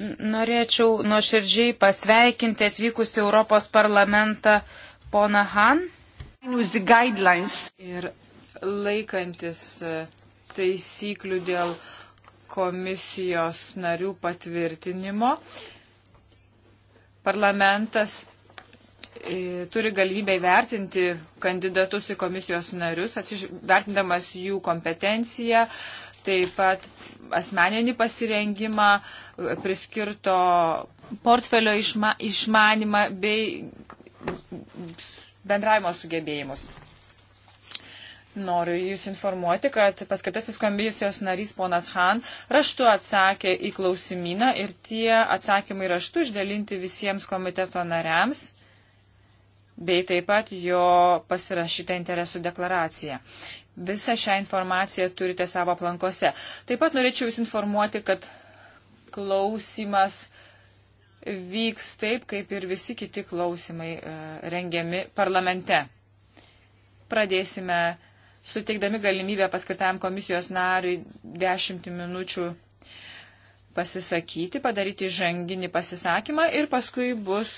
Norėčiau nuoširdžiai pasveikinti atvykus į Europos parlamentą poną Han. Ir laikantis e, taisyklių dėl komisijos narių patvirtinimo, parlamentas e, turi galimybę įvertinti kandidatus į komisijos narius, atsiž... vertindamas jų kompetenciją, uh, taip pat asmeninį pasirengimą, priskirto portfelio išma, išmanimą bei bendravimo sugebėjimus. Noriu Jūs informuoti, kad paskatasis komisijos narys ponas Han raštu atsakė į klausimyną ir tie atsakymai raštu išdalinti visiems komiteto nariams bei taip pat jo pasirašyta interesų deklaracija. Visą šią informaciją turite savo aplankose. Taip pat norėčiau Jūs informuoti, kad klausimas vyks taip, kaip ir visi kiti klausimai e, rengiami parlamente. Pradėsime suteikdami galimybę paskirtam komisijos nariui 10 minučių pasisakyti, padaryti žanginį pasisakymą ir paskui bus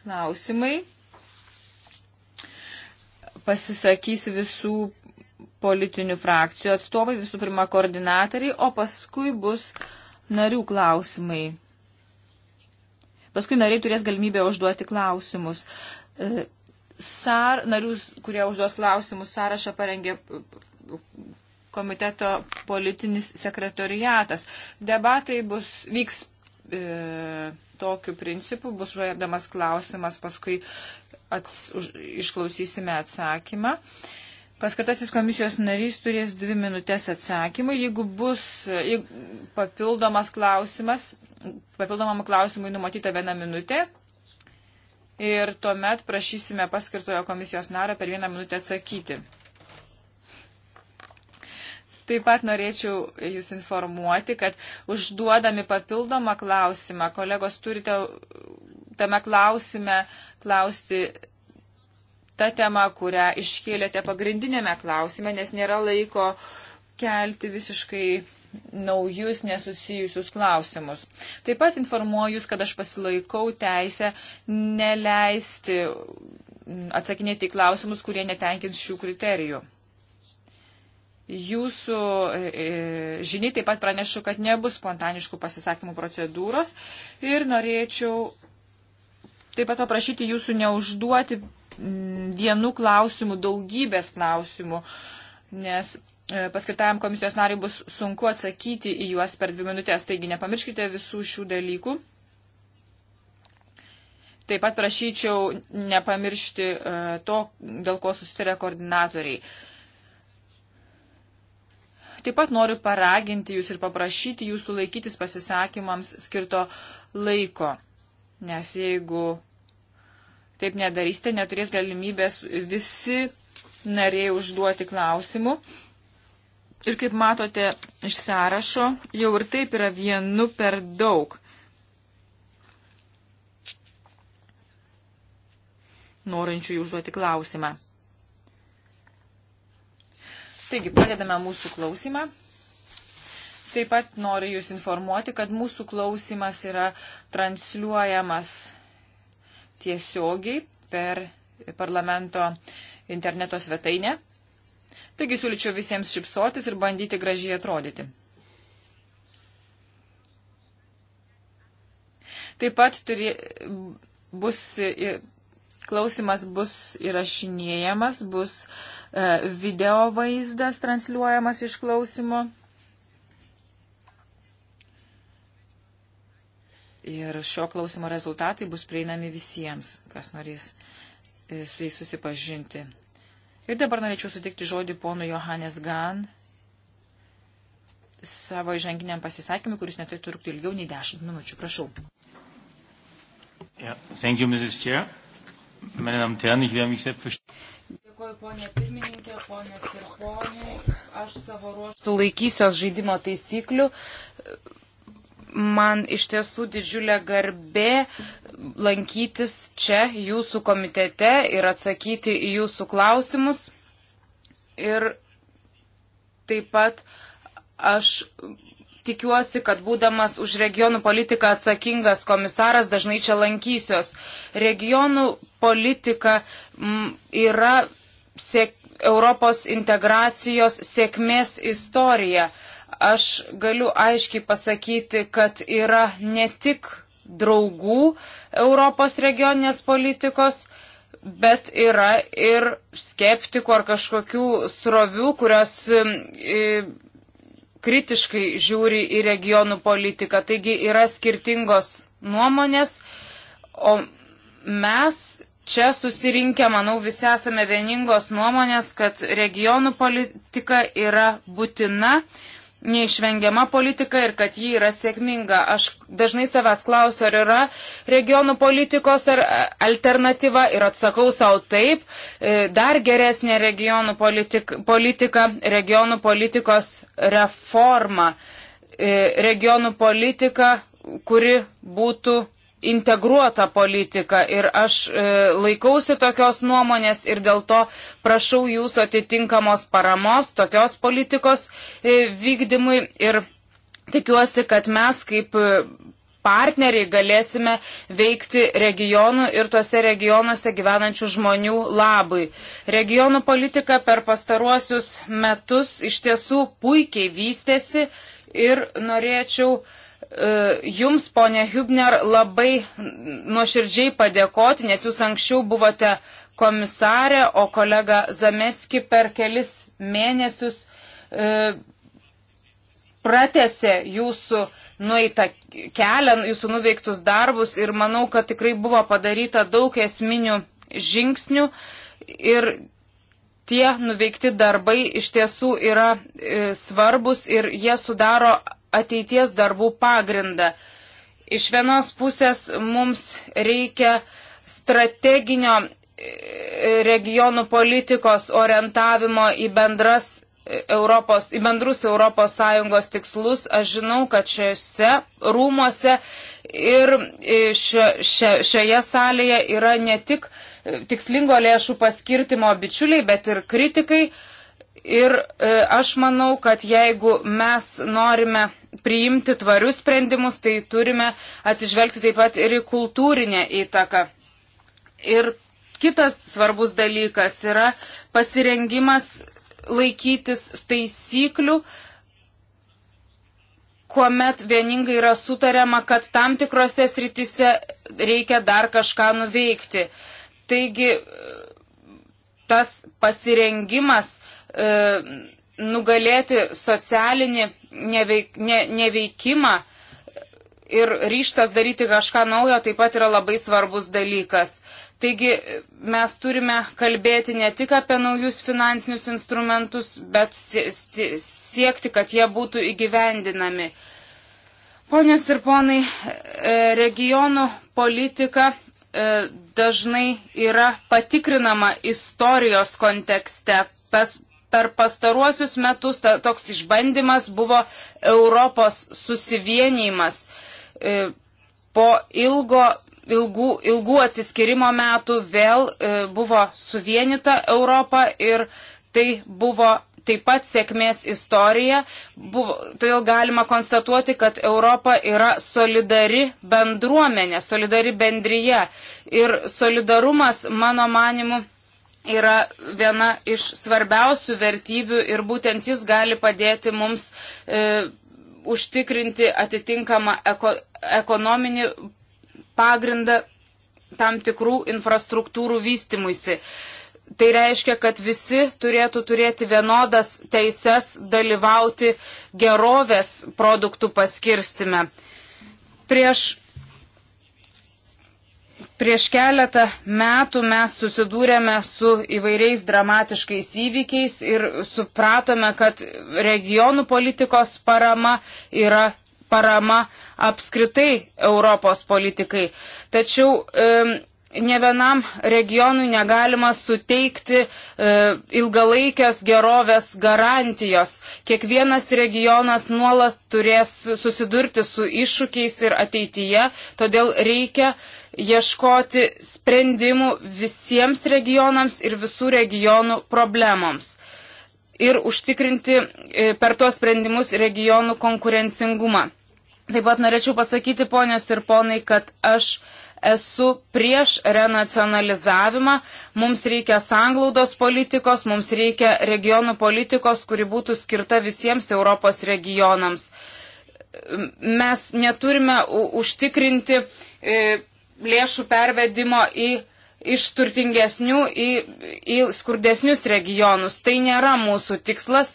klausimai pasisakys visų politinių frakcijų atstovai, visų pirma koordinatoriai, o paskui bus narių klausimai. Paskui nariai turės galimybę užduoti klausimus. E, Sar, narius, kurie užduos klausimus, sąrašą parengė komiteto politinis sekretoriatas. Debatai bus, vyks e, tokiu principu, bus žuojamas klausimas, paskui ats, už, išklausysime atsakymą. Paskatasis komisijos narys turės dvi minutės atsakymui. Jeigu bus jeigu papildomas klausimas, papildomam klausimui numatyta viena minutė. Ir tuomet prašysime paskirtojo komisijos narą per vieną minutę atsakyti. Taip pat norėčiau Jūs informuoti, kad užduodami papildomą klausimą, kolegos turite tame klausime klausti tą temą, kurią iškėlėte pagrindinėme klausime, nes nėra laiko kelti visiškai naujus nesusijusius klausimus. Taip pat informuoju jūs, kad aš pasilaikau teisę neleisti atsakinėti į klausimus, kurie netenkins šių kriterijų. Jūsų e, e, žiniai taip pat pranešu, kad nebus spontaniškų pasisakymų procedūros ir norėčiau taip pat paprašyti jūsų neužduoti dienų klausimų, daugybės klausimų, nes e, paskirtajam komisijos nariui bus sunku atsakyti į juos per dvi minutės, taigi nepamirškite visų šių dalykų. Taip pat prašyčiau nepamiršti e, to, dėl ko susitarė koordinatoriai. Taip pat noriu paraginti jūs ir paprašyti jūsų laikytis pasisakymams skirto laiko, nes jeigu taip nedarysite, neturės galimybės visi nariai užduoti klausimų. Ir kaip matote iš sąrašo, jau ir taip yra vienu per daug. Norinčių užduoti klausimą. Taigi, pradedame mūsų klausimą. Taip pat noriu Jūs informuoti, kad mūsų klausimas yra transliuojamas tiesiogiai per parlamento interneto svetainę. Taigi siūlyčiau visiems šipsotis ir bandyti gražiai atrodyti. Taip pat turi, bus, klausimas bus įrašinėjamas, bus e, video vaizdas transliuojamas iš klausimo. Ir šio klausimo rezultatai bus prieinami visiems, kas norės e, su jais susipažinti. Ir dabar norėčiau sutikti žodį ponu Johannes Gan savo įžanginiam pasisakymui, kuris neturėtų trukti ilgiau nei 10 minučių. Prašau. Yeah, thank you, Mrs. Chair. Meine Damen und Herren, ich werde mich selbstverständlich. Dėkuoju, ponė pirmininkė, ponės ir ponai. Aš savo ruoštų laikysiuos žaidimo taisyklių man iš tiesų didžiulė garbė lankytis čia jūsų komitete ir atsakyti į jūsų klausimus. Ir taip pat aš tikiuosi, kad būdamas už regionų politiką atsakingas komisaras dažnai čia lankysios. Regionų politika yra sėk, Europos integracijos sėkmės istorija. Aš galiu aiškiai pasakyti, kad yra ne tik draugų Europos regioninės politikos, bet yra ir skeptikų ar kažkokių srovių, kurios kritiškai žiūri į regionų politiką. Taigi yra skirtingos nuomonės, o mes čia susirinkę, manau, visi esame vieningos nuomonės, kad regionų politika yra būtina neišvengiama politika ir kad ji yra sėkminga. Aš dažnai savęs klausiu, ar yra regionų politikos ar e, alternatyva ir atsakau savo taip, e, dar geresnė regionų politik, politika, regionų politikos reforma, e, regionų politika, kuri būtų integruota politika ir aš e, laikausi tokios nuomonės ir dėl to prašau jūsų atitinkamos paramos tokios politikos e, vykdymui ir tikiuosi, kad mes kaip e, partneriai galėsime veikti regionų ir tose regionuose gyvenančių žmonių labui. Regionų politika per pastaruosius metus iš tiesų puikiai vystėsi ir norėčiau uh, E, jums, ponė Hübner, labai nuoširdžiai padėkoti, nes jūs anksčiau buvote komisarė, o kolega Zametski per kelis mėnesius e, pratėse jūsų nueitą kelią, jūsų nuveiktus darbus ir manau, kad tikrai buvo padaryta daug esminių žingsnių ir tie nuveikti darbai iš tiesų yra e, svarbus ir jie sudaro ateities darbų pagrindą. Iš vienos pusės mums reikia strateginio e, regionų politikos orientavimo į bendras e, Europos, į bendrus ES tikslus. Aš žinau, kad šiuose rūmose ir e, šio, šio, šioje salėje yra ne tik tikslingo lėšų paskirtimo bičiuliai, bet ir kritikai. Ir aš manau, kad jeigu mes norime priimti tvarius sprendimus, tai turime atsižvelgti taip pat ir į kultūrinę įtaką. Ir kitas svarbus dalykas yra pasirengimas laikytis taisyklių, kuomet vieningai yra sutariama, kad tam tikrose sritise reikia dar kažką nuveikti. Taigi tas pasirengimas e, nugalėti socialinį neveik, ne, neveikimą ir ryštas daryti kažką naujo taip pat yra labai svarbus dalykas. Taigi mes turime kalbėti ne tik apie naujus finansinius instrumentus, bet siekti, kad jie būtų įgyvendinami. Ponios ir ponai, e, regionų politika e, dažnai yra patikrinama istorijos kontekste, pas, per pastaruosius metus ta, toks išbandymas buvo Europos susivienijimas. E, po ilgo, ilgų, ilgų atsiskirimo metų vėl e, buvo suvienita Europa ir tai buvo taip pat sėkmės istorija. Buvo, todėl galima konstatuoti, kad Europa yra solidari bendruomenė, solidari bendryje. Ir solidarumas, mano manimu, yra viena iš svarbiausių vertybių ir būtent jis gali padėti mums e, užtikrinti atitinkamą eko, ekonominį pagrindą tam tikrų infrastruktūrų vystimuisi. Tai reiškia, kad visi turėtų turėti vienodas teises dalyvauti gerovės produktų paskirstime. Prieš Prieš keletą metų mes susidūrėme su įvairiais dramatiškais įvykiais ir supratome, kad regionų politikos parama yra parama apskritai Europos politikai. Tačiau e, ne vienam regionui negalima suteikti e, ilgalaikės gerovės garantijos. Kiekvienas regionas nuolat turės susidurti su iššūkiais ir ateityje, todėl reikia ieškoti sprendimų visiems regionams ir visų regionų problemoms. Ir užtikrinti e, per tuos sprendimus regionų konkurencingumą. Taip pat norėčiau pasakyti, ponios ir ponai, kad aš esu prieš renacionalizavimą, mums reikia sanglaudos politikos, mums reikia regionų politikos, kuri būtų skirta visiems Europos regionams. Mes neturime užtikrinti e, lėšų pervedimo į iš turtingesnių į, į skurdesnius regionus. Tai nėra mūsų tikslas.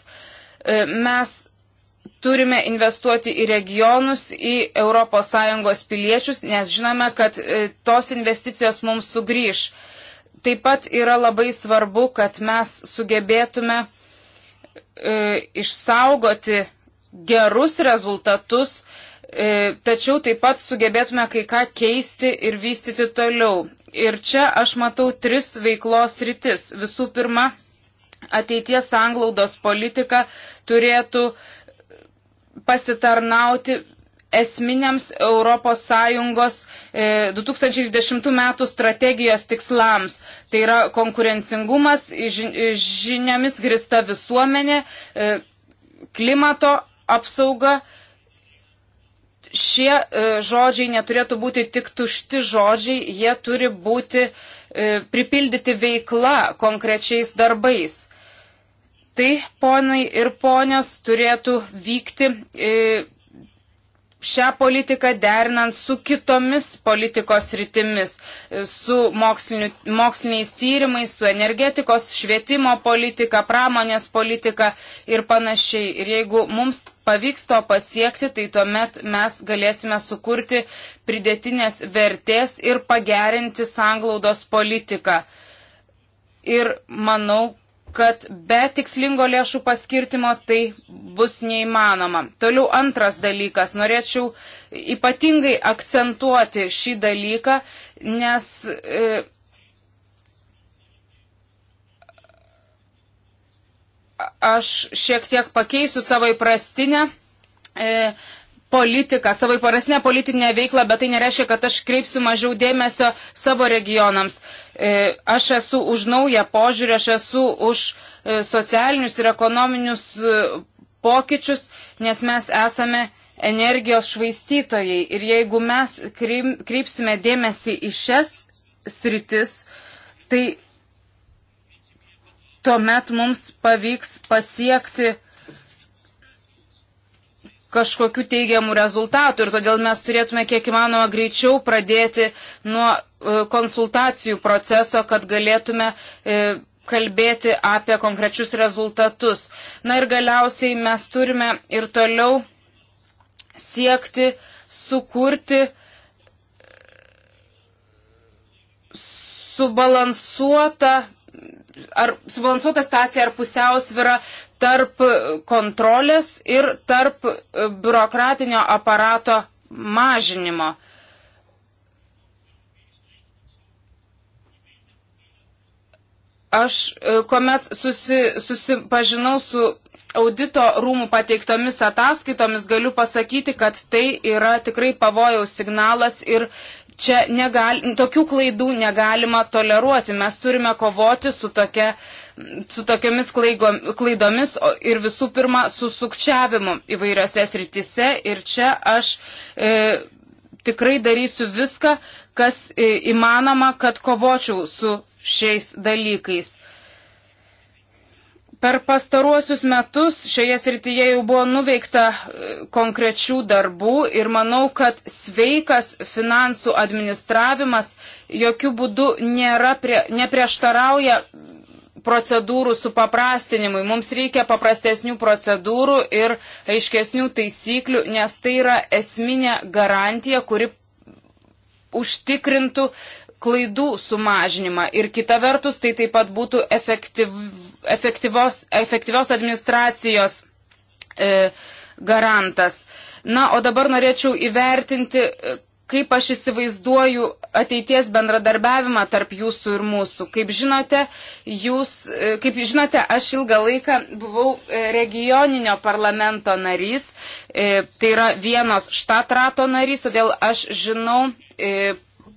E, mes turime investuoti į regionus, į ES piliečius, nes žinome, kad e, tos investicijos mums sugrįž. Taip pat yra labai svarbu, kad mes sugebėtume e, išsaugoti gerus rezultatus E, tačiau taip pat sugebėtume kai ką keisti ir vystyti toliau. Ir čia aš matau tris veiklos rytis. Visų pirma, ateities anglaudos politika turėtų pasitarnauti esminiams ES 2010 m. strategijos tikslams. Tai yra konkurencingumas, žiniomis grista visuomenė, e, klimato apsauga, šie e, žodžiai neturėtų būti tik tušti žodžiai, jie turi būti e, pripildyti veikla konkrečiais darbais. Tai, ponai ir ponios, turėtų vykti e, šią politiką derinant su kitomis politikos rytimis, su moksliniais tyrimais, su energetikos, švietimo politika, pramonės politika ir panašiai. Ir jeigu mums pavyks to pasiekti, tai tuomet mes galėsime sukurti pridėtinės vertės ir pagerinti sanglaudos politiką. Ir manau, kad be tikslingo lėšų paskirtimo tai bus neįmanoma. Toliau antras dalykas, norėčiau ypatingai akcentuoti šį dalyką, nes e, aš šiek tiek pakeisiu savo įprastinę e, politiką, savo įparasnę politinę veiklą, bet tai nereiškia, kad aš kreipsiu mažiau dėmesio savo regionams. E, aš esu už naują požiūrį, aš esu už e, socialinius ir ekonominius e, pokyčius, nes mes esame energijos švaistytojai. Ir jeigu mes kreipsime dėmesį į šias sritis, tai tuomet mums pavyks pasiekti kažkokių teigiamų rezultatų ir todėl mes turėtume kiek įmanoma greičiau pradėti nuo e, konsultacijų proceso, kad galėtume e, kalbėti apie konkrečius rezultatus. Na ir galiausiai mes turime ir toliau siekti sukurti subalansuotą ar subalansuota stacija ar pusiausvyra tarp kontrolės ir tarp biurokratinio aparato mažinimo. Aš, e, kuomet susi, susipažinau su audito rūmų pateiktomis ataskaitomis, galiu pasakyti, kad tai yra tikrai pavojaus signalas ir čia negal, tokių klaidų negalima toleruoti. Mes turime kovoti su tokia su tokiomis klaidomis ir visų pirma su sukčiavimu įvairiose sritise. Ir čia aš e, tikrai darysiu viską, kas e, įmanoma, kad kovočiau su šiais dalykais. Per pastaruosius metus šioje srityje jau buvo nuveikta e, konkrečių darbų ir manau, kad sveikas finansų administravimas jokių būdų nėra prie, neprieštarauja procedūrų supaprastinimui. Mums reikia paprastesnių procedūrų ir aiškesnių taisyklių, nes tai yra esminė garantija, kuri užtikrintų klaidų sumažinimą. Ir kita vertus, tai taip pat būtų efektyv, efektyvos, efektyvios administracijos e, garantas. Na, o dabar norėčiau įvertinti, kaip aš įsivaizduoju ateities bendradarbiavimą tarp jūsų ir mūsų. Kaip žinote, jūs, e, kaip žinote, aš ilgą laiką buvau e, regioninio parlamento narys, e, tai yra vienos štatrato narys, todėl aš žinau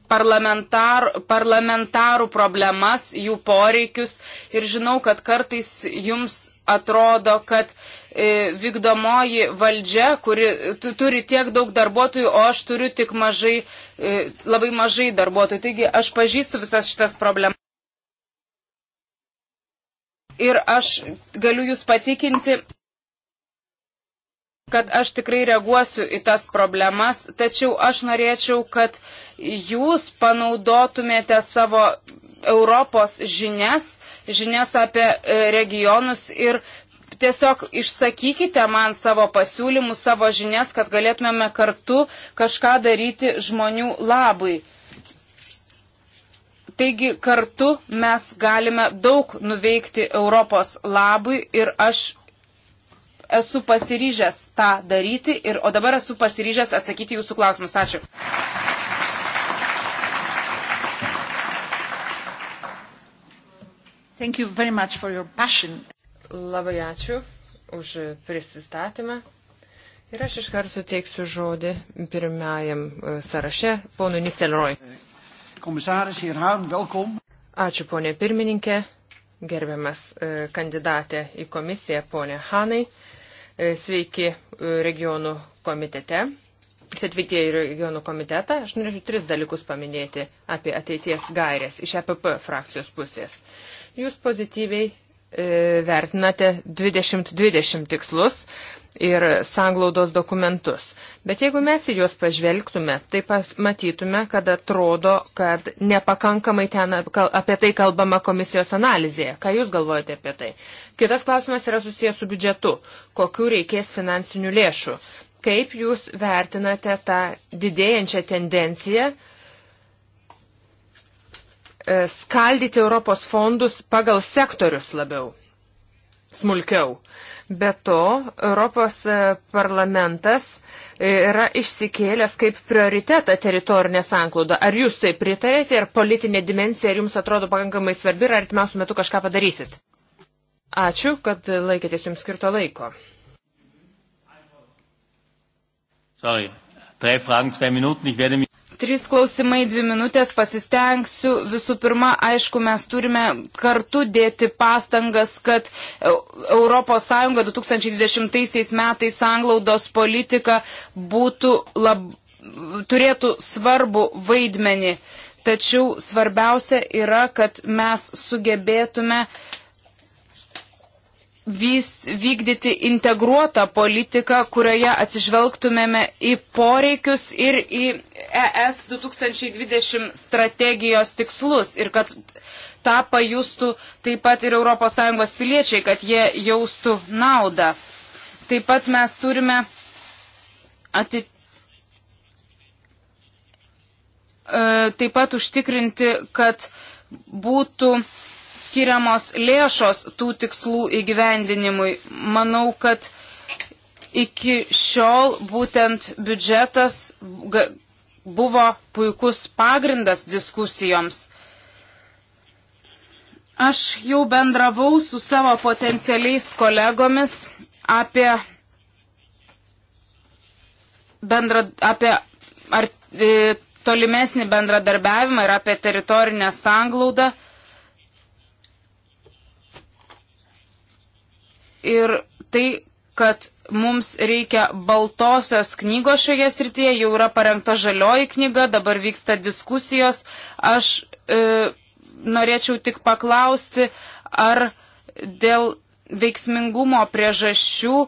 parlamentar, parlamentarų problemas, jų poreikius ir žinau, kad kartais jums atrodo, kad e, vykdomoji valdžia, kuri turi tiek daug darbuotojų, o aš turiu tik mažai, e, labai mažai darbuotojų. Taigi aš pažįstu visas šitas problemas. Ir aš galiu jūs patikinti, kad aš tikrai reaguosiu į tas problemas, tačiau aš norėčiau, kad jūs panaudotumėte savo Europos žinias, žinias apie e, regionus ir tiesiog išsakykite man savo pasiūlymus, savo žinias, kad galėtumėme kartu kažką daryti žmonių labui. Taigi kartu mes galime daug nuveikti Europos labui ir aš esu pasiryžęs tą daryti, ir, o dabar esu pasiryžęs atsakyti jūsų klausimus. Ačiū. Labai ačiū už prisistatymą. Ir aš iškart suteiksiu žodį pirmajam e, sąraše, ponui Nistelroj. Komisaras Hirhan, welkom. Ačiū, ponė pirmininkė, gerbiamas e, kandidatė į komisiją, ponė Hanai. E, sveiki regionų komitete. Sveiki į regionų komitetą. Aš norėčiau tris dalykus paminėti apie ateities gairės iš EPP frakcijos pusės. Jūs pozityviai e, vertinate 2020 tikslus ir sanglaudos dokumentus. Bet jeigu mes į juos pažvelgtume, tai matytume, kad atrodo, kad nepakankamai ten apie tai kalbama komisijos analizėje. Ką Jūs galvojate apie tai? Kitas klausimas yra susijęs su biudžetu. Kokių reikės finansinių lėšų? Kaip Jūs vertinate tą didėjančią tendenciją E, skaldyti Europos fondus pagal sektorius labiau, smulkiau. Be to, Europos e, parlamentas e, yra išsikėlęs kaip prioritetą teritorinę sanklaudą. Ar jūs tai pritarėte, ar politinė dimensija, ar jums atrodo pakankamai svarbi, ar artimiausiu metu kažką padarysit? Ačiū, kad laikėtės jums skirto laiko. Sorry. Drei Fragen, zwei Minuten. Ich werde mich. Trys klausimai, dvi minutės, pasistengsiu. Visų pirma, aišku, mes turime kartu dėti pastangas, kad ES 2020 metais anglaudos politika būtų lab, turėtų svarbu vaidmenį. Tačiau svarbiausia yra, kad mes sugebėtume vys, vykdyti integruotą politiką, kurioje atsižvelgtumėme į poreikius ir į ES 2020 strategijos tikslus ir kad tą pajustų taip pat ir ES piliečiai, kad jie jaustų naudą. Taip pat mes turime atitikti. E, taip pat užtikrinti, kad būtų uh, skiriamos lėšos tų tikslų įgyvendinimui. Manau, kad iki šiol būtent biudžetas buvo puikus pagrindas diskusijoms. Aš jau bendravau su savo potencialiais kolegomis apie, bendra, apie ar, e, tolimesnį bendradarbiavimą ir apie teritorinę sanglaudą. ir tai, kad mums reikia baltosios knygos šioje srityje, jau yra parengta žalioji knyga, dabar vyksta diskusijos. Aš e, norėčiau tik paklausti, ar dėl veiksmingumo priežasčių e,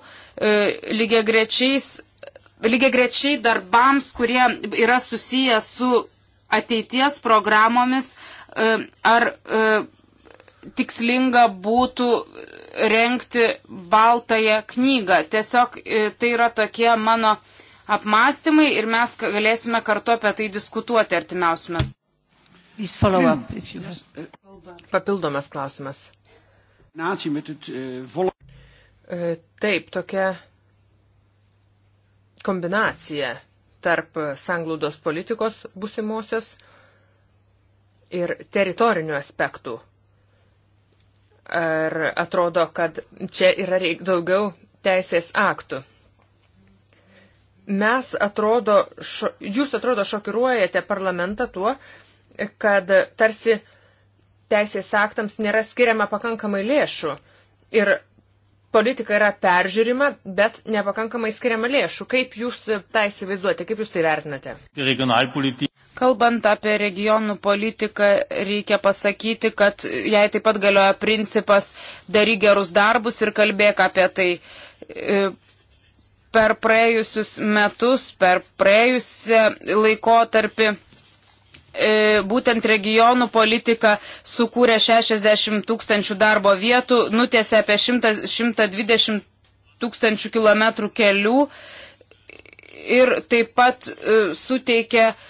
lygiai grečiais. Lygiai grečiai darbams, kurie yra susiję su ateities programomis, e, ar e, tikslinga būtų renkti baltąją knygą. Tiesiog e, tai yra tokie mano apmąstymai ir mes galėsime kartu apie tai diskutuoti artimiausiu metu. Papildomas klausimas. E, e, taip, tokia kombinacija tarp sanglaudos politikos busimosios ir teritorinių aspektų ar atrodo, kad čia yra reik daugiau teisės aktų. Mes atrodo, šo, jūs atrodo šokiruojate parlamentą tuo, kad tarsi teisės aktams nėra skiriama pakankamai lėšų. Ir politika yra peržiūrima, bet nepakankamai skiriama lėšų. Kaip jūs tą įsivaizduojate, kaip jūs tai vertinate? Kalbant apie regionų politiką, reikia pasakyti, kad jai taip pat galioja principas daryk gerus darbus ir kalbėk apie tai. E, per praėjusius metus, per praėjusią laikotarpį e, būtent regionų politika sukūrė 60 tūkstančių darbo vietų, nutėsi apie 100, 120 tūkstančių kilometrų kelių ir taip pat e, suteikė uh,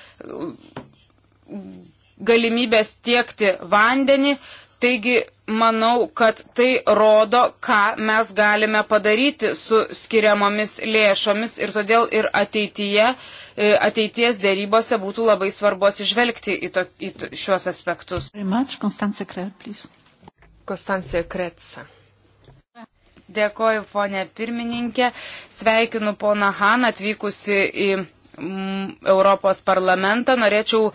galimybės tiekti vandenį. Taigi, manau, kad tai rodo, ką mes galime padaryti su skiriamomis lėšomis ir todėl ir ateityje, e, ateities dėrybose būtų labai svarbu atsižvelgti į, to, į šiuos aspektus. Konstancija Kretsa. Dėkoju, ponė pirmininkė. Sveikinu poną Han atvykusi į Europos parlamentą, norėčiau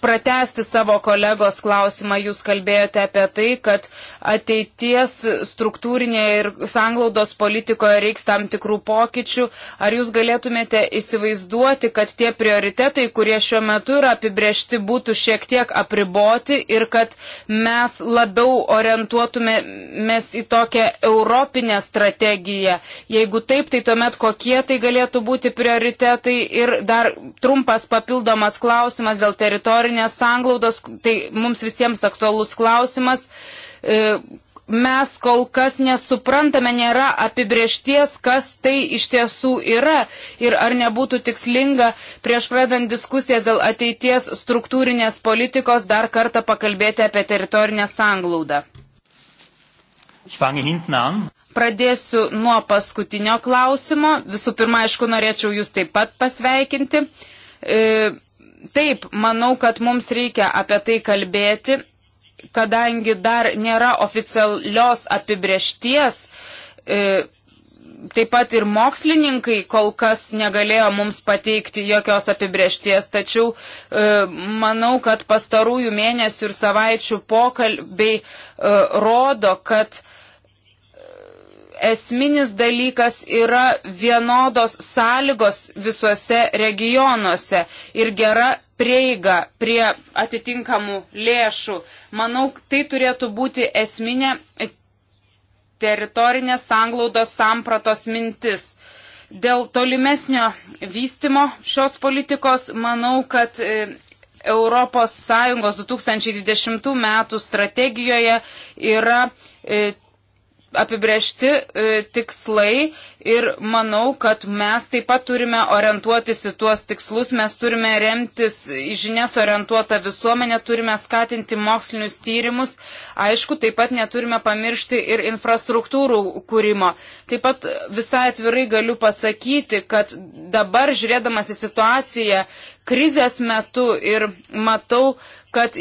pratesti savo kolegos klausimą. Jūs kalbėjote apie tai, kad ateities struktūrinėje ir sanglaudos politikoje reiks tam tikrų pokyčių. Ar jūs galėtumėte įsivaizduoti, kad tie prioritetai, kurie šiuo metu yra apibriešti, būtų šiek tiek apriboti ir kad mes labiau orientuotumėmės į tokią europinę strategiją? Jeigu taip, tai tuomet kokie tai galėtų būti prioritetai? Ir dar trumpas papildomas klausimas dėl teritorijos teritorinės sanglaudos, tai mums visiems aktualus klausimas. E, mes kol kas nesuprantame, nėra apibriešties, kas tai iš tiesų yra ir ar nebūtų tikslinga prieš pradant diskusijas dėl ateities struktūrinės politikos dar kartą pakalbėti apie teritorinę sanglaudą. Pradėsiu nuo paskutinio klausimo. Visų pirma, aišku, norėčiau jūs taip pat pasveikinti. E, Taip, manau, kad mums reikia apie tai kalbėti, kadangi dar nėra oficialios apibriešties. E, taip pat ir mokslininkai kol kas negalėjo mums pateikti jokios apibriešties, tačiau e, manau, kad pastarųjų mėnesių ir savaičių pokalbiai e, rodo, kad e, esminis dalykas yra vienodos sąlygos visuose regionuose ir gera prieiga prie atitinkamų lėšų. Manau, tai turėtų būti esminė teritorinės sanglaudos sampratos mintis. Dėl tolimesnio vystimo šios politikos manau, kad e, Europos Sąjungos 2020 metų strategijoje yra e, apibriešti e, tikslai ir manau, kad mes taip pat turime orientuotis į tuos tikslus, mes turime remtis į žinias orientuotą visuomenę, turime skatinti mokslinius tyrimus, aišku, taip pat neturime pamiršti ir infrastruktūrų kūrimo. Taip pat visai atvirai galiu pasakyti, kad dabar žiūrėdamas į situaciją, krizės metu ir matau, kad,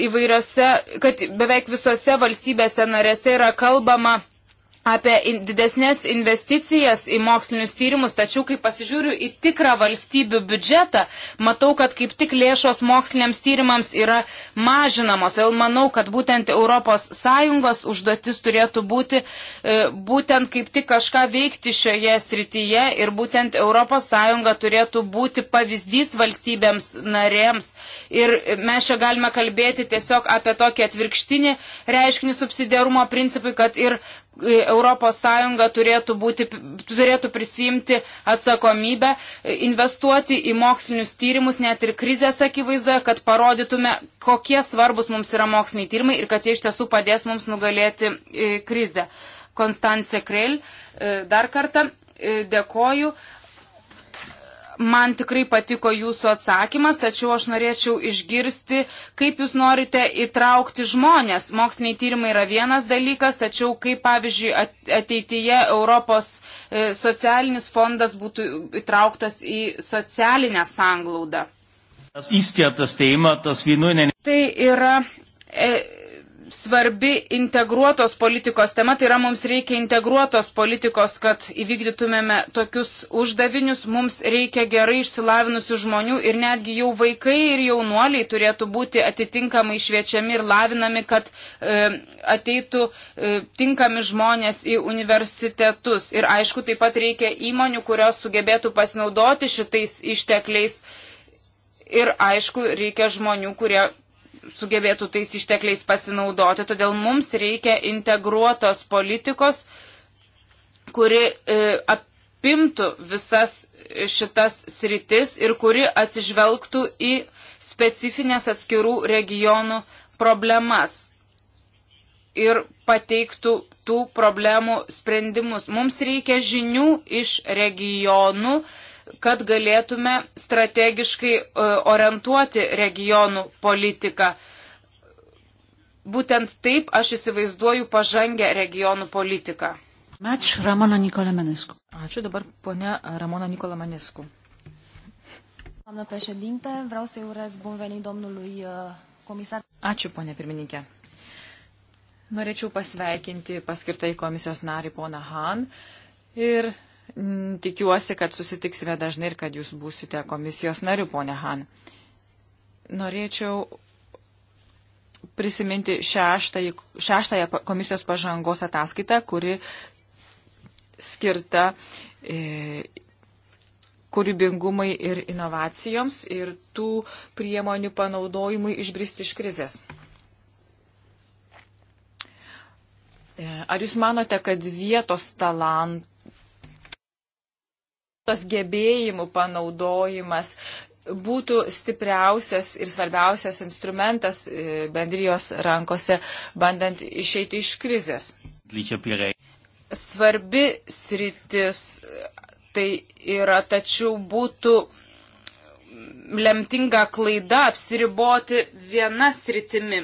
kad beveik visose valstybėse narėse yra kalbama apie in, didesnės investicijas į mokslinius tyrimus, tačiau kai pasižiūriu į tikrą valstybių biudžetą, matau, kad kaip tik lėšos moksliniams tyrimams yra mažinamos. Ir manau, kad būtent ES užduotis turėtų būti e, būtent kaip tik kažką veikti šioje srityje ir būtent ES turėtų būti pavyzdys valstybėms narėms. Ir mes čia galime kalbėti tiesiog apie tokį atvirkštinį reiškinį subsidiarumo principui, kad ir Europos Sąjunga turėtų, būti, turėtų prisimti atsakomybę, investuoti į mokslinius tyrimus, net ir krizės akivaizdoje, kad parodytume, kokie svarbus mums yra moksliniai tyrimai ir kad jie iš tiesų padės mums nugalėti e, krizę. Konstance Krell, e, dar kartą e, dėkoju. Man tikrai patiko jūsų atsakymas, tačiau aš norėčiau išgirsti, kaip jūs norite įtraukti žmonės. Moksliniai tyrimai yra vienas dalykas, tačiau kaip, pavyzdžiui, ateityje Europos e, socialinis fondas būtų įtrauktas į socialinę sanglaudą. Tai yra e, svarbi integruotos politikos tema, tai yra mums reikia integruotos politikos, kad įvykdytumėme tokius uždavinius, mums reikia gerai išsilavinusių žmonių ir netgi jau vaikai ir jaunuoliai turėtų būti atitinkamai šviečiami ir lavinami, kad e, ateitų e, tinkami žmonės į universitetus. Ir aišku, taip pat reikia įmonių, kurios sugebėtų pasinaudoti šitais ištekliais. Ir aišku, reikia žmonių, kurie sugebėtų tais ištekliais pasinaudoti. Todėl mums reikia integruotos politikos, kuri e, apimtų visas šitas sritis ir kuri atsižvelgtų į specifines atskirų regionų problemas ir pateiktų tų problemų sprendimus. Mums reikia žinių iš regionų, kad galėtume strategiškai e, orientuoti regionų politiką. Būtent taip aš įsivaizduoju pažangę regionų politiką. Ačiū Ramona Nikola Manescu. Ačiū dabar ponia Ramona Nikola Manescu. Doamnă președinte, vreau să-i urez bun venit domnului e, comisar. Ačiū, ponia pirmininkė. Norėčiau pasveikinti paskirtai komisijos narį poną Han ir Tikiuosi, kad susitiksime dažnai ir kad jūs būsite komisijos nariu, ponė Han. Norėčiau prisiminti šeštąją, šeštąją komisijos pažangos ataskaitą, kuri skirta e, kūrybingumai ir inovacijoms ir tų priemonių panaudojimui išbristi iš krizės. E, ar jūs manote, kad vietos talant tos gebėjimų panaudojimas būtų stipriausias ir svarbiausias instrumentas e, bendrijos rankose, bandant išeiti iš krizės. Svarbi sritis e, tai yra, tačiau būtų lemtinga klaida apsiriboti viena sritimi.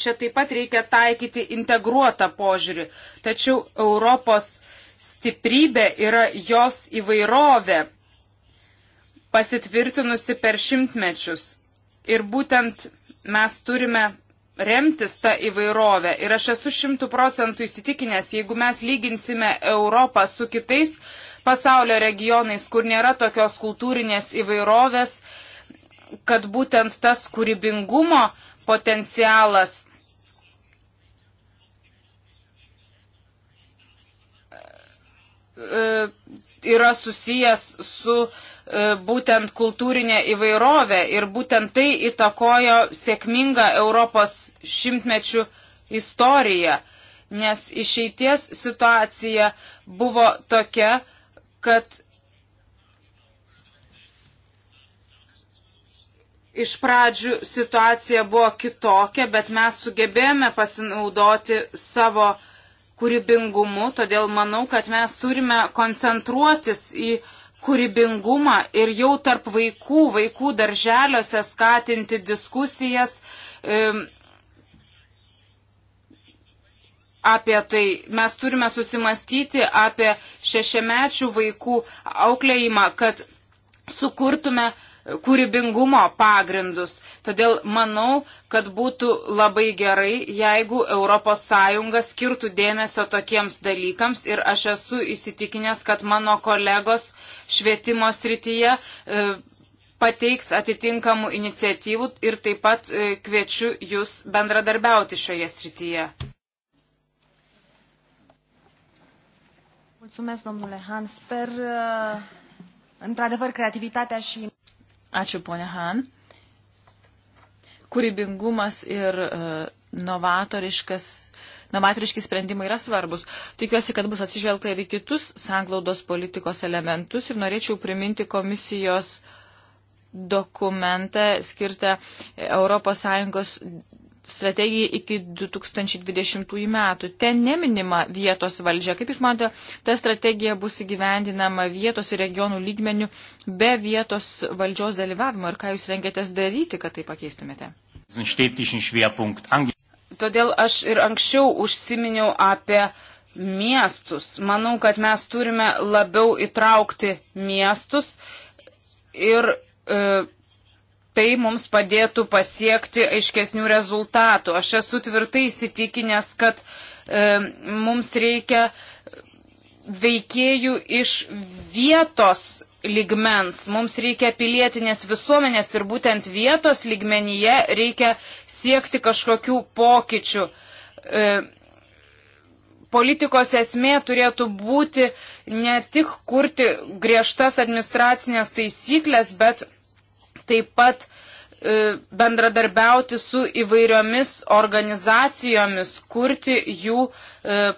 Čia taip pat reikia taikyti integruotą požiūrį. Tačiau Europos stiprybė yra jos įvairovė, pasitvirtinusi per šimtmečius. Ir būtent mes turime remtis tą įvairovę. Ir aš esu šimtų procentų įsitikinęs, jeigu mes lyginsime Europą su kitais pasaulio regionais, kur nėra tokios kultūrinės įvairovės, kad būtent tas kūrybingumo potencialas E, yra susijęs su e, būtent kultūrinė įvairovė ir būtent tai įtakojo sėkmingą Europos šimtmečių istoriją, nes išeities situacija buvo tokia, kad iš pradžių situacija buvo kitokia, bet mes sugebėjome pasinaudoti savo uh, kūrybingumu, todėl manau, kad mes turime koncentruotis į kūrybingumą ir jau tarp vaikų, vaikų darželiuose skatinti diskusijas e, apie tai. Mes turime susimastyti apie šešiamečių vaikų auklėjimą, kad sukurtume kūrybingumo pagrindus. Todėl manau, kad būtų labai gerai, jeigu ES skirtų dėmesio tokiems dalykams ir aš esu įsitikinęs, kad mano kolegos švietimo srityje e, pateiks atitinkamų iniciatyvų ir taip pat e, kviečiu jūs bendradarbiauti šioje srityje. Mulțumesc, domnule Han. Sper, e, într-adevăr, creativitatea și... Ačiū, ponė Han. Kūrybingumas ir uh, novatoriškas. Novatoriški sprendimai yra svarbus. Tikiuosi, kad bus atsižvelgta ir į kitus sanglaudos politikos elementus ir norėčiau priminti komisijos dokumentą skirtą ES strategijai iki 2020 metų. Ten neminima vietos valdžia. Kaip Jūs manote, ta strategija bus įgyvendinama vietos ir regionų lygmenių be vietos valdžios dalyvavimo ir ką Jūs rengiatės daryti, kad tai pakeistumėte? Todėl aš ir anksčiau užsiminiau apie miestus. Manau, kad mes turime labiau įtraukti miestus ir e, tai mums padėtų pasiekti aiškesnių rezultatų. Aš esu tvirtai įsitikinęs, kad e, mums reikia veikėjų iš vietos ligmens, mums reikia pilietinės visuomenės ir būtent vietos ligmenyje reikia siekti kažkokių pokyčių. E, politikos esmė turėtų būti ne tik kurti griežtas administracinės taisyklės, bet taip pat e, bendradarbiauti su įvairiomis organizacijomis, kurti jų e,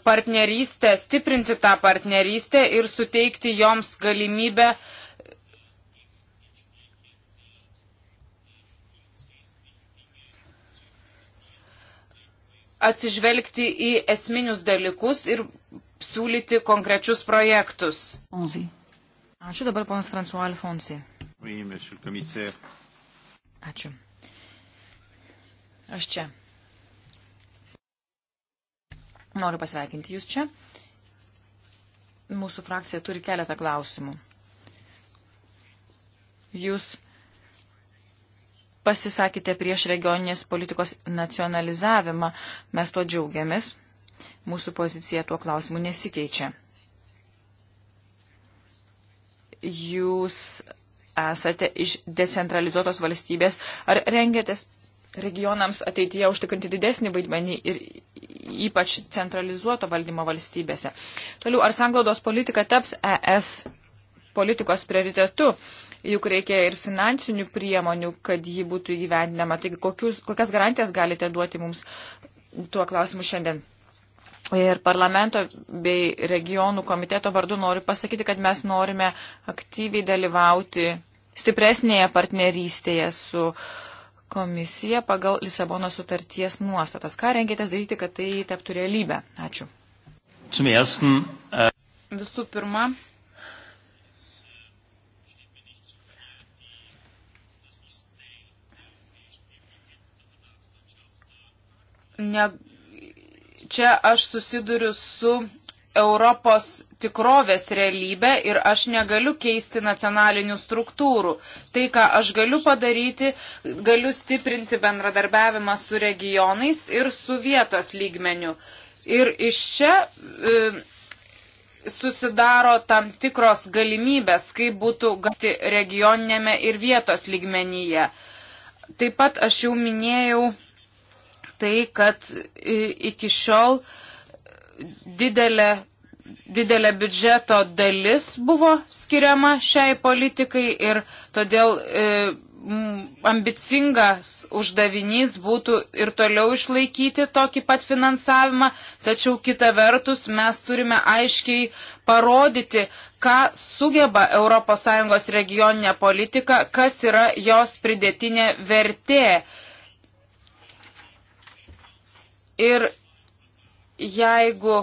partnerystę, stiprinti tą partnerystę ir suteikti joms galimybę atsižvelgti į esminius dalykus ir siūlyti konkrečius projektus. Onzi. Ačiū dabar ponas Fransuo Alfonsi. Oui, monsieur le commissaire. Ačiū. Aš čia. Noriu pasveikinti jūs čia. Mūsų frakcija turi keletą klausimų. Jūs pasisakėte prieš regioninės politikos nacionalizavimą. Mes tuo džiaugiamės. Mūsų pozicija tuo klausimu nesikeičia. Jūs esate iš decentralizuotos valstybės, ar rengiatės regionams ateityje užtikrinti didesnį vaidmenį ir ypač centralizuoto valdymo valstybėse. Toliau, ar sanglaudos politika taps ES politikos prioritetu, juk reikia ir finansinių priemonių, kad ji būtų įgyvendinama. Taigi, kokius, kokias garantijas galite duoti mums tuo klausimu šiandien? Ir parlamento bei regionų komiteto vardu noriu pasakyti, kad mes norime aktyviai dalyvauti stipresnėje partnerystėje su komisija pagal Lisabono sutarties nuostatas. Ką rengėtės daryti, kad tai taptų realybę? Ačiū. Äh, Visų pirma, ne, čia aš susiduriu su Europos tikrovės realybę ir aš negaliu keisti nacionalinių struktūrų. Tai, ką aš galiu padaryti, galiu stiprinti bendradarbiavimą su regionais ir su vietos lygmeniu. Ir iš čia e, susidaro tam tikros galimybės, kaip būtų gauti regioninėme ir vietos lygmenyje. Taip pat aš jau minėjau tai, kad iki šiol didelė, didelė biudžeto dalis buvo skiriama šiai politikai ir todėl e, ambicingas uždavinys būtų ir toliau išlaikyti tokį pat finansavimą, tačiau kita vertus mes turime aiškiai parodyti, ką sugeba ES regioninė politika, kas yra jos pridėtinė vertė. Ir jeigu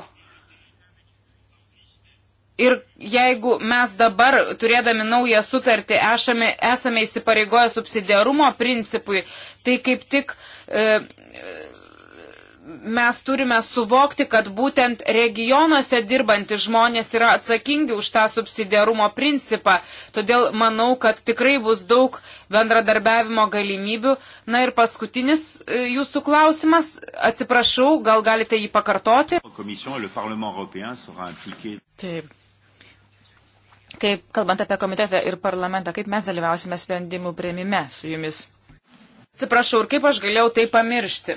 Ir jeigu mes dabar, turėdami naują sutartį, esame, esame įsipareigoję subsidiarumo principui, tai kaip tik e, mes turime suvokti, kad būtent regionuose dirbantys žmonės yra atsakingi už tą subsidiarumo principą. Todėl manau, kad tikrai bus daug bendradarbiavimo galimybių. Na ir paskutinis e, jūsų klausimas, atsiprašau, gal galite jį pakartoti. Taip. Kaip, kalbant apie komitetą ir parlamentą, kaip mes dalyvausime sprendimų prieimime su jumis? Atsiprašau, ir kaip aš galėjau tai pamiršti?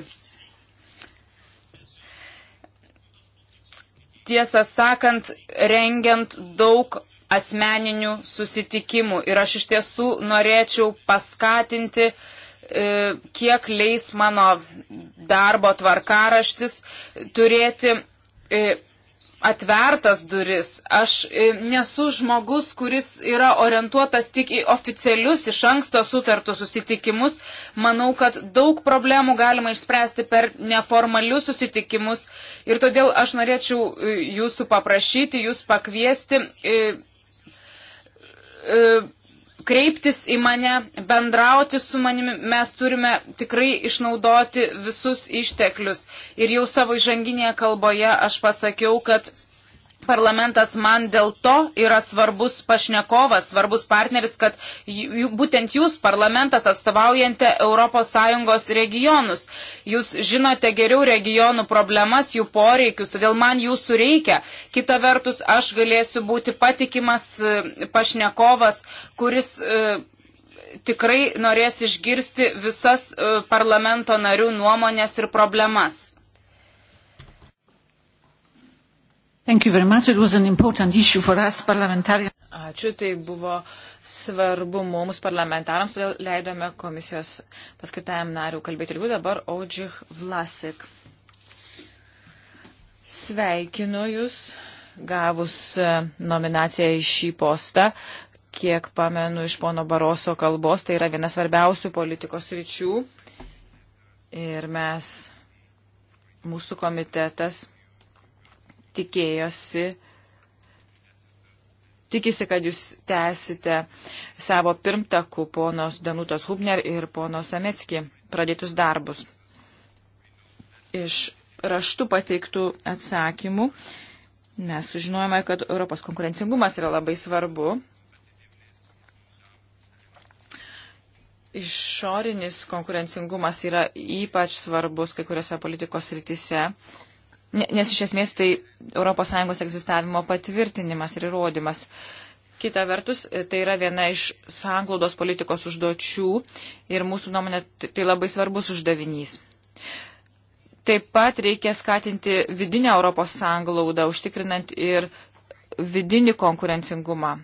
tiesą sakant, rengiant daug asmeninių susitikimų. Ir aš iš tiesų norėčiau paskatinti, e, kiek leis mano darbo tvarkaraštis turėti e, atvertas duris. Aš e, nesu žmogus, kuris yra orientuotas tik į oficialius iš anksto sutartus susitikimus. Manau, kad daug problemų galima išspręsti per neformalius susitikimus. Ir todėl aš norėčiau e, jūsų paprašyti, jūs pakviesti. E, e, kreiptis į mane, bendrauti su manimi, mes turime tikrai išnaudoti visus išteklius. Ir jau savo žanginėje kalboje aš pasakiau, kad Parlamentas man dėl to yra svarbus pašnekovas, svarbus partneris, kad jų, būtent jūs, parlamentas, atstovaujate ES regionus. Jūs žinote geriau regionų problemas, jų poreikius, todėl man jūsų reikia. Kita vertus, aš galėsiu būti patikimas e, pašnekovas, kuris e, tikrai norės išgirsti visas e, parlamento narių nuomonės ir problemas. Ačiū, tai buvo svarbu mums parlamentarams, todėl leidome komisijos paskirtajam nariu kalbėti ilgiau dabar Audžih Vlasik. Sveikinu Jūs gavus e, nominaciją į šį postą. Kiek pamenu iš pono Baroso kalbos, tai yra viena svarbiausių politikos ryčių. Ir mes, mūsų komitetas, tikėjosi, tikisi, kad jūs tęsite savo pirmtakų ponos Danutos Hubner ir ponos Ametski pradėtus darbus. Iš raštų pateiktų atsakymų mes sužinojame, kad Europos konkurencingumas yra labai svarbu. Išorinis konkurencingumas yra ypač svarbus kai kuriuose politikos rytise nes iš esmės tai ES egzistavimo patvirtinimas ir įrodymas. Kita vertus, e, tai yra viena iš sąnglaudos politikos užduočių ir mūsų nuomonė tai labai svarbus uždavinys. Taip pat reikia skatinti vidinę Europos sąnglaudą, užtikrinant ir vidinį konkurencingumą.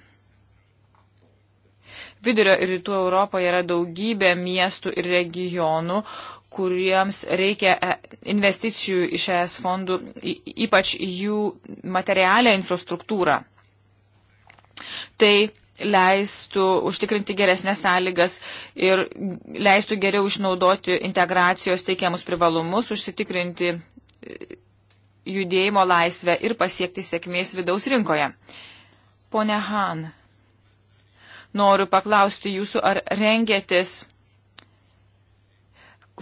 Vidurio ir rytų Europoje yra daugybė miestų ir regionų, kuriems reikia e, investicijų iš ES fondų, ypač jų materialę infrastruktūrą. Tai leistų užtikrinti geresnės sąlygas ir leistų geriau išnaudoti integracijos teikiamus privalumus, užsitikrinti e, judėjimo laisvę ir pasiekti sėkmės vidaus rinkoje. Pone Han, noriu paklausti jūsų, ar rengėtės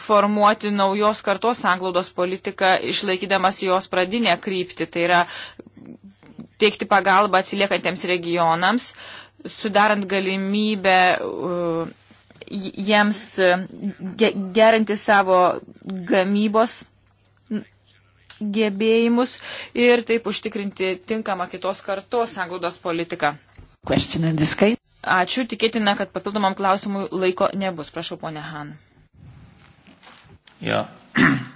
formuoti naujos kartos sanglaudos politiką, išlaikydamas jos pradinę kryptį, tai yra teikti pagalbą atsiliekantiems regionams, sudarant galimybę uh, jiems uh, ge gerinti savo gamybos gebėjimus ir taip užtikrinti tinkamą kitos kartos sanglaudos politiką. Ačiū, tikėtina, kad papildomam klausimui laiko nebus. Prašau, ponia Han. Ja.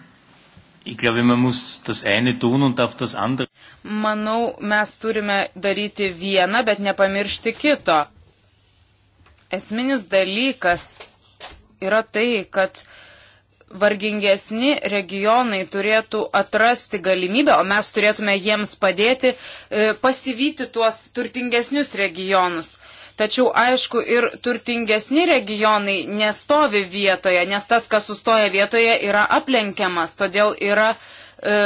Ich glaube, man muss das eine tun und auf das andere. Manau, mes turime daryti vieną, bet nepamiršti kito. Esminis dalykas yra tai, kad vargingesni regionai turėtų atrasti galimybę, o mes turėtume jiems padėti e, pasivyti tuos turtingesnius regionus. Tačiau, aišku, ir turtingesni regionai nestovi vietoje, nes tas, kas sustoja vietoje, yra aplenkiamas. Todėl yra e,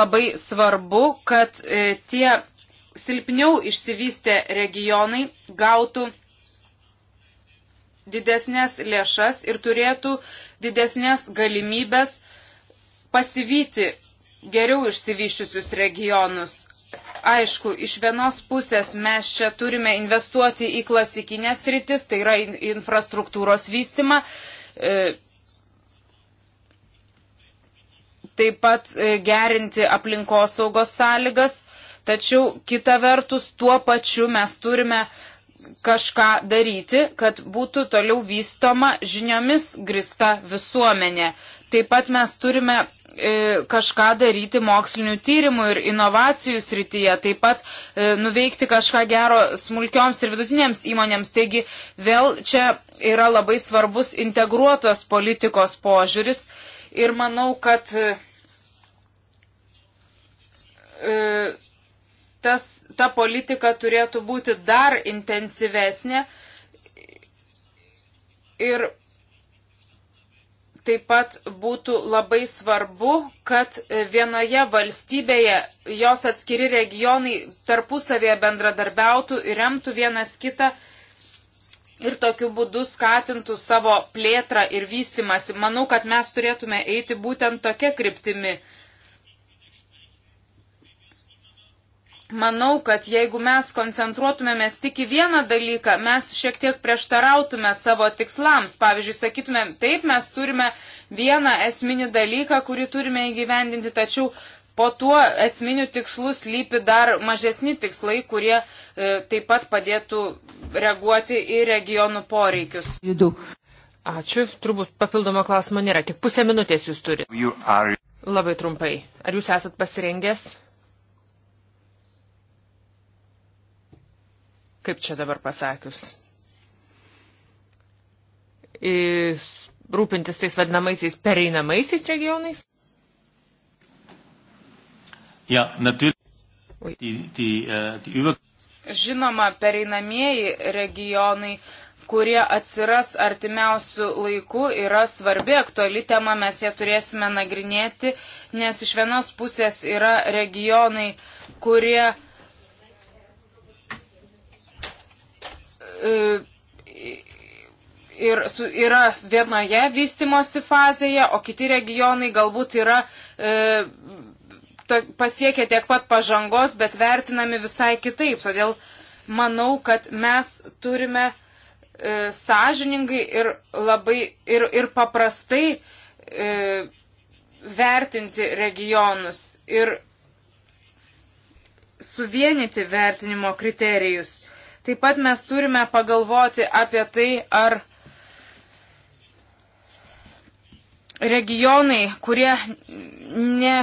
labai svarbu, kad e, tie silpniau išsivystę regionai gautų didesnės lėšas ir turėtų didesnės galimybės pasivyti geriau išsivyščiusius regionus. Aišku, iš vienos pusės mes čia turime investuoti į klasikinės rytis, tai yra infrastruktūros vystimą. E, taip pat e, gerinti aplinkosaugos sąlygas, tačiau kita vertus tuo pačiu mes turime kažką daryti, kad būtų toliau vystoma žiniomis grista visuomenė. Taip pat mes turime e, kažką daryti mokslinių tyrimų ir inovacijų srityje, taip pat e, nuveikti kažką gero smulkioms ir vidutinėms įmonėms. Taigi vėl čia yra labai svarbus integruotos politikos požiūris ir manau, kad e, tas, ta politika turėtų būti dar intensyvesnė. Ir taip pat būtų labai svarbu, kad vienoje valstybėje jos atskiri regionai tarpusavėje bendradarbiautų ir remtų vienas kitą ir tokiu būdu skatintų savo plėtrą ir vystimasi. Manau, kad mes turėtume eiti būtent tokia kryptimi. Manau, kad jeigu mes koncentruotumėmės tik į vieną dalyką, mes šiek tiek prieštarautume savo tikslams. Pavyzdžiui, sakytume, taip, mes turime vieną esminį dalyką, kurį turime įgyvendinti, tačiau po tuo esminiu tikslu slypi dar mažesni tikslai, kurie e, taip pat padėtų reaguoti į regionų poreikius. Judu. Ačiū, turbūt papildomo klausimo nėra, tik pusę minutės jūs turite. Are... Labai trumpai. Ar jūs esat pasirengęs? kaip čia dabar pasakius, rūpintis tais vadinamaisiais pereinamaisiais regionais? Ja, e, Žinoma, pereinamieji regionai kurie atsiras artimiausių laikų, yra svarbi, aktuali tema, mes ją turėsime nagrinėti, nes iš vienos pusės yra regionai, kurie E, ir su, yra vienoje vystimosi fazėje, o kiti regionai galbūt yra e, to, pasiekę tiek pat pažangos, bet vertinami visai kitaip. Todėl manau, kad mes turime e, sąžiningai ir labai ir, ir paprastai e, vertinti regionus ir suvienyti vertinimo kriterijus. Taip pat mes turime pagalvoti apie tai, ar regionai, kurie ne,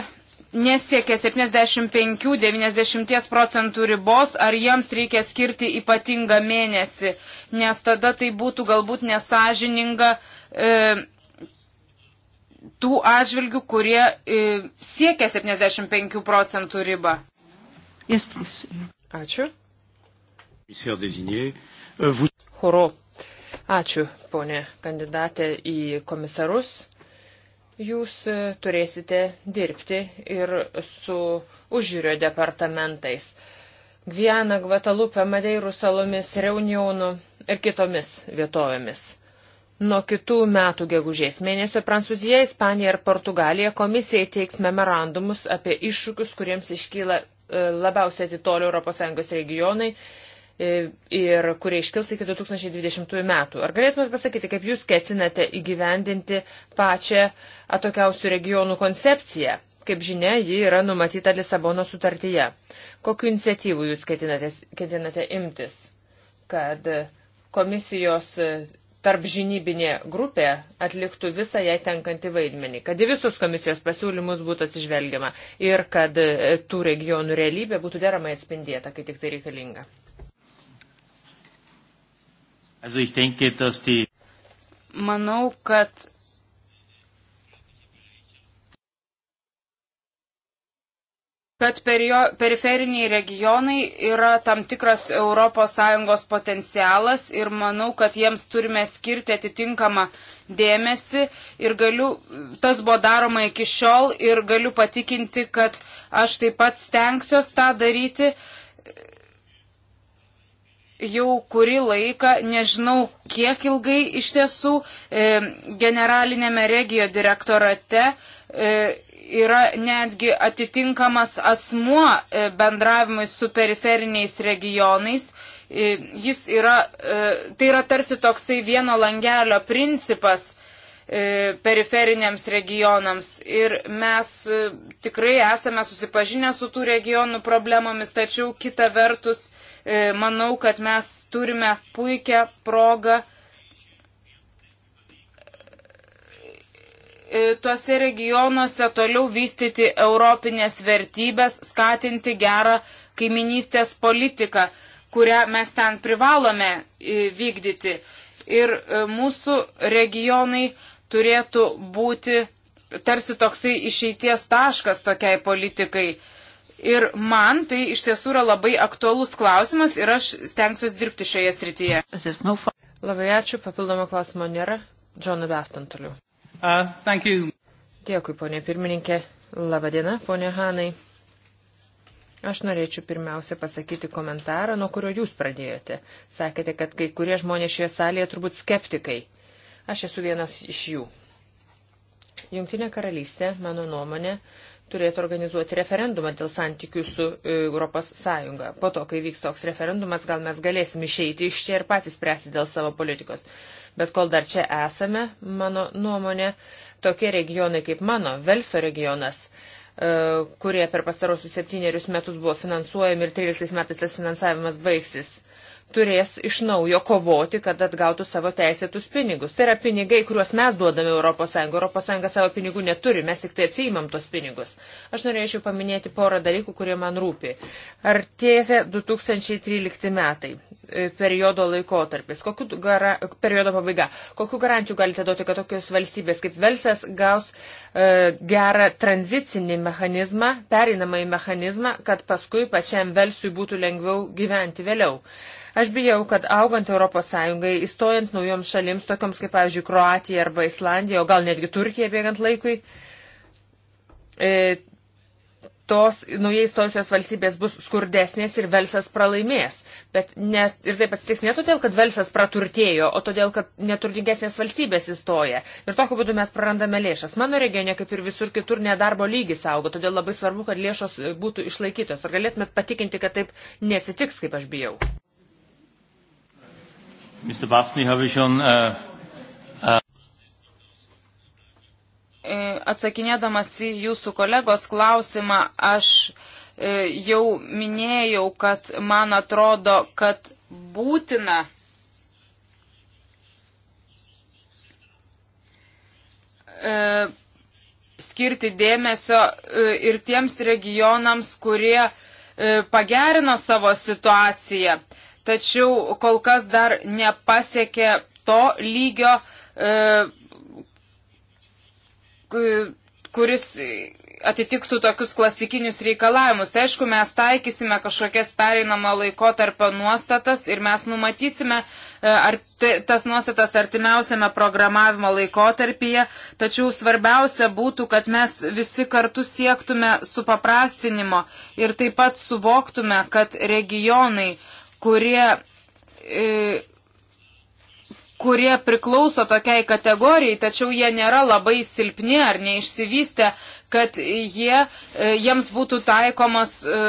nesiekia 75-90 procentų ribos, ar jiems reikia skirti ypatingą mėnesį, nes tada tai būtų galbūt nesažininga e, tų atžvilgių, kurie e, siekia 75 procentų ribą. Yes, please. Ačiū. Euh, Horo. Ačiū, ponė kandidatė į komisarus. Jūs e, turėsite dirbti ir su užžiūrio departamentais. Gviana, Gvatalupė, Madeirų salomis, Reunijonų ir kitomis vietovėmis. Nuo kitų metų gegužės mėnesio Prancūzija, Ispanija ir Portugalija komisijai teiks memorandumus apie iššūkius, kuriems iškyla e, labiausiai atitolio ES regionai E, ir kurie iškils iki 2020 metų. Ar galėtumėt pasakyti, kaip jūs ketinate įgyvendinti pačią atokiausių regionų koncepciją? Kaip žinia, ji yra numatyta Lisabono sutartyje. Kokiu iniciatyvu jūs ketinate, ketinate imtis, kad komisijos tarp žinybinė grupė atliktų visą jai tenkantį vaidmenį, kad į visus komisijos pasiūlymus būtų atsižvelgiama ir kad e, tų regionų realybė būtų deramai atspindėta, kai tik tai reikalinga. Manau, kad kad perio, periferiniai regionai yra tam tikras ES potencialas ir manau, kad jiems turime skirti atitinkamą dėmesį ir galiu, tas buvo daroma iki šiol ir galiu patikinti, kad aš taip pat stengsiuos tą daryti jau kuri laika, nežinau kiek ilgai iš tiesų, e, generalinėme regijo direktorate e, yra netgi atitinkamas asmuo e, bendravimui su periferiniais regionais. E, jis yra, e, tai yra tarsi toksai vieno langelio principas e, periferiniams regionams. Ir mes e, tikrai esame susipažinę su tų regionų problemomis, tačiau kita vertus E, manau, kad mes turime puikią progą e, tuose regionuose toliau vystyti europinės vertybės, skatinti gerą kaiminystės politiką, kurią mes ten privalome e, vykdyti. Ir mūsų regionai turėtų būti tarsi toksai išeities taškas tokiai politikai. Ir man tai iš tiesų yra labai aktuolus klausimas ir aš stengsiuosi dirbti šioje srityje. Labai ačiū, papildomo klausimo nėra. Džonu Befton toliau. Uh, Dėkui, ponė pirmininkė. Labadiena, ponė Hanai. Aš norėčiau pirmiausia pasakyti komentarą, nuo kurio jūs pradėjote. Sakėte, kad kai kurie žmonės šioje salėje turbūt skeptikai. Aš esu vienas iš jų. Junktinė karalystė, mano nuomonė, uh, turėtų organizuoti referendumą dėl santykių su ES. Po to, kai vyks toks referendumas, gal mes galėsim išeiti iš čia ir patys spręsti dėl savo politikos. Bet kol dar čia esame, mano nuomonė, tokie regionai kaip mano, Velso regionas, e, kurie per pastarosius septynerius metus buvo finansuojami ir 13 metais tas finansavimas baigsis turės iš naujo kovoti, kad atgautų savo teisėtus pinigus. Tai yra pinigai, kuriuos mes duodame ES. ES savo pinigų neturi, mes tik tai atsiimam tos pinigus. Aš norėčiau paminėti porą dalykų, kurie man rūpi. Ar tiesa 2013 metai, e, periodo laikotarpis, kokiu gara, periodo pabaiga, kokiu garantijų galite duoti, kad tokios valstybės kaip Velsas gaus e, gerą tranzicinį mechanizmą, pereinamąjį mechanizmą, kad paskui pačiam Velsui būtų lengviau gyventi vėliau. Uh, Aš bijau, kad augant ES, įstojant naujoms šalims, tokiams kaip, pavyzdžiui, Kroatija arba Islandija, o gal netgi Turkija bėgant laikui, e, tos naujai įstojusios valstybės bus skurdesnės ir Velsas pralaimės. Bet ne, ir taip atsitiks ne todėl, kad Velsas praturtėjo, o todėl, kad neturtingesnės valstybės įstoja. Ir tokiu būdu mes prarandame lėšas. Mano regione, kaip ir visur kitur, nedarbo lygis auga, todėl labai svarbu, kad lėšos būtų išlaikytos. Ar galėtumėt patikinti, kad taip neatsitiks, kaip aš bijau? Mr. Bafni, habe ich schon. Uh, uh... Atsakinėdamas į jūsų kolegos klausimą, aš e, jau minėjau, kad man atrodo, kad būtina e, skirti dėmesio ir tiems regionams, kurie pagerino savo situaciją tačiau kol kas dar nepasiekė to lygio, e, kuris atitiktų tokius klasikinius reikalavimus. Tai aišku, mes taikysime kažkokias pereinamą laikotarpio nuostatas ir mes numatysime e, ar tas nuostatas artimiausiame programavimo laikotarpyje, tačiau svarbiausia būtų, kad mes visi kartu siektume supaprastinimo ir taip pat suvoktume, kad regionai kurie, e, kurie priklauso tokiai kategorijai, tačiau jie nėra labai silpni ar neišsivystę, kad jie, e, jiems būtų taikomas e,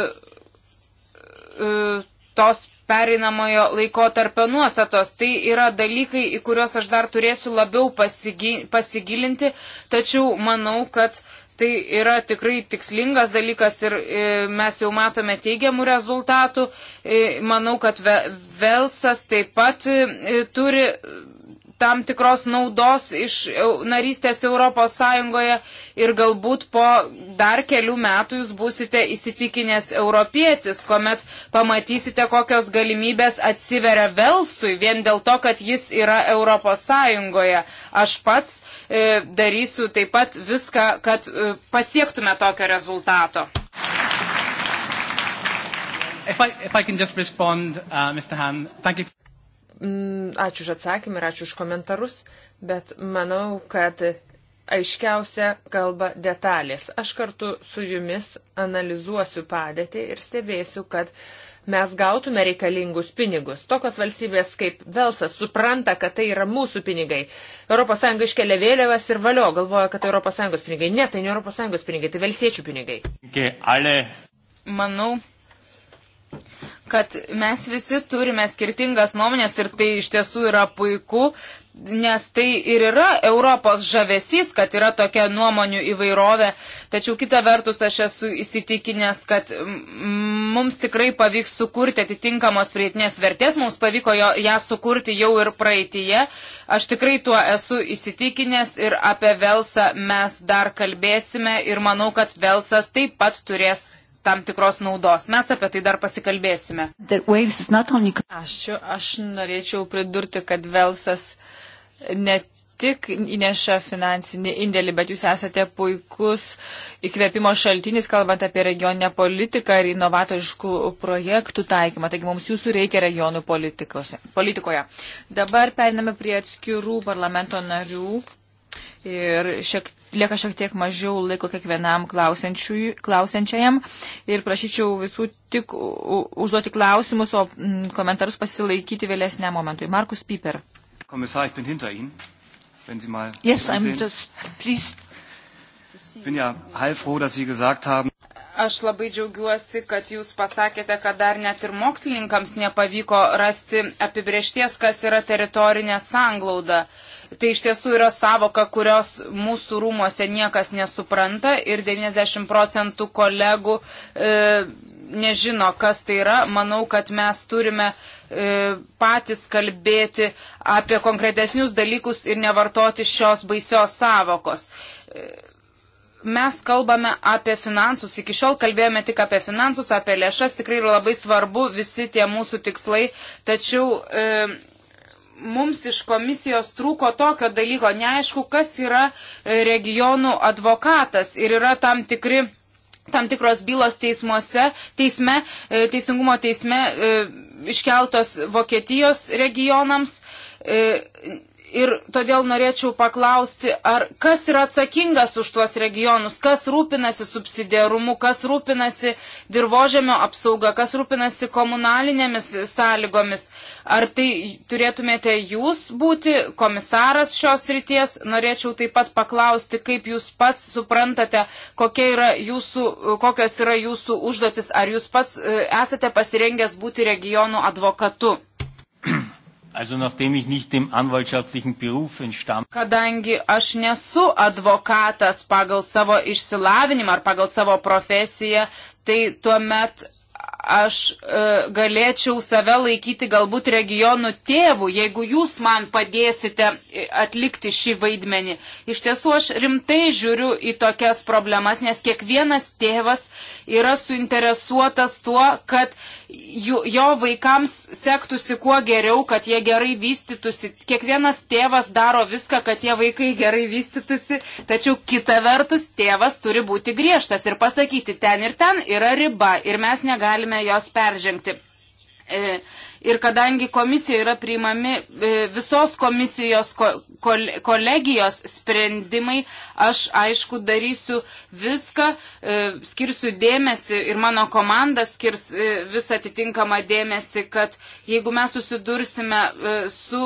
tos pereinamojo laiko tarpio nuostatos. Tai yra dalykai, į kuriuos aš dar turėsiu labiau pasigį, pasigilinti, tačiau manau, kad e, Tai yra tikrai tikslingas dalykas ir e, mes jau matome teigiamų rezultatų. E, manau, kad Velsas taip pat e, turi tam tikros naudos iš narystės Europos Sąjungoje ir galbūt po dar kelių metų jūs būsite įsitikinęs europietis, kuomet pamatysite, kokios galimybės atsiveria Velsui vien dėl to, kad jis yra Europos Sąjungoje. Aš pats e, darysiu taip pat viską, kad e, pasiektume tokio rezultato. If I, if I can just respond, uh, Mr. Han, thank you. Mm, ačiū už atsakymą ir ačiū už komentarus, bet manau, kad aiškiausia kalba detalės. Aš kartu su jumis analizuosiu padėtį ir stebėsiu, kad mes gautume reikalingus pinigus. Tokios valstybės kaip Velsas supranta, kad tai yra mūsų pinigai. ES iškelia vėliavas ir valio galvoja, kad tai ES pinigai. Ne, tai ne ES pinigai, tai velsiečių pinigai. Manau, kad mes visi turime skirtingas nuomonės ir tai iš tiesų yra puiku, nes tai ir yra Europos žavesys, kad yra tokia nuomonių įvairovė. Tačiau kita vertus aš esu įsitikinęs, kad mums tikrai pavyks sukurti atitinkamos prietinės vertės, mums pavyko jo, ją sukurti jau ir praeitie. Aš tikrai tuo esu įsitikinęs ir apie Velsą mes dar kalbėsime ir manau, kad Velsas taip pat turės tam tikros naudos. Mes apie tai dar pasikalbėsime. Only... Aš, aš norėčiau pridurti, kad Velsas ne tik įneša finansinį indėlį, bet jūs esate puikus įkvėpimo šaltinis, kalbant apie regioninę politiką ir inovatoriškų projektų taikymą. Taigi mums jūsų reikia regionų politikoje. Dabar periname prie atskirų parlamento narių ir šiek tiek lieka šiek tiek mažiau laiko kiekvienam klausiančiajam ir prašyčiau visų tik užduoti klausimus, o mm, komentarus pasilaikyti vėlesniam momentui. Markus Piper. Kommissar, ich bin hinter Ihnen. Wenn Sie mal yes, I'm just please. Ich bin ja heilfroh, dass Sie gesagt haben. Aš labai džiaugiuosi, kad jūs pasakėte, kad dar net ir mokslininkams nepavyko rasti apibriešties, kas yra teritorinė sanglauda. Tai iš tiesų yra savoka, kurios mūsų rūmose niekas nesupranta ir 90 procentų kolegų e, nežino, kas tai yra. Manau, kad mes turime e, patys kalbėti apie konkretesnius dalykus ir nevartoti šios baisios savokos. E, mes kalbame apie finansus. Iki šiol kalbėjome tik apie finansus, apie lėšas. Tikrai yra labai svarbu visi tie mūsų tikslai. Tačiau e, mums iš komisijos trūko tokio dalyko. Neaišku, kas yra e, regionų advokatas ir yra tam tikri. Tam tikros bylos teismuose, teisme, e, teisingumo teisme e, iškeltos Vokietijos regionams. E, Ir todėl norėčiau paklausti, ar kas yra atsakingas už tuos regionus, kas rūpinasi subsidiarumu, kas rūpinasi dirbožėmio apsauga, kas rūpinasi komunalinėmis sąlygomis. Ar tai turėtumėte jūs būti komisaras šios ryties? Norėčiau taip pat paklausti, kaip jūs pats suprantate, yra jūsų, kokios yra jūsų užduotis, ar jūs pats e, esate pasirengęs būti regionų advokatu. Also, nachdem ich nicht dem anwaltschaftlichen Beruf entstamme. Kadangi aš nesu advokatas pagal savo išsilavinimą ar pagal savo profesiją, tai tuomet aš e, galėčiau save laikyti galbūt regionų tėvų, jeigu jūs man padėsite e, atlikti šį vaidmenį. Iš tiesų aš rimtai žiūriu į tokias problemas, nes kiekvienas tėvas yra suinteresuotas tuo, kad jų, jo vaikams sektųsi kuo geriau, kad jie gerai vystytųsi. Kiekvienas tėvas daro viską, kad tie vaikai gerai vystytųsi, tačiau kita vertus tėvas turi būti griežtas ir pasakyti, ten ir ten yra riba ir mes negalime negalime jos peržengti. E, ir kadangi komisijoje yra priimami e, visos komisijos kolegijos sprendimai, aš aišku darysiu viską, e, skirsiu dėmesį ir mano komanda skirs visą atitinkamą dėmesį, kad jeigu mes susidursime su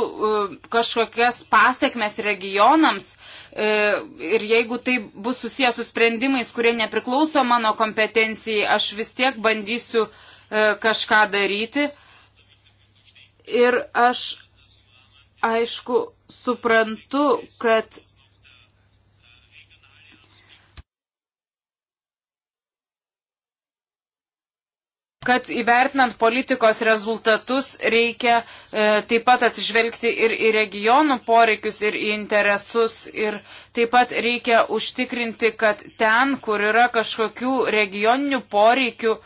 kažkokias pasiekmes regionams, E, ir jeigu tai bus susijęs su sprendimais, kurie nepriklauso mano kompetencijai, aš vis tiek bandysiu e, kažką daryti. Ir aš, aišku, suprantu, kad kad įvertinant politikos rezultatus reikia e, taip pat atsižvelgti ir į regionų poreikius, ir į interesus, ir taip pat reikia užtikrinti, kad ten, kur yra kažkokių regioninių poreikių,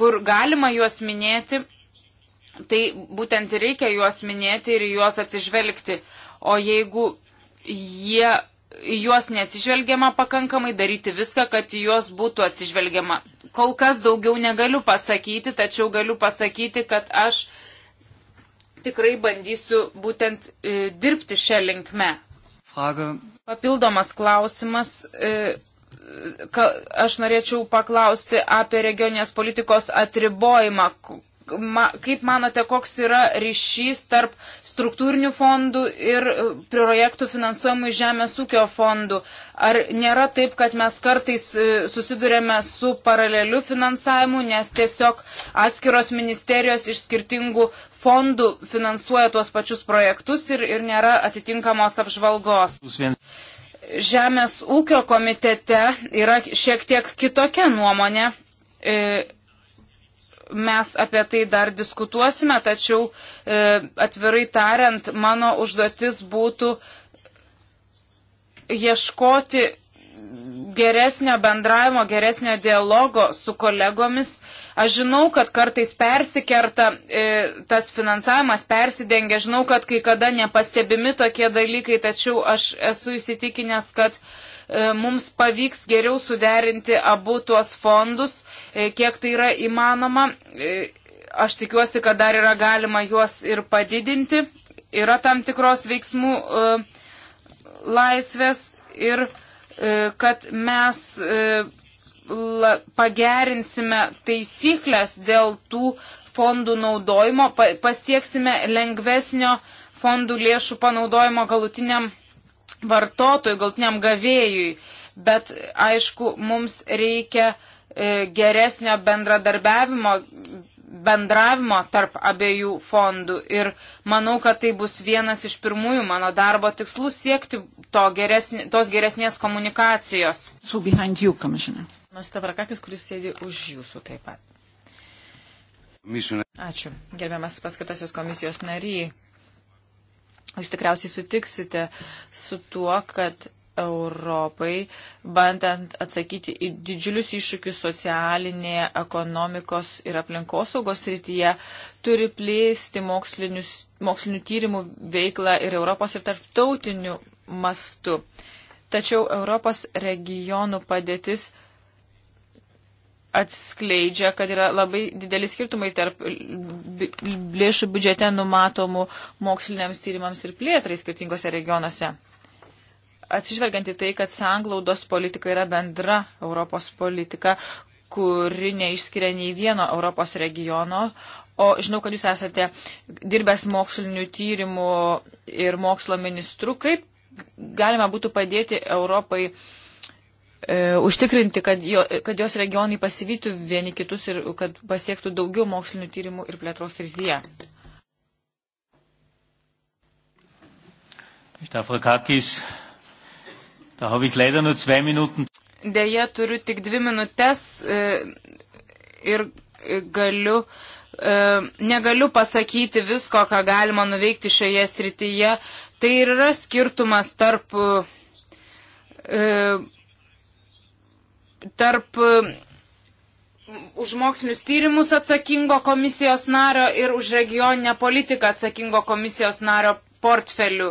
kur galima juos minėti, tai būtent reikia juos minėti ir juos atsižvelgti. O jeigu jie juos neatsižvelgiama pakankamai, daryti viską, kad juos būtų atsižvelgiama. Kol kas daugiau negaliu pasakyti, tačiau galiu pasakyti, kad aš tikrai bandysiu būtent e, dirbti šią linkmę. Frage. Papildomas klausimas. E, ka, aš norėčiau paklausti apie regioninės politikos atribojimą ma, kaip manote, koks yra ryšys tarp struktūrinių fondų ir e, projektų finansuojamų žemės ūkio fondų? Ar nėra taip, kad mes kartais e, susidurėme su paraleliu finansavimu, nes tiesiog atskiros ministerijos iš skirtingų fondų finansuoja tuos pačius projektus ir, ir nėra atitinkamos apžvalgos? Žemės ūkio komitete yra šiek tiek kitokia nuomonė. E, mes apie tai dar diskutuosime, tačiau e, atvirai tariant, mano užduotis būtų ieškoti geresnio bendravimo, geresnio dialogo su kolegomis. Aš žinau, kad kartais persikerta e, tas finansavimas, persidengia, žinau, kad kai kada nepastebimi tokie dalykai, tačiau aš esu įsitikinęs, kad E, mums pavyks geriau suderinti abu tuos fondus, e, kiek tai yra įmanoma. E, aš tikiuosi, kad dar yra galima juos ir padidinti. Yra tam tikros veiksmų laisvės ir kad mes pagerinsime taisyklės dėl tų fondų naudojimo, pasieksime lengvesnio fondų lėšų panaudojimo galutiniam vartotojui, galtiniam gavėjui. Bet aišku, mums reikia e, geresnio bendradarbiavimo, bendravimo tarp abiejų fondų. Ir manau, kad tai bus vienas iš pirmųjų mano darbo tikslų siekti to geresnė, tos geresnės komunikacijos. So you, Stavrakakis, kuris sėdi už jūsų taip pat. Ačiū. Gerbiamas paskatasis komisijos nariai. Jūs tikriausiai sutiksite su tuo, kad Europai, bandant atsakyti į didžiulius iššūkius socialinėje, ekonomikos ir aplinkosaugos rytyje, turi plėsti mokslinių tyrimų veiklą ir Europos ir tarptautinių mastų. Tačiau Europos regionų padėtis atskleidžia, kad yra labai dideli skirtumai tarp lėšų biudžete numatomų moksliniams tyrimams ir plėtrai skirtingose regionuose. Atsižvelgiant į tai, kad sanglaudos politika yra bendra Europos politika, kuri neišskiria nei vieno Europos regiono, o žinau, kad jūs esate dirbęs mokslinių tyrimų ir mokslo ministrų, kaip galima būtų padėti Europai uh, e, užtikrinti, kad, jo, kad jos regionai pasivytų vieni kitus ir kad pasiektų daugiau mokslinių tyrimų ir plėtros srityje. Deja, turiu tik dvi minutės e, ir galiu e, negaliu pasakyti visko, ką galima nuveikti šioje srityje. Tai ir yra skirtumas tarp e, tarp um, už mokslinius tyrimus atsakingo komisijos nario ir už regioninę politiką atsakingo komisijos nario portfelių.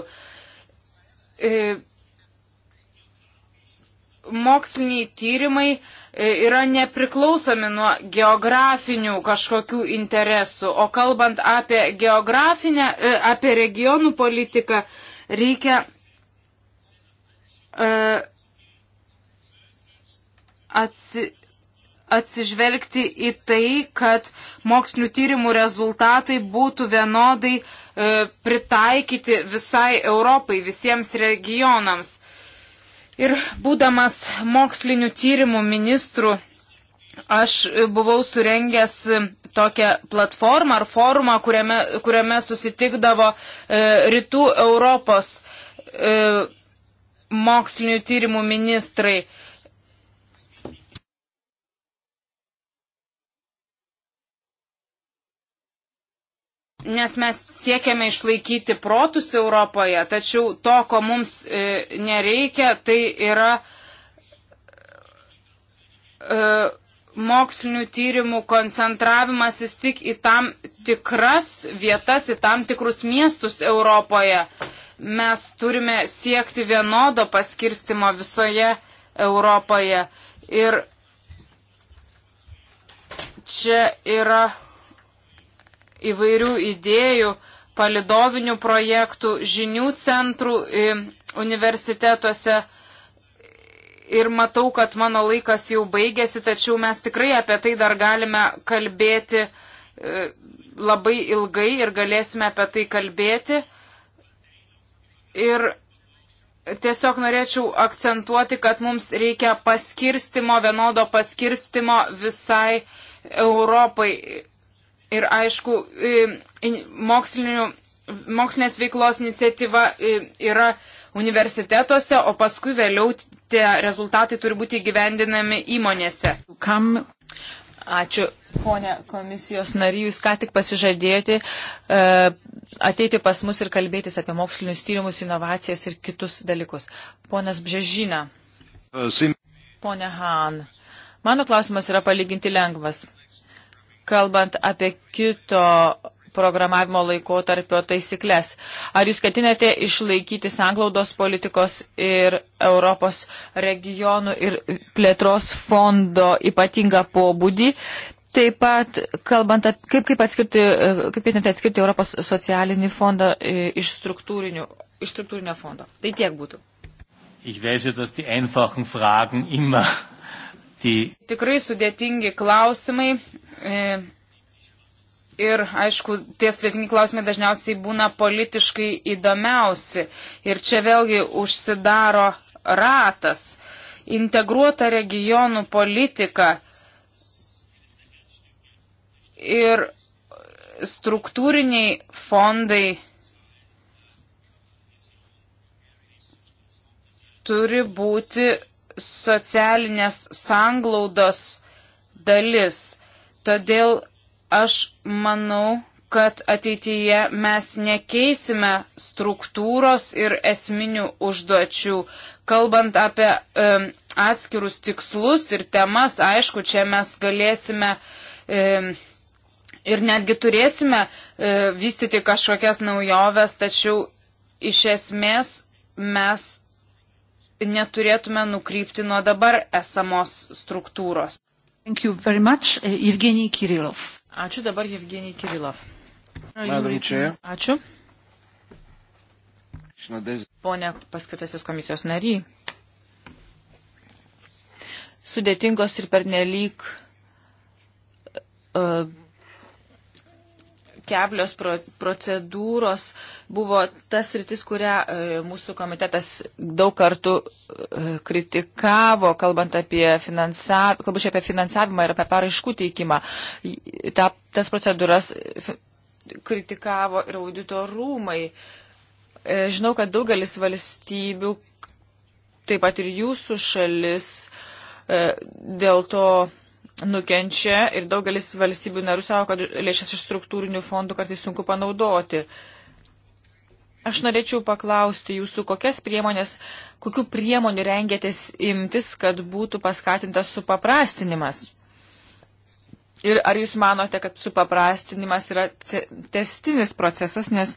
E, moksliniai tyrimai e, yra nepriklausomi nuo geografinių kažkokių interesų, o kalbant apie geografinę, e, apie regionų politiką, reikia atsi, atsižvelgti į tai, kad mokslinių tyrimų rezultatai būtų vienodai e, pritaikyti visai Europai, visiems regionams. Ir būdamas mokslinių tyrimų ministrų, aš buvau surengęs tokią platformą ar forumą, kuriame, kuriame susitikdavo e, rytų Europos e, mokslinių tyrimų ministrai. E, Nes mes siekiame išlaikyti protus Europoje, tačiau to, ko mums e, nereikia, tai yra e, mokslinių tyrimų koncentravimasis tik į tam tikras vietas, į tam tikrus miestus Europoje. Mes turime siekti vienodo paskirstimo visoje Europoje. Ir čia yra įvairių idėjų, palidovinių projektų, žinių centrų universitetuose. Ir matau, kad mano laikas jau baigėsi, tačiau mes tikrai apie tai dar galime kalbėti e, labai ilgai ir galėsime apie tai kalbėti. Ir tiesiog norėčiau akcentuoti, kad mums reikia paskirstimo, vienodo paskirstimo visai Europai. Ir aišku, e, mokslinės veiklos iniciatyva e, yra universitetuose, o paskui vėliau tie rezultatai turi būti įgyvendinami įmonėse. Kam? Ačiū, ponė komisijos nary, jūs ką tik pasižadėjote e, ateiti pas mus ir kalbėtis apie mokslinius tyrimus, inovacijas ir kitus dalykus. Ponas Bžežina. E, Pone Han, mano klausimas yra palyginti lengvas kalbant apie kito programavimo laikotarpio taisyklės. Ar jūs ketinate išlaikyti sanglaudos politikos ir Europos regionų ir plėtros fondo ypatingą pobūdį? Taip pat, kalbant apie, kaip, kaip, atskirti, kaip ketinate atskirti Europos socialinį fondą e, iš, iš struktūrinio fondo. Tai tiek būtų. Ich weiß ja, dass die einfachen Fragen immer die... Tikrai sudėtingi klausimai. E, ir, aišku, tie sudėtingi klausimai dažniausiai būna politiškai įdomiausi. Ir čia vėlgi užsidaro ratas. Integruota regionų politika ir struktūriniai fondai turi būti socialinės sanglaudos dalis. Todėl aš manau, kad ateityje mes nekeisime struktūros ir esminių užduočių. Kalbant apie e, atskirus tikslus ir temas, aišku, čia mes galėsime e, ir netgi turėsime e, vystyti kažkokias naujoves, tačiau iš esmės mes neturėtume nukrypti nuo dabar esamos struktūros. Much, e, Ačiū dabar, Evgenij Kirilov. Ačiū. Pone paskirtasis komisijos nary. Sudėtingos ir pernelyg uh, keblios procedūros buvo tas rytis, kurią e, mūsų komitetas daug kartų e, kritikavo, kalbant apie, finansav... kalbant apie finansavimą ir apie paraiškų teikimą. Ta, tas procedūras kritikavo ir audito rūmai. E, žinau, kad daugelis valstybių, taip pat ir jūsų šalis, dėl to nukenčia ir daugelis valstybių narių savo, kad lėšas iš struktūrinių fondų kartais sunku panaudoti. Aš norėčiau paklausti jūsų, kokias priemonės, kokiu priemonių rengėtės imtis, kad būtų paskatintas supaprastinimas. Ir ar jūs manote, kad supaprastinimas yra testinis procesas, nes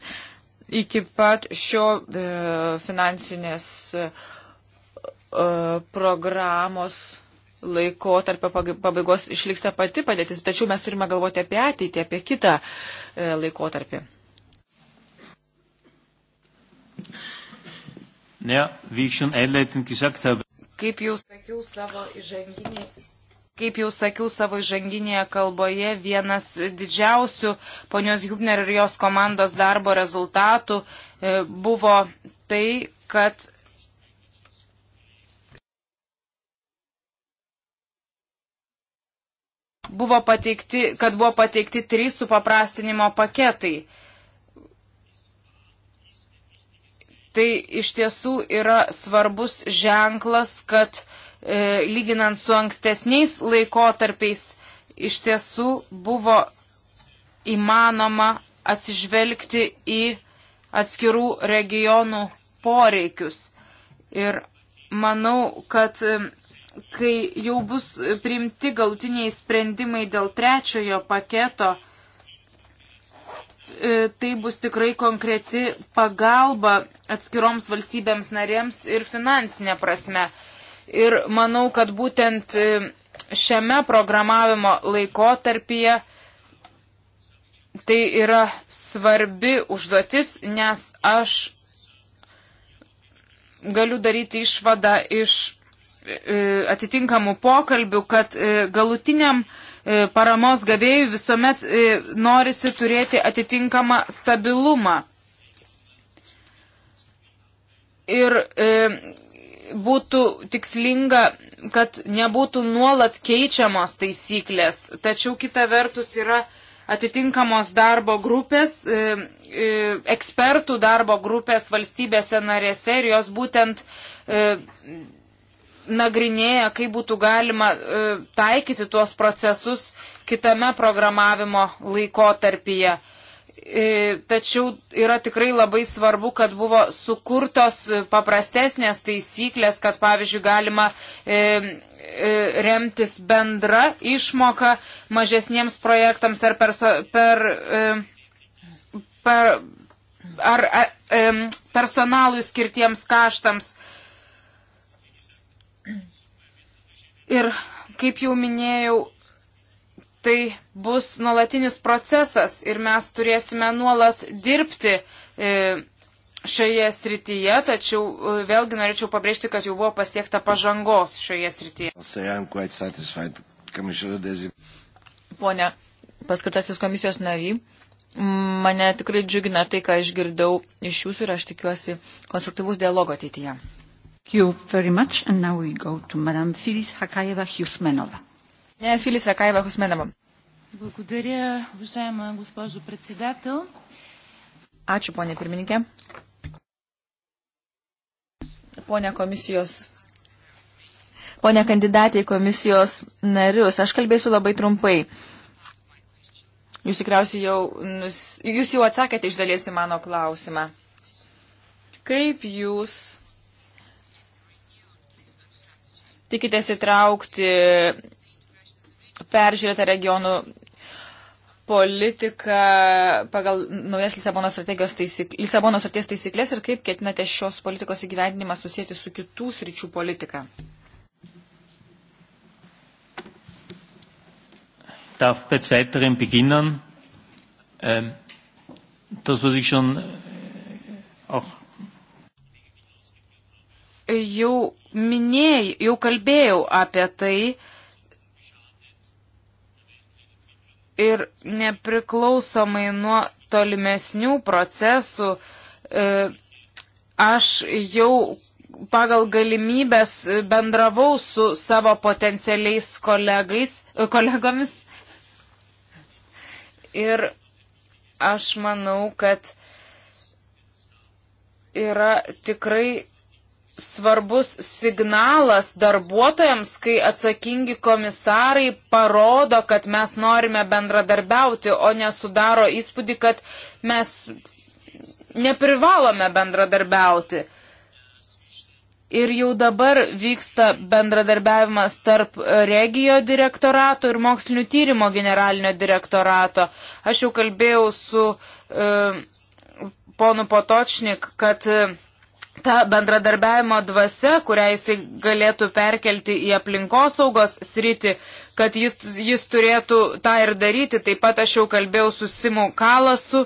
iki pat šio e, finansinės e, programos laiko tarp pabaigos išliks ta pati padėtis, tačiau mes turime galvoti apie ateitį, apie kitą e, laikotarpį. Ja, wie ich schon einleitend gesagt habe. Kaip jau sakiau savo įžanginėje kaip jau sakiau savo įžanginėje kalboje, vienas didžiausių ponios Hubner ir jos komandos darbo rezultatų e, buvo tai, kad buvo pateikti, kad buvo pateikti trys supaprastinimo paketai. Tai iš tiesų yra svarbus ženklas, kad e, lyginant su ankstesniais laikotarpiais iš tiesų buvo įmanoma atsižvelgti į atskirų regionų poreikius. Ir manau, kad e, kai jau bus priimti galutiniai sprendimai dėl trečiojo paketo, e, tai bus tikrai konkreti pagalba atskiroms valstybėms narėms ir finansinė prasme. Ir manau, kad būtent e, šiame programavimo laikotarpyje tai yra svarbi užduotis, nes aš galiu daryti išvadą iš E, atitinkamų pokalbių, kad e, galutiniam e, paramos gavėjui visuomet norisi turėti atitinkamą stabilumą. Ir būtų tikslinga, kad nebūtų nuolat keičiamos taisyklės, tačiau kita vertus yra atitinkamos darbo grupės, ekspertų darbo grupės valstybėse narėse ir jos būtent nagrinėja, kaip būtų galima e, taikyti tuos procesus kitame programavimo laikotarpyje. E, tačiau yra tikrai labai svarbu, kad buvo sukurtos paprastesnės taisyklės, kad pavyzdžiui galima e, e remtis bendra išmoka mažesniems projektams ar per, per, per, ar, ar, personalui skirtiems kaštams. Ir, kaip jau minėjau, tai bus nuolatinis procesas ir mes turėsime nuolat dirbti e, šioje srityje, tačiau e, vėlgi norėčiau pabrėžti, kad jau buvo pasiekta pažangos šioje srityje. Pone, paskirtasis komisijos nary, mane tikrai džiugina tai, ką išgirdau iš jūsų ir aš tikiuosi konstruktyvus dialogo ateityje. Thank you very much. And now we go to Madame Филис Хакаева Хюсменова. Не, Филис Хакаева Хюсменова. Благодаря, уважаема госпожо председател. Ačiū, ponė pirmininkė. Pone komisijos. Pone kandidatė į komisijos narius, aš kalbėsiu labai trumpai. Jūs tikriausiai jau, jūs jau atsakėte iš dalies į mano klausimą. Kaip jūs tikitės įtraukti peržiūrėtą regionų politiką pagal naujas Lisabono strategijos taisyk, Lisabono strategijos taisyklės ir kaip ketinate šios politikos įgyvendinimą susijęti su kitų sričių politika? Darf bei zweiterem beginnen. Ähm, das, was ich schon äh, auch jau minėjau, jau kalbėjau apie tai ir nepriklausomai nuo tolimesnių procesų, e, aš jau pagal galimybės bendravau su savo potencialiais kolegais, e, kolegomis. Ir aš manau, kad yra tikrai svarbus signalas darbuotojams, kai atsakingi komisarai parodo, kad mes norime bendradarbiauti, o nesudaro įspūdį, kad mes neprivalome bendradarbiauti. Ir jau dabar vyksta bendradarbiavimas tarp regijo direktorato ir mokslinio tyrimo generalinio direktorato. Aš jau kalbėjau su e, ponu Potočnik, kad e, ta bendradarbiavimo dvasia, kurią jisai galėtų perkelti į aplinkosaugos sritį, kad jis, jis turėtų tą ir daryti. Taip pat aš jau kalbėjau su Simu Kalasu,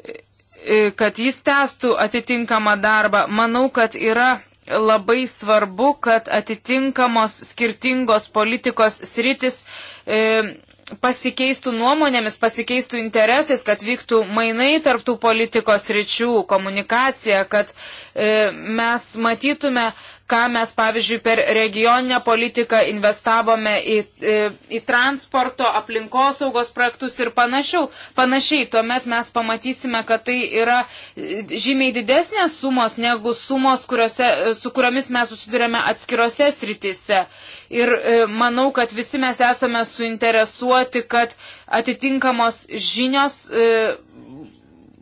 e, kad jis testų atitinkamą darbą. Manau, kad yra labai svarbu, kad atitinkamos skirtingos politikos sritis e, pasikeistų nuomonėmis, pasikeistų interesais, kad vyktų mainai tarptų politikos ryčių, komunikacija, kad e, mes matytume, ką mes, pavyzdžiui, per regioninę politiką investavome į, į, į transporto, aplinkosaugos projektus ir panašiau. panašiai. Tuomet mes pamatysime, kad tai yra e, žymiai didesnės sumos negu sumos, kuriuose, e, su kuriomis mes susidurėme atskirose sritise. Ir e, manau, kad visi mes esame suinteresuoti, kad atitinkamos žinios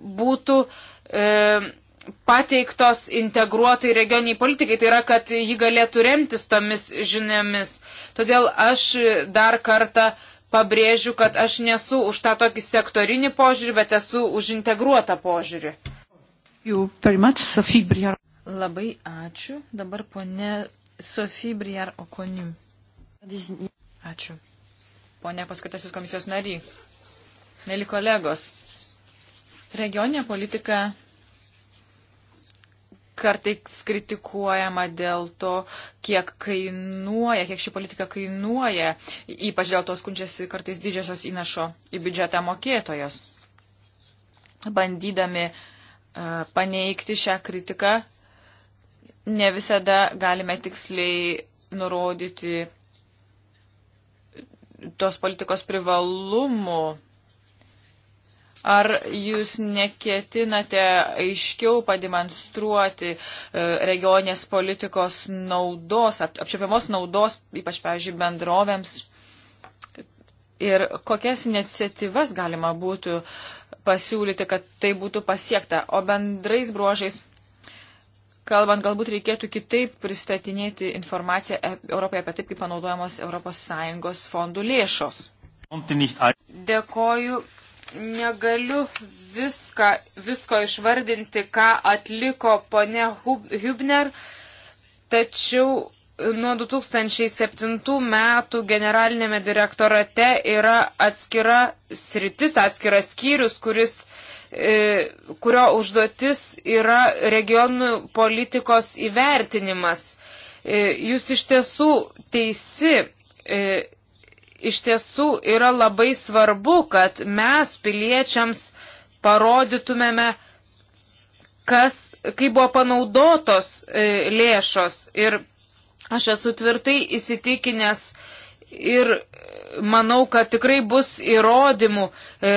būtų. E, pateiktos integruotai regioniai politikai, tai yra, kad ji galėtų remtis tomis žiniomis. Todėl aš dar kartą pabrėžiu, kad aš nesu už tą tokį sektorinį požiūrį, bet esu už integruotą požiūrį. Much, Labai ačiū. Dabar ponė Sofija Briar Okoniu. Ačiū. Pone paskatasis komisijos nariai. Mėly kolegos. Regioninė politika kartais kritikuojama dėl to, kiek kainuoja, kiek ši politika kainuoja, ypač dėl to skundžiasi kartais didžiosios įnašo į biudžetą mokėtojos. Bandydami e, paneigti šią kritiką, ne visada galime tiksliai nurodyti tos politikos privalumų Ar jūs neketinate aiškiau pademonstruoti e, regionės politikos naudos, apčiopiamos naudos, ypač, pavyzdžiui, bendrovėms? Ir kokias iniciatyvas galima būtų pasiūlyti, kad tai būtų pasiekta? O bendrais bruožais, kalbant, galbūt reikėtų kitaip pristatinėti informaciją Europoje apie taip, kaip panaudojamos ES fondų lėšos. Dėkoju negaliu viską, visko išvardinti, ką atliko ponė Hübner, tačiau nuo 2007 metų generalinėme direktorate yra atskira sritis, atskiras skyrius, kuris e, kurio užduotis yra regionų politikos įvertinimas. E, jūs iš tiesų teisi, e, iš tiesų yra labai svarbu, kad mes piliečiams parodytumėme, kas, kaip buvo panaudotos e, lėšos. Ir aš esu tvirtai įsitikinęs ir manau, kad tikrai bus įrodymų, e,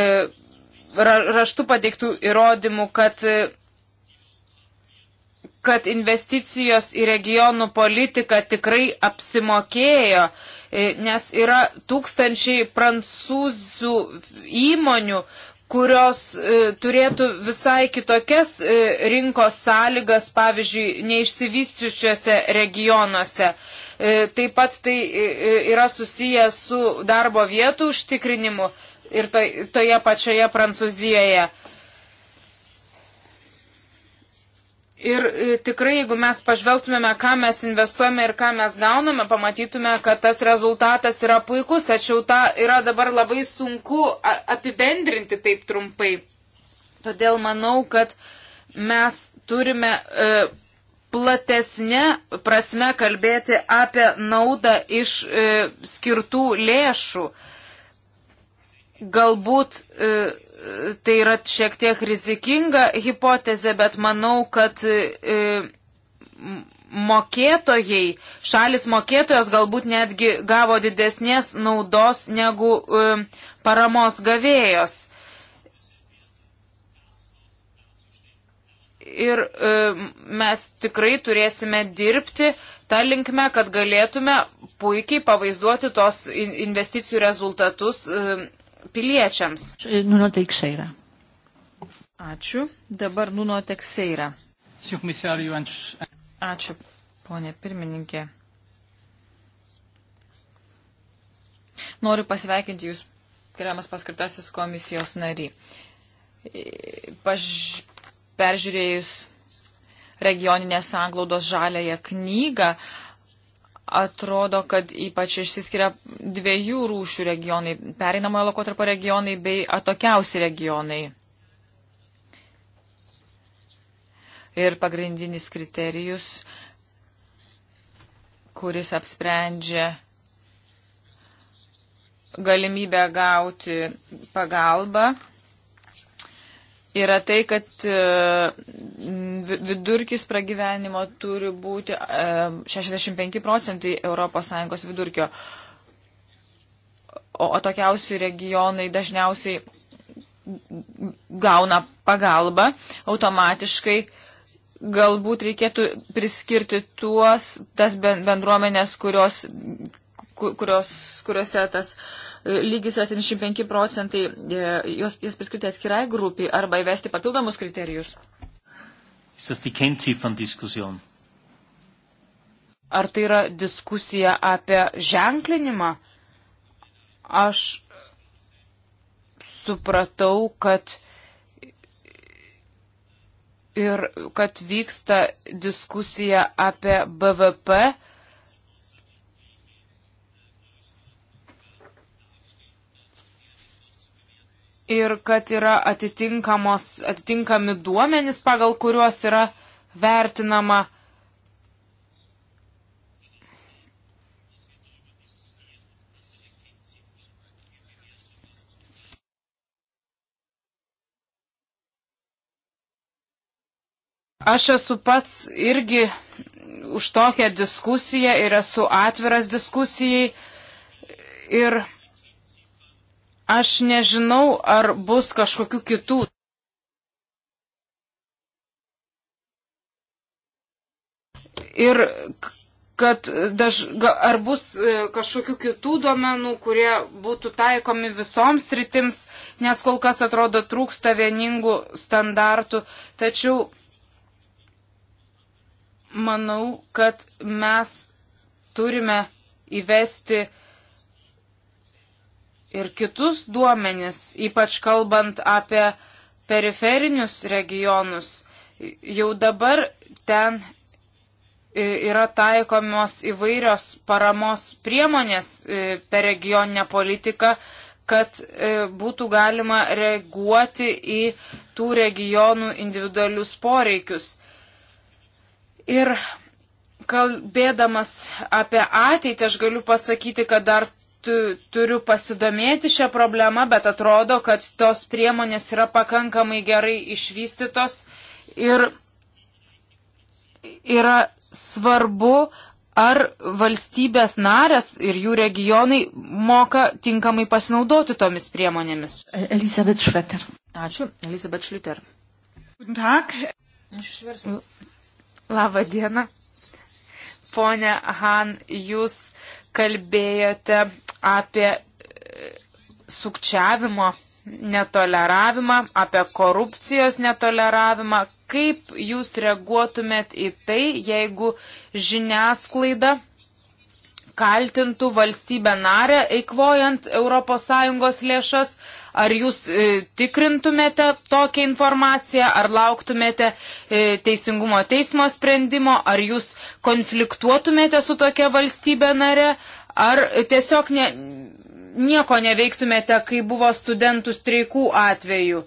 raštų pateiktų įrodymų, kad e, kad investicijos į regionų politiką tikrai apsimokėjo, e, nes yra tūkstančiai prancūzų įmonių, kurios e, turėtų visai kitokias e, rinkos sąlygas, pavyzdžiui, neišsivysčiusiuose regionuose. Taip pat tai yra susiję su darbo vietų užtikrinimu ir toje pačioje Prancūzijoje. Ir e, tikrai, jeigu mes pažvelgtumėme, ką mes investuojame ir ką mes gauname, pamatytume, kad tas rezultatas yra puikus, tačiau tą yra dabar labai sunku apibendrinti taip trumpai. Todėl manau, kad mes turime e, platesnė prasme kalbėti apie naudą iš e, skirtų lėšų. E, Galbūt e, tai yra šiek tiek rizikinga hipotezė, bet manau, kad e, mokėtojai, šalis mokėtojos galbūt netgi gavo didesnės naudos negu e, paramos gavėjos. Ir mes tikrai turėsime dirbti tą linkmę, kad galėtume puikiai pavaizduoti tos investicijų rezultatus piliečiams. Nuno Tekseira. Ačiū. Dabar Nuno Tekseira. Ačiū, ponė pirmininkė. Noriu pasveikinti Jūs, geriamas paskirtasis komisijos nary. Paž... Peržiūrėjus regioninės anglaudos žalėje knygą, atrodo, kad ypač išsiskiria dviejų rūšių regionai - pereinamojo laikotarpio regionai bei atokiausi regionai. Ir pagrindinis kriterijus, kuris apsprendžia galimybę gauti pagalbą yra tai, kad e, vidurkis pragyvenimo turi būti 65 e, procentai ES vidurkio. O tokiausi regionai dažniausiai gauna pagalbą automatiškai. Galbūt reikėtų priskirti tuos, tas bendruomenės, kurios, kurios, kuriuose tas uh, E, lygis yra 75 procentai, e, jos, jas priskirti atskirai grupiai arba įvesti papildomus kriterijus? Ar tai yra diskusija apie ženklinimą? Aš supratau, kad ir kad vyksta diskusija apie BVP ir kad yra atitinkami duomenys, pagal kuriuos yra vertinama Aš esu pats irgi už tokią diskusiją ir esu atviras diskusijai. Ir Aš nežinau, ar bus kažkokių kitų. Ir kad daž, ar bus e, kažkokių kitų duomenų, kurie būtų taikomi visoms rytims, nes kol kas atrodo trūksta vieningų standartų. Tačiau manau, kad mes turime įvesti ir kitus duomenis, ypač kalbant apie periferinius regionus. Jau dabar ten yra taikomos įvairios paramos priemonės per regioninę politiką, kad būtų galima reaguoti į tų regionų individualius poreikius. Ir kalbėdamas apie ateitį, aš galiu pasakyti, kad dar turiu pasidomėti šią problemą, bet atrodo, kad tos priemonės yra pakankamai gerai išvystytos ir yra svarbu, ar valstybės narės ir jų regionai moka tinkamai pasinaudoti tomis priemonėmis. Elisabeth Schlitter. Ačiū, Elisabeth Schlitter. Labą dieną. Pone Han, jūs kalbėjote apie e, sukčiavimo netoleravimą, apie korupcijos netoleravimą. Kaip jūs reaguotumėt į tai, jeigu žiniasklaida kaltintų valstybę narę eikvojant ES lėšas Ar jūs e, tikrintumėte tokią informaciją, ar lauktumėte e, teisingumo teismo sprendimo, ar jūs konfliktuotumėte su tokia valstybė nare, ar tiesiog ne, nieko neveiktumėte, kai buvo studentų streikų atveju?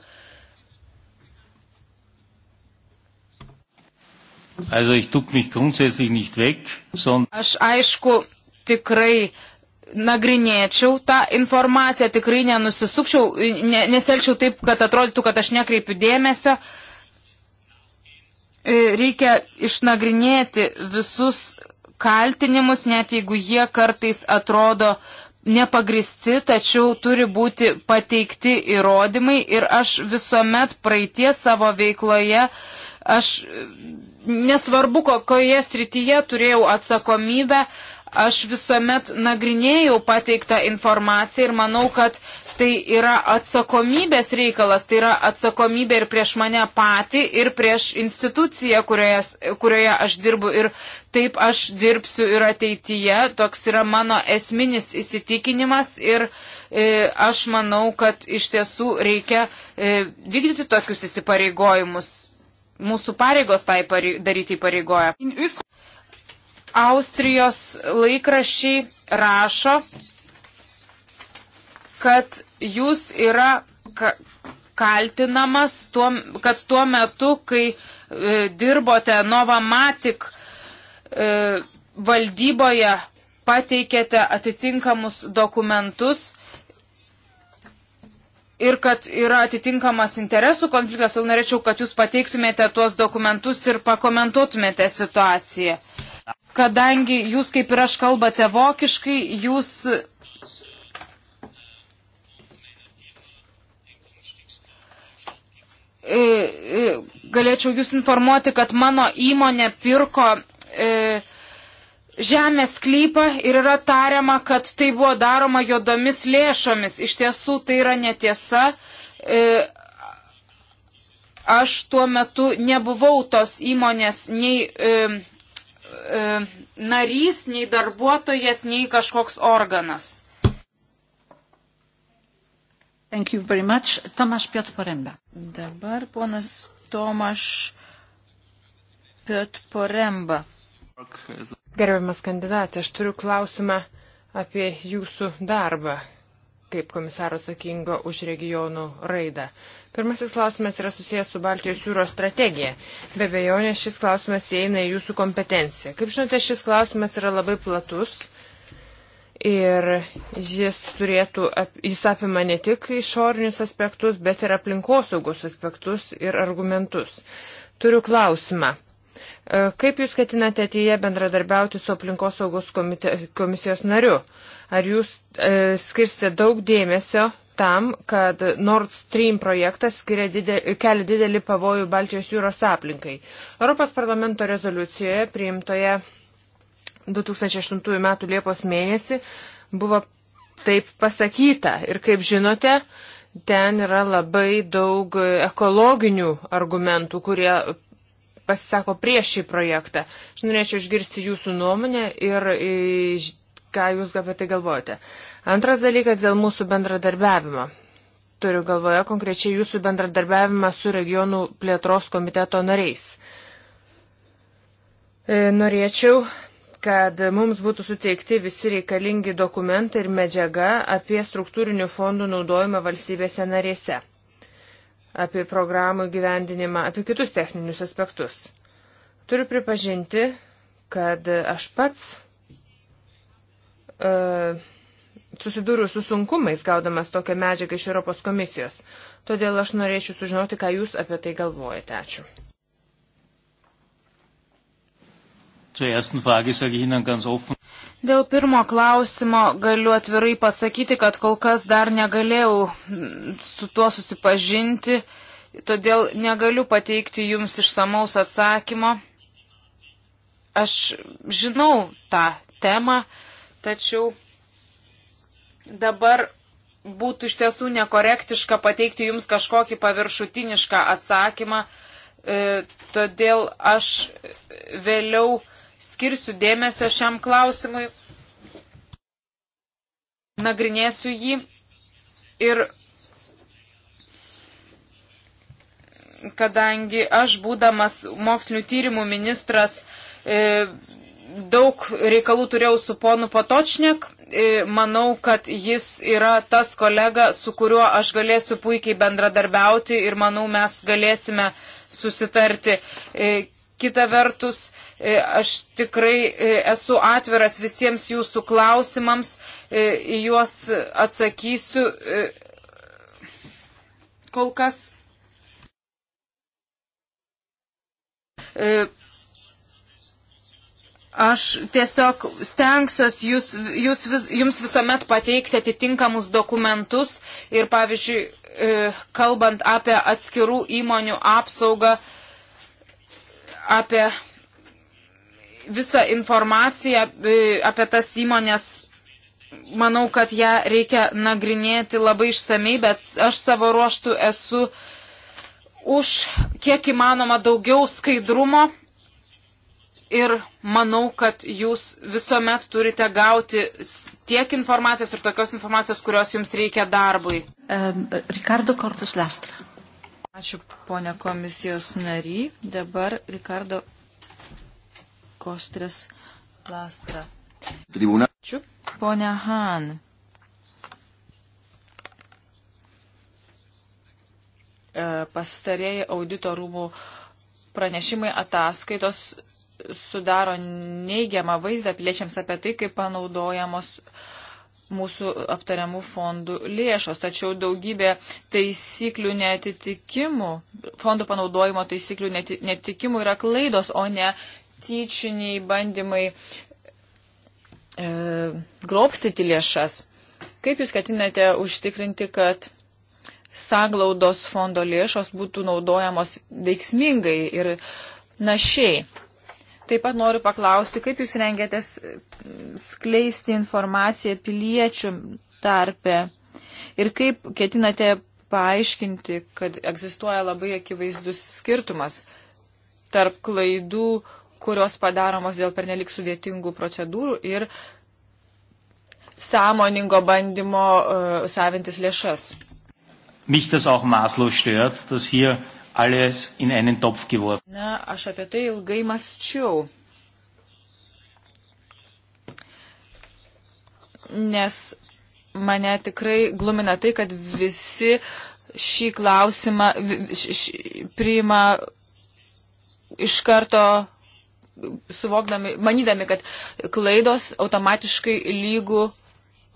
Also ich duck mich grundsätzlich nicht weg, sondern... Aš aišku, tikrai nagrinėčiau tą informaciją, tikrai nenusisukčiau, ne, neselčiau taip, kad atrodytų, kad aš nekreipiu dėmesio. E, reikia išnagrinėti visus kaltinimus, net jeigu jie kartais atrodo nepagristi, tačiau turi būti pateikti įrodymai ir aš visuomet praeitie savo veikloje, aš nesvarbu, kokioje srityje turėjau atsakomybę, Aš visuomet nagrinėjau pateiktą informaciją ir manau, kad tai yra atsakomybės reikalas, tai yra atsakomybė ir prieš mane patį, ir prieš instituciją, kurioje, kurioje aš dirbu ir taip aš dirbsiu ir ateityje. Toks yra mano esminis įsitikinimas ir e, aš manau, kad iš tiesų reikia e, vykdyti tokius įsipareigojimus. Mūsų pareigos tai parei, daryti įpareigoja. Austrijos laikrašiai rašo, kad jūs yra kaltinamas, tuo, kad tuo metu, kai e, dirbote Novamatik e, valdyboje, pateikėte atitinkamus dokumentus ir kad yra atitinkamas interesų konfliktas, jau norėčiau, kad jūs pateiktumėte tuos dokumentus ir pakomentuotumėte situaciją. Kadangi jūs kaip ir aš kalbate vokiškai, jūs. E, e, galėčiau jūs informuoti, kad mano įmonė pirko e, žemės klypą ir yra tariama, kad tai buvo daroma jodomis lėšomis. Iš tiesų tai yra netiesa. E, aš tuo metu nebuvau tos įmonės nei e, e, narys, nei darbuotojas, nei kažkoks organas. Thank you very much. Tomaš Piotr Poremba. Dabar ponas Tomaš Piotr Poremba. Gerbiamas kandidatė, aš turiu klausimą apie jūsų darbą kaip komisaro sakingo už regionų raidą. Pirmasis klausimas yra susijęs su Baltijos jūros strategija. Be bejonės šis klausimas įeina į jūsų kompetenciją. Kaip žinote, šis klausimas yra labai platus ir jis turėtų, jis apima ne tik išorinius aspektus, bet ir aplinkosaugos aspektus ir argumentus. Turiu klausimą. E, kaip Jūs ketinate ateityje bendradarbiauti su aplinkos saugos komisijos nariu? Ar Jūs e, skirsite daug dėmesio tam, kad Nord Stream projektas didel, kelia didelį pavojų Baltijos jūros aplinkai? Europos parlamento rezoliucijoje priimtoje 2008 m. Liepos mėnesį buvo taip pasakyta. Ir kaip žinote, ten yra labai daug ekologinių argumentų, kurie pasisako prieš šį projektą. Aš norėčiau išgirsti jūsų nuomonę ir e, ką jūs apie tai galvojate. Antras dalykas dėl mūsų bendradarbiavimo. Turiu galvoje konkrečiai jūsų bendradarbiavimą su regionų plėtros komiteto nariais. E, norėčiau, kad mums būtų suteikti visi reikalingi dokumentai ir medžiaga apie struktūrinių fondų naudojimą valstybėse narėse apie programų gyvendinimą, apie kitus techninius aspektus. Turiu pripažinti, kad aš pats e, susidūriau su sunkumais gaudamas tokią medžiagą iš Europos komisijos. Todėl aš norėčiau sužinoti, ką Jūs apie tai galvojate. Ačiū. Dėl pirmo klausimo galiu atvirai pasakyti, kad kol kas dar negalėjau mm, su tuo susipažinti, todėl negaliu pateikti jums išsamaus atsakymo. Aš žinau tą temą, tačiau dabar būtų iš tiesų nekorektiška pateikti jums kažkokį paviršutinišką atsakymą, e, todėl aš vėliau skirsiu dėmesio šiam klausimui, nagrinėsiu jį ir kadangi aš būdamas mokslinių tyrimų ministras e, daug reikalų turėjau su ponu Patočnik, e, manau, kad jis yra tas kolega, su kuriuo aš galėsiu puikiai bendradarbiauti ir manau, mes galėsime susitarti. E, kita vertus, E, aš tikrai e, esu atviras visiems jūsų klausimams, e, į juos atsakysiu kol kas. Aš tiesiog stengsiuosi jūs, jūs vis, jums visuomet pateikti atitinkamus dokumentus ir, pavyzdžiui, kalbant apie atskirų įmonių apsaugą, apie visą informaciją e, apie tas įmonės, manau, kad ją reikia nagrinėti labai išsamei, bet aš savo ruoštų esu už kiek įmanoma daugiau skaidrumo ir manau, kad jūs visuomet turite gauti tiek informacijos ir tokios informacijos, kurios jums reikia darbui. Um, Ricardo Cortes Lastra. Ačiū, ponia komisijos nary. Dabar Ricardo Kostres Plastra. Tribuna. Ačiū. Pone Han. E, Pastarėjai audito rūmų pranešimai ataskaitos sudaro neigiamą vaizdą piliečiams apie tai, kaip panaudojamos mūsų aptariamų fondų lėšos. Tačiau daugybė taisyklių netitikimų, fondų panaudojimo taisyklių netitikimų yra klaidos, o ne tyčiniai bandymai e, grobstyti lėšas. Kaip Jūs ketinate užtikrinti, kad sanglaudos fondo lėšos būtų naudojamos veiksmingai ir našiai? Taip pat noriu paklausti, kaip Jūs rengiatės skleisti informaciją piliečių tarpe ir kaip ketinate paaiškinti, kad egzistuoja labai akivaizdus skirtumas tarp klaidų, kurios padaromos dėl pernelik sudėtingų procedūrų ir sąmoningo bandymo uh, savintis lėšas. Mich das auch maßlos stört, dass hier alles in einen Topf geworfen. Na, aš apie tai ilgai mąsčiau. Nes mane tikrai glumina tai, kad visi šį klausimą š, š, priima iš karto suvokdami, manydami, kad klaidos automatiškai lygų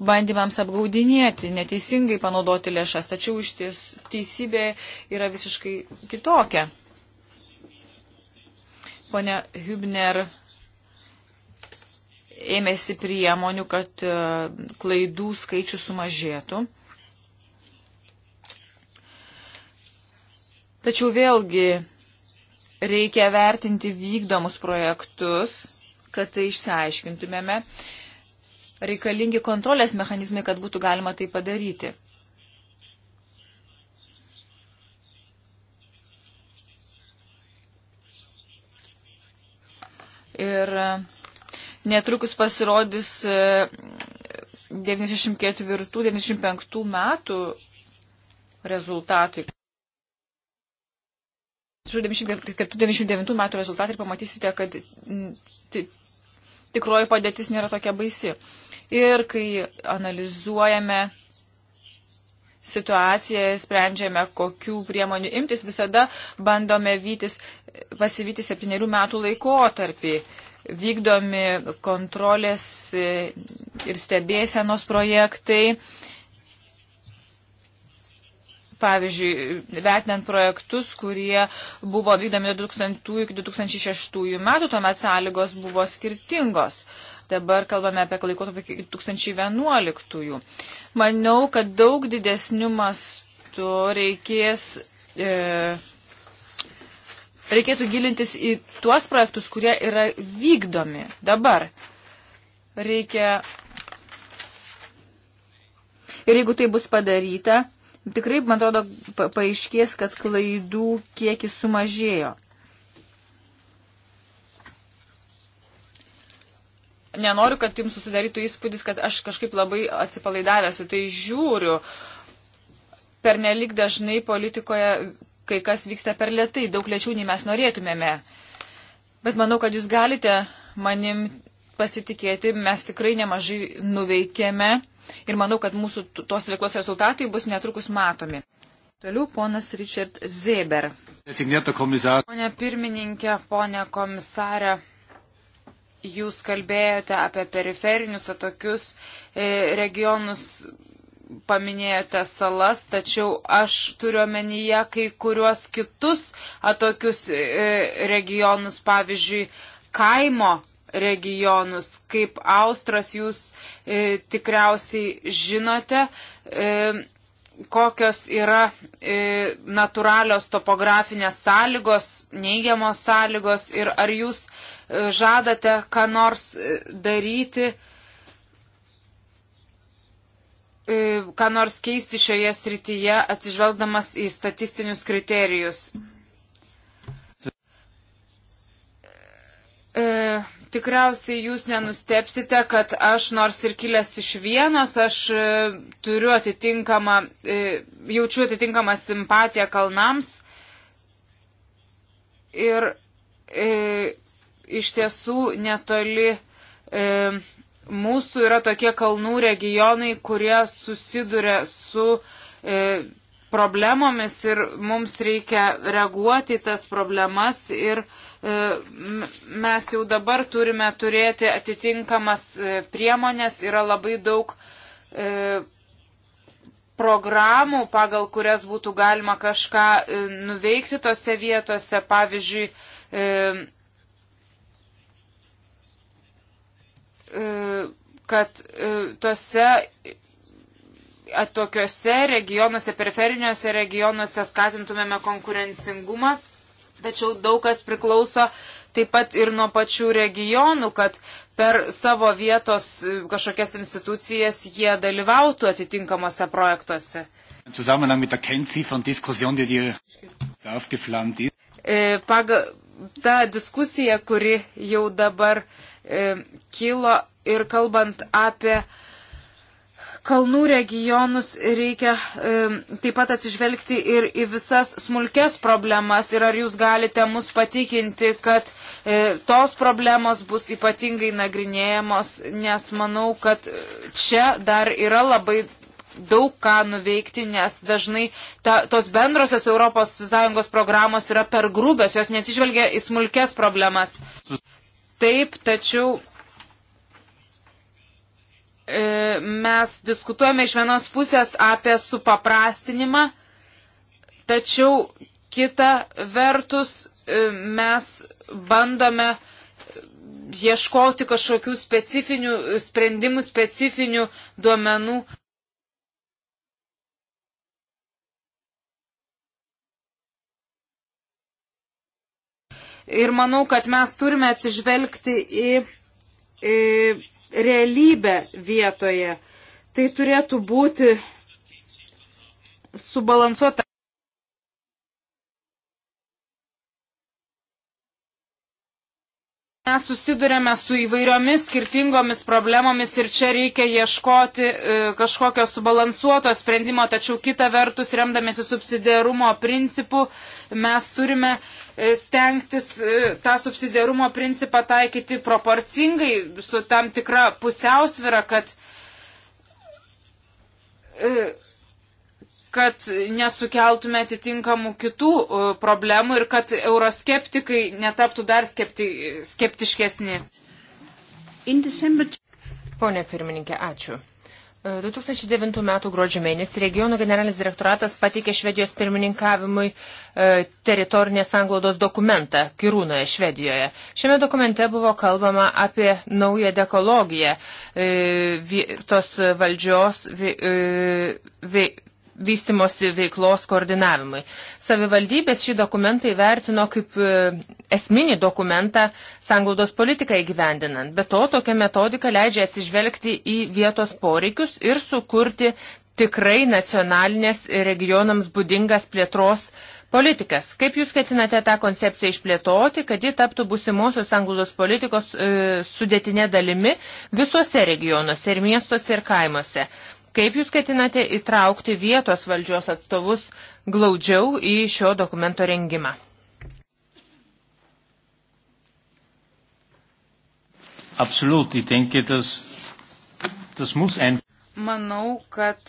bandymams apgaudinėti, neteisingai panaudoti lėšas, tačiau iš ties teisybė yra visiškai kitokia. Pone Hübner ėmėsi priemonių, kad e, klaidų skaičius sumažėtų. Tačiau vėlgi reikia vertinti vykdomus projektus, kad tai išsiaiškintumėme. Reikalingi kontrolės mechanizmai, kad būtų galima tai padaryti. Ir netrukus pasirodys 94-95 e, metų rezultatai. 1999 metų rezultatai ir pamatysite, kad tikroji padėtis nėra tokia baisi. Ir kai analizuojame situaciją, sprendžiame, kokių priemonių imtis, visada bandome vytis, pasivyti septyniarių metų laikotarpį. Vykdomi kontrolės ir stebėsenos projektai, pavyzdžiui, vertinant projektus, kurie buvo vykdomi 2000 iki 2006 metų, tuomet sąlygos buvo skirtingos. Dabar kalbame apie laikotą iki 2011. Manau, kad daug didesnių mastų reikės. E, Reikėtų gilintis į tuos projektus, kurie yra vykdomi dabar. Reikia. Ir jeigu tai bus padaryta, tikrai, man atrodo, paaiškės, kad klaidų kiekis sumažėjo. Nenoriu, kad jums susidarytų įspūdis, kad aš kažkaip labai atsipalaidavęs į tai žiūriu. Per nelik dažnai politikoje kai kas vyksta per lietai, daug lėčiau nei mes norėtumėme. Bet manau, kad jūs galite manim pasitikėti, mes tikrai nemažai nuveikėme Ir manau, kad mūsų tos veiklos rezultatai bus netrukus matomi. Toliau ponas Richard Zeber. Pone pirmininkė, pone komisarė, jūs kalbėjote apie periferinius atokius e, regionus, paminėjote salas, tačiau aš turiu omenyje kai kuriuos kitus atokius e, regionus, pavyzdžiui, kaimo regionus. Kaip Austras jūs e, tikriausiai žinote, e, kokios yra e, natūralios topografinės sąlygos, neigiamos sąlygos ir ar jūs e, žadate, ką nors e, daryti, e, ką nors keisti šioje srityje, atsižvelgdamas į statistinius kriterijus. E, Tikriausiai jūs nenustepsite, kad aš nors ir kilęs iš vienos, aš e, turiu atitinkamą, e, jaučiu atitinkamą simpatiją kalnams. Ir e, iš tiesų netoli e, mūsų yra tokie kalnų regionai, kurie susiduria su e, problemomis ir mums reikia reaguoti į tas problemas ir e, mes jau dabar turime turėti atitinkamas e, priemonės, yra labai daug e, programų, pagal kurias būtų galima kažką nuveikti tose vietose, pavyzdžiui, kad tose tokiuose regionuose, periferiniuose regionuose skatintumėme konkurencingumą, tačiau daug kas priklauso taip pat ir nuo pačių regionų, kad per savo vietos e, kažkokias institucijas jie dalyvautų atitinkamuose projektuose. Pagal tą diskusiją, kuri jau dabar e, kilo ir kalbant apie e, kalnų regionus reikia e, taip pat atsižvelgti ir į visas smulkes problemas ir ar jūs galite mus patikinti, kad e, tos problemos bus ypatingai nagrinėjamos, nes manau, kad čia dar yra labai daug ką nuveikti, nes dažnai ta, tos bendrosios ES programos yra per grūbės, jos neatsižvelgia į smulkes problemas. Taip, tačiau E, mes diskutuojame iš vienos pusės apie supaprastinimą, tačiau kita vertus e, mes bandome ieškoti kažkokių specifinių sprendimų, specifinių duomenų. Ir manau, kad mes turime atsižvelgti į, į realybę vietoje. Tai turėtų būti subalansuota. Mes susidurėme su įvairiomis skirtingomis problemomis ir čia reikia ieškoti e, kažkokio subalansuoto sprendimo, tačiau kita vertus, remdamėsi subsidiarumo principu, mes turime E, stengtis e, tą subsidiarumo principą taikyti proporcingai su tam tikra pusiausvira, kad, e, kad nesukeltume atitinkamų kitų problemų ir kad euroskeptikai netaptų dar skepti, skeptiškesni. Pone pirmininkė, ačiū. 2009 m. gruodžio mėnesį regionų generalinis direktoratas pateikė Švedijos pirmininkavimui e, teritorinės anglodos dokumentą Kirūnoje, Švedijoje. Šiame dokumente buvo kalbama apie naują dekologiją e, tos valdžios e, vystimosi veiklos koordinavimui. Savivaldybės šį dokumentą įvertino kaip e, esminį dokumentą sanglaudos politiką įgyvendinant. Be to, tokia metodika leidžia atsižvelgti į vietos poreikius ir sukurti tikrai nacionalinės regionams būdingas plėtros politikas. Kaip Jūs ketinate tą koncepciją išplėtoti, kad ji taptų busimosios anglos politikos e, sudėtinė dalimi visuose regionuose ir miestuose ir kaimuose? Kaip jūs ketinate įtraukti vietos valdžios atstovus glaudžiau į šio dokumento rengimą? Absolut, ich denke, das, das muss ein. Manau, kad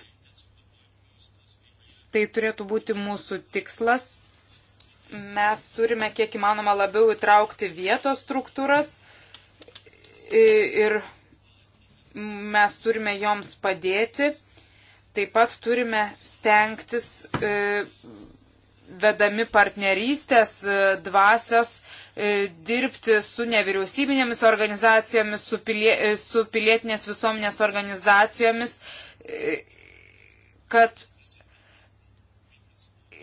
tai turėtų būti mūsų tikslas. Mes turime kiek įmanoma labiau įtraukti vietos struktūras ir mes turime joms padėti, taip pat turime stengtis e, vedami partnerystės e, dvasios e, dirbti su nevyriausybinėmis organizacijomis, su, pilie, e, su pilietinės visuomenės organizacijomis, e, kad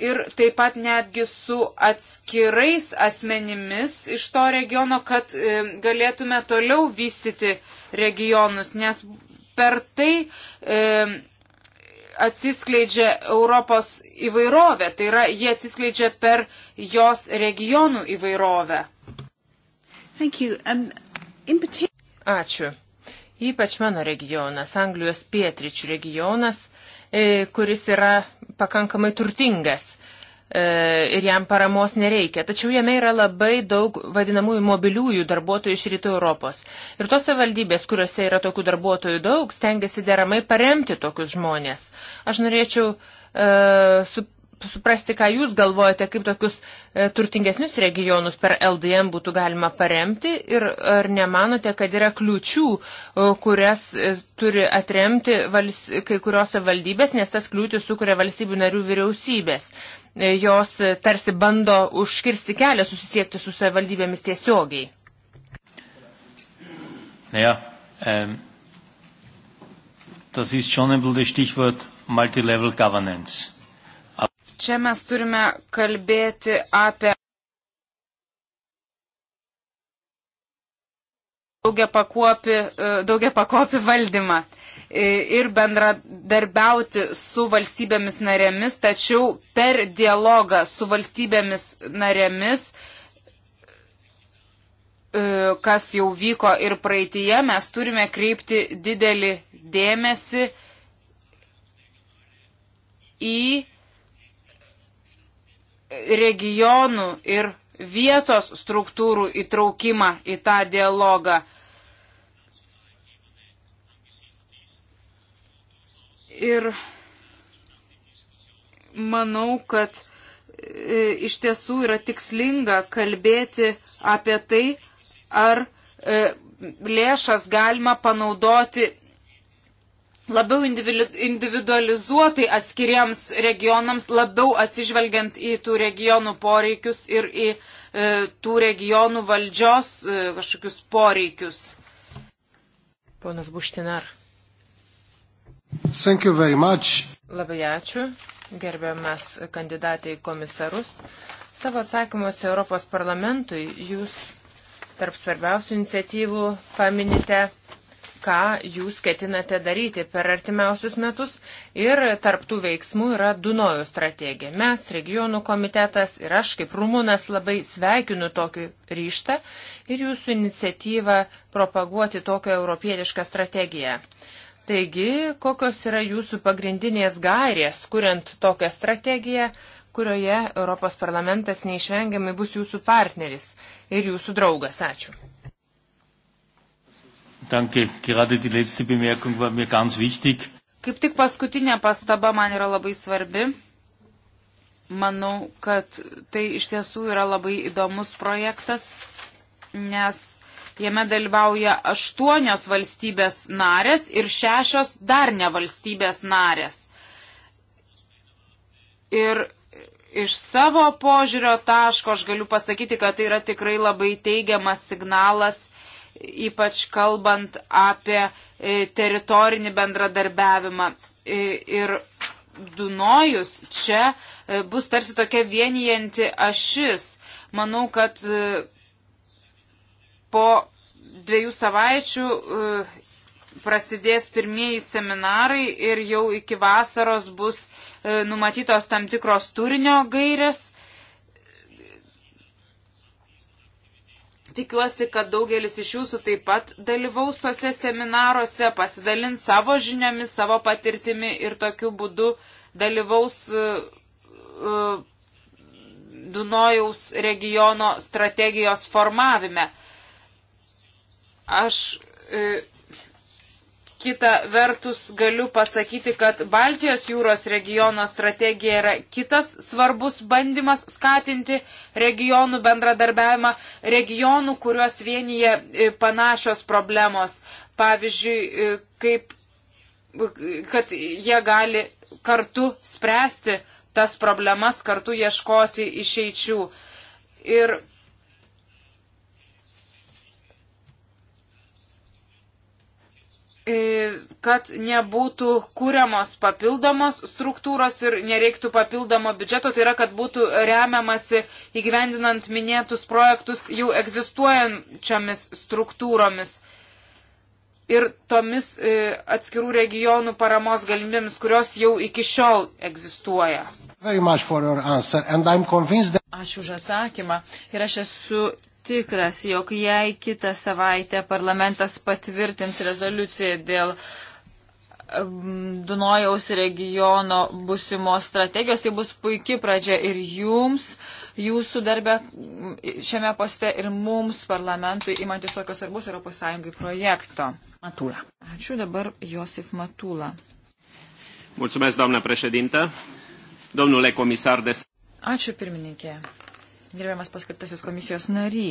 ir taip pat netgi su atskirais asmenimis iš to regiono, kad e, galėtume toliau vystyti e, regionus, nes per tai e, atsiskleidžia Europos įvairovė, tai yra jie atsiskleidžia per jos regionų įvairovę. Um, particular... Ačiū. Ypač mano regionas, Anglijos pietričių regionas, e, kuris yra pakankamai turtingas E, ir jam paramos nereikia. Tačiau jame yra labai daug vadinamųjų mobiliųjų darbuotojų iš rytų Europos. Ir tos savivaldybės, kuriuose yra tokių darbuotojų daug, stengiasi deramai paremti tokius žmonės. Aš norėčiau uh, su, suprasti, ką jūs galvojate, kaip tokius uh, turtingesnius regionus per LDM būtų galima paremti ir ar nemanote, kad yra kliučių, uh, kurias uh, turi atremti vals, kai kurios savivaldybės, nes tas kliūtis sukuria valstybių narių vyriausybės. Uh, E, jos tarsi bando užkirsti kelią susisiekti su savivaldybėmis tiesiogiai. Naja, ähm, das ist schon ein blödes Stichwort Multilevel Governance. Čia mes turime kalbėti apie daugia pakopį, e, daugia pakopį valdymą ir bendradarbiauti su valstybėmis narėmis, tačiau per dialogą su valstybėmis narėmis, e, kas jau vyko ir praeitie, mes turime kreipti didelį dėmesį į regionų ir vietos struktūrų įtraukimą į tą dialogą. Ir manau, kad e, iš tiesų yra tikslinga kalbėti apie tai, ar e, lėšas galima panaudoti labiau individualizuotai atskiriems regionams, labiau atsižvelgiant į tų regionų poreikius ir į e, tų regionų valdžios kažkokius poreikius. Ponas Buštinar. Thank you very much. Labai ačiū, gerbiamas kandidatai komisarus. Savo atsakymuose Europos parlamentui jūs tarp svarbiausių iniciatyvų paminite ką jūs ketinate daryti per artimiausius metus ir tarptų veiksmų yra Dunojų strategija. Mes, regionų komitetas ir aš kaip rumūnas labai sveikinu tokį ryštą ir jūsų iniciatyvą propaguoti tokią europietišką strategiją. Taigi, kokios yra jūsų pagrindinės gairės, kuriant tokią strategiją, kurioje Europos parlamentas neišvengiamai bus jūsų partneris ir jūsų draugas? Ačiū. Danke, gerade die letzte Bemerkung war mir ganz wichtig. Kaip tik paskutinė pastaba man yra labai svarbi. Manau, kad tai iš tiesų yra labai įdomus projektas, nes Jame dalyvauja aštuonios valstybės narės ir šešios dar ne valstybės narės. Ir iš savo požiūrio taško aš galiu pasakyti, kad tai yra tikrai labai teigiamas signalas, ypač kalbant apie e, teritorinį bendradarbiavimą. E, ir Dunojus čia e, bus tarsi tokia vienijanti ašis. Manau, kad po dviejų savaičių e, prasidės pirmieji seminarai ir jau iki vasaros bus e, numatytos tam tikros turinio gairės. Tikiuosi, kad daugelis iš jūsų taip pat dalyvaus tose seminaruose, pasidalins savo žiniomis, savo patirtimi ir tokiu būdu dalyvaus e, Dunojaus regiono strategijos formavime. Aš e, kita vertus galiu pasakyti, kad Baltijos jūros regiono strategija yra kitas svarbus bandymas skatinti regionų bendradarbiavimą, regionų, kuriuos vienyje e, panašios problemos. Pavyzdžiui, e, kaip, kad jie gali kartu spręsti tas problemas, kartu ieškoti išeičių. Ir kad nebūtų kūriamos papildomos struktūros ir nereiktų papildomo biudžeto, tai yra, kad būtų remiamasi įgyvendinant minėtus projektus jau egzistuojančiomis struktūromis ir tomis e, atskirų regionų paramos galimybėmis, kurios jau iki šiol egzistuoja. Ačiū už atsakymą ir aš esu tikras, jog jei kitą savaitę parlamentas patvirtins rezoliuciją dėl Dunojaus regiono busimo strategijos, tai bus puikia pradžia ir jums, jūsų darbe šiame poste ir mums parlamentui imantis tokios svarbus ES projekto. Matula. Ačiū dabar Josif Matula. Mulțumesc, doamnă președintă. Domnule comisar de... Ačiū pirmininkė gerbiamas paskirtasis komisijos nary,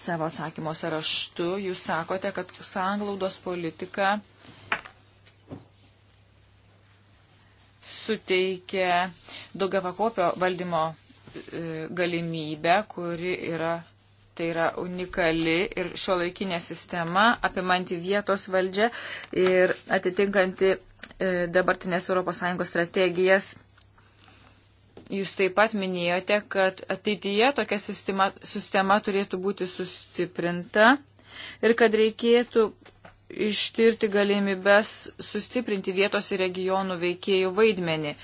savo atsakymo sąraštu jūs sakote, kad sanglaudos politika suteikia daugiavakopio valdymo e, galimybę, kuri yra tai yra unikali ir šiuolaikinė sistema, apimanti vietos valdžią ir atitinkanti e, dabartinės ES strategijas Jūs taip pat minėjote, kad ateityje tokia sistema, sistema turėtų būti sustiprinta ir kad reikėtų ištirti galimybės sustiprinti vietos ir regionų veikėjų vaidmenį. E,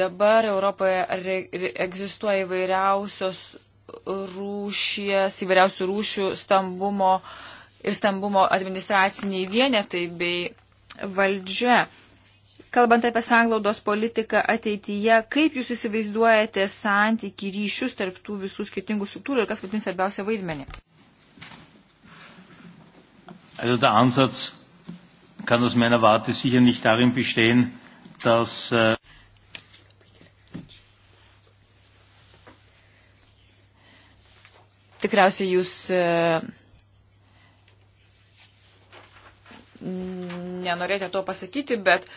dabar Europoje re, re, egzistuoja įvairiausios rūšies, įvairiausių rūšių stambumo ir stambumo administraciniai vienetai bei valdžia. Kalbant apie sanglaudos politiką ateityje, kaip jūs įsivaizduojate santyki ryšius tarp tų visų skirtingų struktūrų ir kas vadins svarbiausia vaidmenį? Also der Ansatz kann aus meiner Warte sicher nicht darin bestehen, dass äh Tikriausiai jūs äh, nenorėjote to pasakyti, bet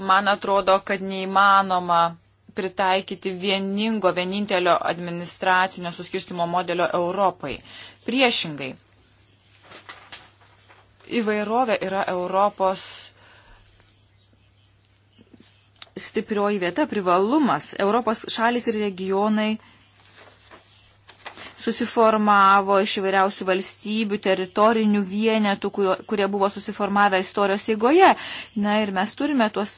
Man atrodo, kad neįmanoma pritaikyti vieningo, vienintelio administracinio suskirstimo modelio Europai. Priešingai, įvairovė yra Europos stiprioji vieta, privalumas. Europos šalis ir regionai susiformavo iš įvairiausių valstybių, teritorinių vienetų, kurio, kurie buvo susiformavę istorijos eigoje. Na ir mes turime tuos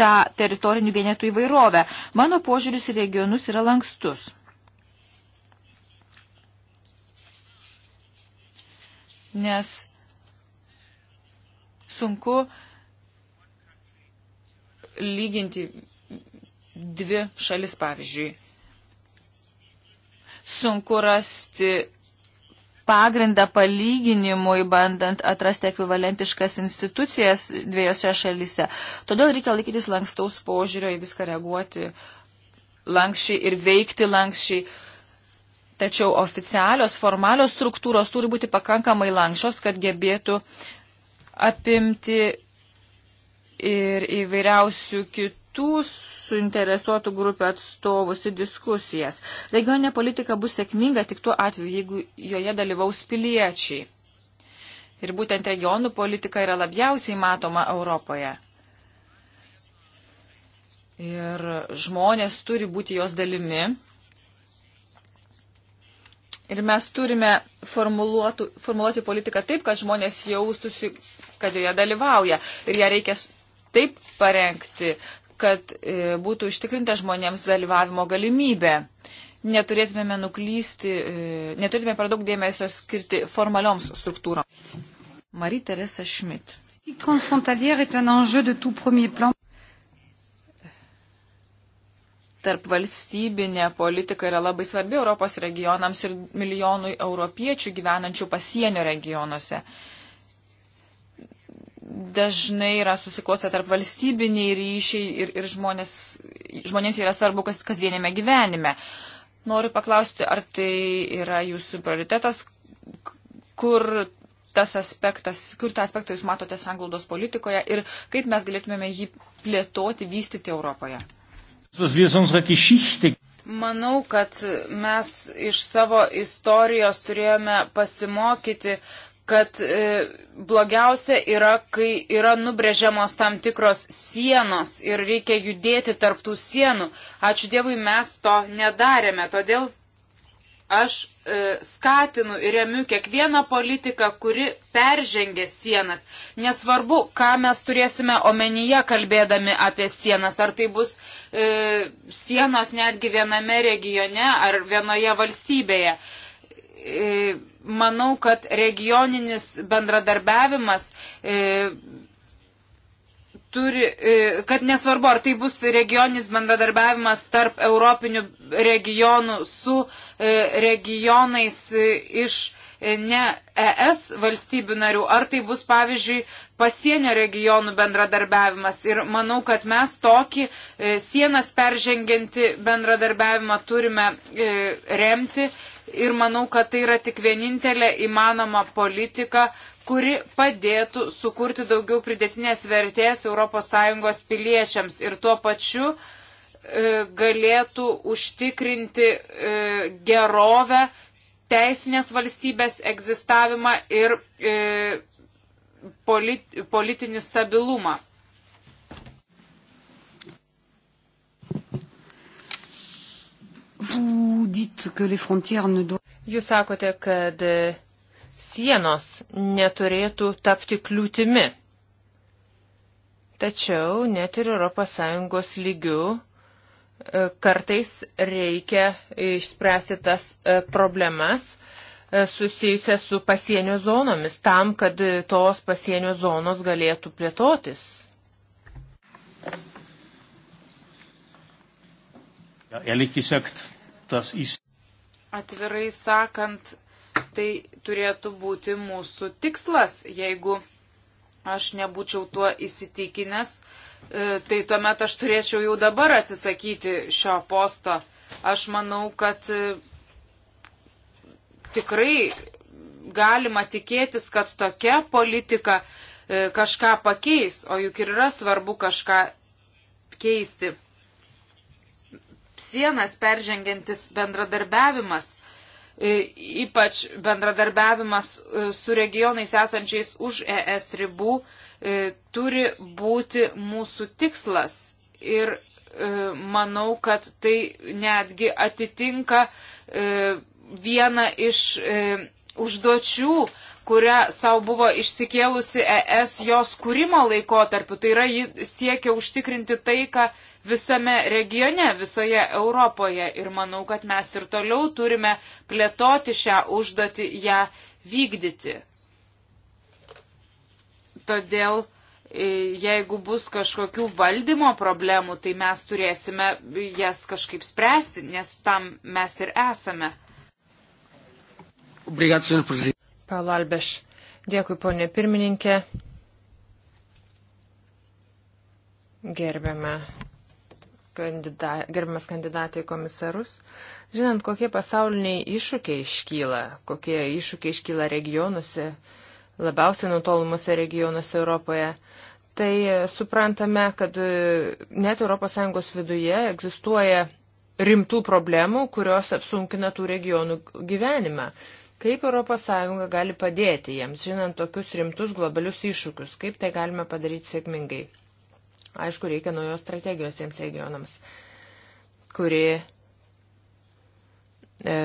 tą teritorinių vienetų įvairovę. Mano požiūris į regionus yra lankstus. Nes sunku lyginti dvi šalis, pavyzdžiui sunku rasti pagrindą palyginimui, bandant atrasti ekvivalentiškas institucijas dviejose šalyse. Todėl reikia laikytis lankstaus požiūrio į viską reaguoti lankščiai ir veikti lankščiai. Tačiau oficialios, formalios struktūros turi būti pakankamai lankščios, kad gebėtų apimti ir įvairiausių kitų suinteresuotų grupių atstovus į diskusijas. Regioninė politika bus sėkminga tik tuo atveju, jeigu joje dalyvaus piliečiai. Ir būtent regionų politika yra labiausiai matoma Europoje. Ir žmonės turi būti jos dalimi. Ir mes turime formuluoti politiką taip, kad žmonės jaustųsi, kad joje dalyvauja. Ir ją reikia taip parengti, kad e, būtų užtikrinta žmonėms dalyvavimo galimybė. Neturėtumėme nuklysti, e, neturėtume per daug dėmesio skirti formalioms struktūroms. Marie Teresa Schmidt. Tarp valstybinė politika yra labai svarbi Europos regionams ir milijonui europiečių gyvenančių pasienio regionuose dažnai yra susiklostę tarp valstybiniai ryšiai ir, ir žmonės, žmonės yra svarbu kas, kasdienėme gyvenime. Noriu paklausti, ar tai yra jūsų prioritetas, kur tas aspektas, kur tą aspektą jūs matote sanglaudos politikoje ir kaip mes galėtumėme jį plėtoti, vystyti Europoje. Manau, kad mes iš savo istorijos turėjome pasimokyti, kad e, blogiausia yra, kai yra nubrėžiamos tam tikros sienos ir reikia judėti tarptų sienų. Ačiū Dievui, mes to nedarėme. Todėl aš e, skatinu ir remiu kiekvieną politiką, kuri peržengia sienas. Nesvarbu, ką mes turėsime omenyje kalbėdami apie sienas. Ar tai bus e, sienos netgi viename regione ar vienoje valstybėje. E, manau, kad regioninis bendradarbiavimas e, turi, e, kad nesvarbu, ar tai bus regioninis bendradarbiavimas tarp europinių regionų su regionais iš ne ES valstybių narių, ar tai bus, pavyzdžiui, pasienio regionų bendradarbiavimas. Ir manau, kad mes tokį sienas peržengianti bendradarbiavimą turime remti ir manau, kad tai yra tik vienintelė įmanoma politika, kuri padėtų sukurti daugiau pridėtinės vertės ES piliečiams ir tuo pačiu e, galėtų užtikrinti e, gerovę, teisinės valstybės egzistavimą ir e, politinį stabilumą. Jūs sakote, kad sienos neturėtų tapti kliūtimi. Tačiau net ir ES lygių e, kartais reikia išspręsti tas e, problemas e, susijusias su pasienio zonomis, tam, kad tos pasienio zonos galėtų plėtotis. Ja, ehrlich gesagt, das ist. Atvirai sakant, tai turėtų būti mūsų tikslas. Jeigu aš nebūčiau tuo įsitikinęs, e, tai tuomet aš turėčiau jau dabar atsisakyti šio posto. Aš manau, kad e, tikrai galima tikėtis, kad tokia politika e, kažką pakeis, o juk ir yra svarbu kažką keisti sienas peržengiantis bendradarbiavimas, e, ypač bendradarbiavimas e, su regionais esančiais už ES ribų, e, turi būti mūsų tikslas. Ir manau, kad tai netgi atitinka vieną iš užduočių, kurią savo buvo išsikėlusi ES jos kūrimo laikotarpiu. Tai yra, ji siekia užtikrinti taiką visame regione, visoje Europoje. Ir manau, kad mes ir toliau turime plėtoti šią užduotį, ją vykdyti. Todėl, e, jeigu bus kažkokių valdymo problemų, tai mes turėsime jas kažkaip spręsti, nes tam mes ir esame. Obrigado, senhor presidente. Paulo Alves. Dėkui, ponė pirmininkė. Gerbiame kandida, gerbiamas kandidatai komisarus, žinant, kokie pasauliniai iššūkiai iškyla, kokie iššūkiai iškyla regionuose, labiausiai nutolumuose regionuose Europoje, tai suprantame, kad e, net ES viduje egzistuoja rimtų problemų, kurios apsunkina tų regionų gyvenimą. Kaip ES gali padėti jiems, žinant tokius rimtus globalius iššūkius, kaip tai galime padaryti sėkmingai? Aišku, reikia naujos strategijos tiems regionams, kuri e,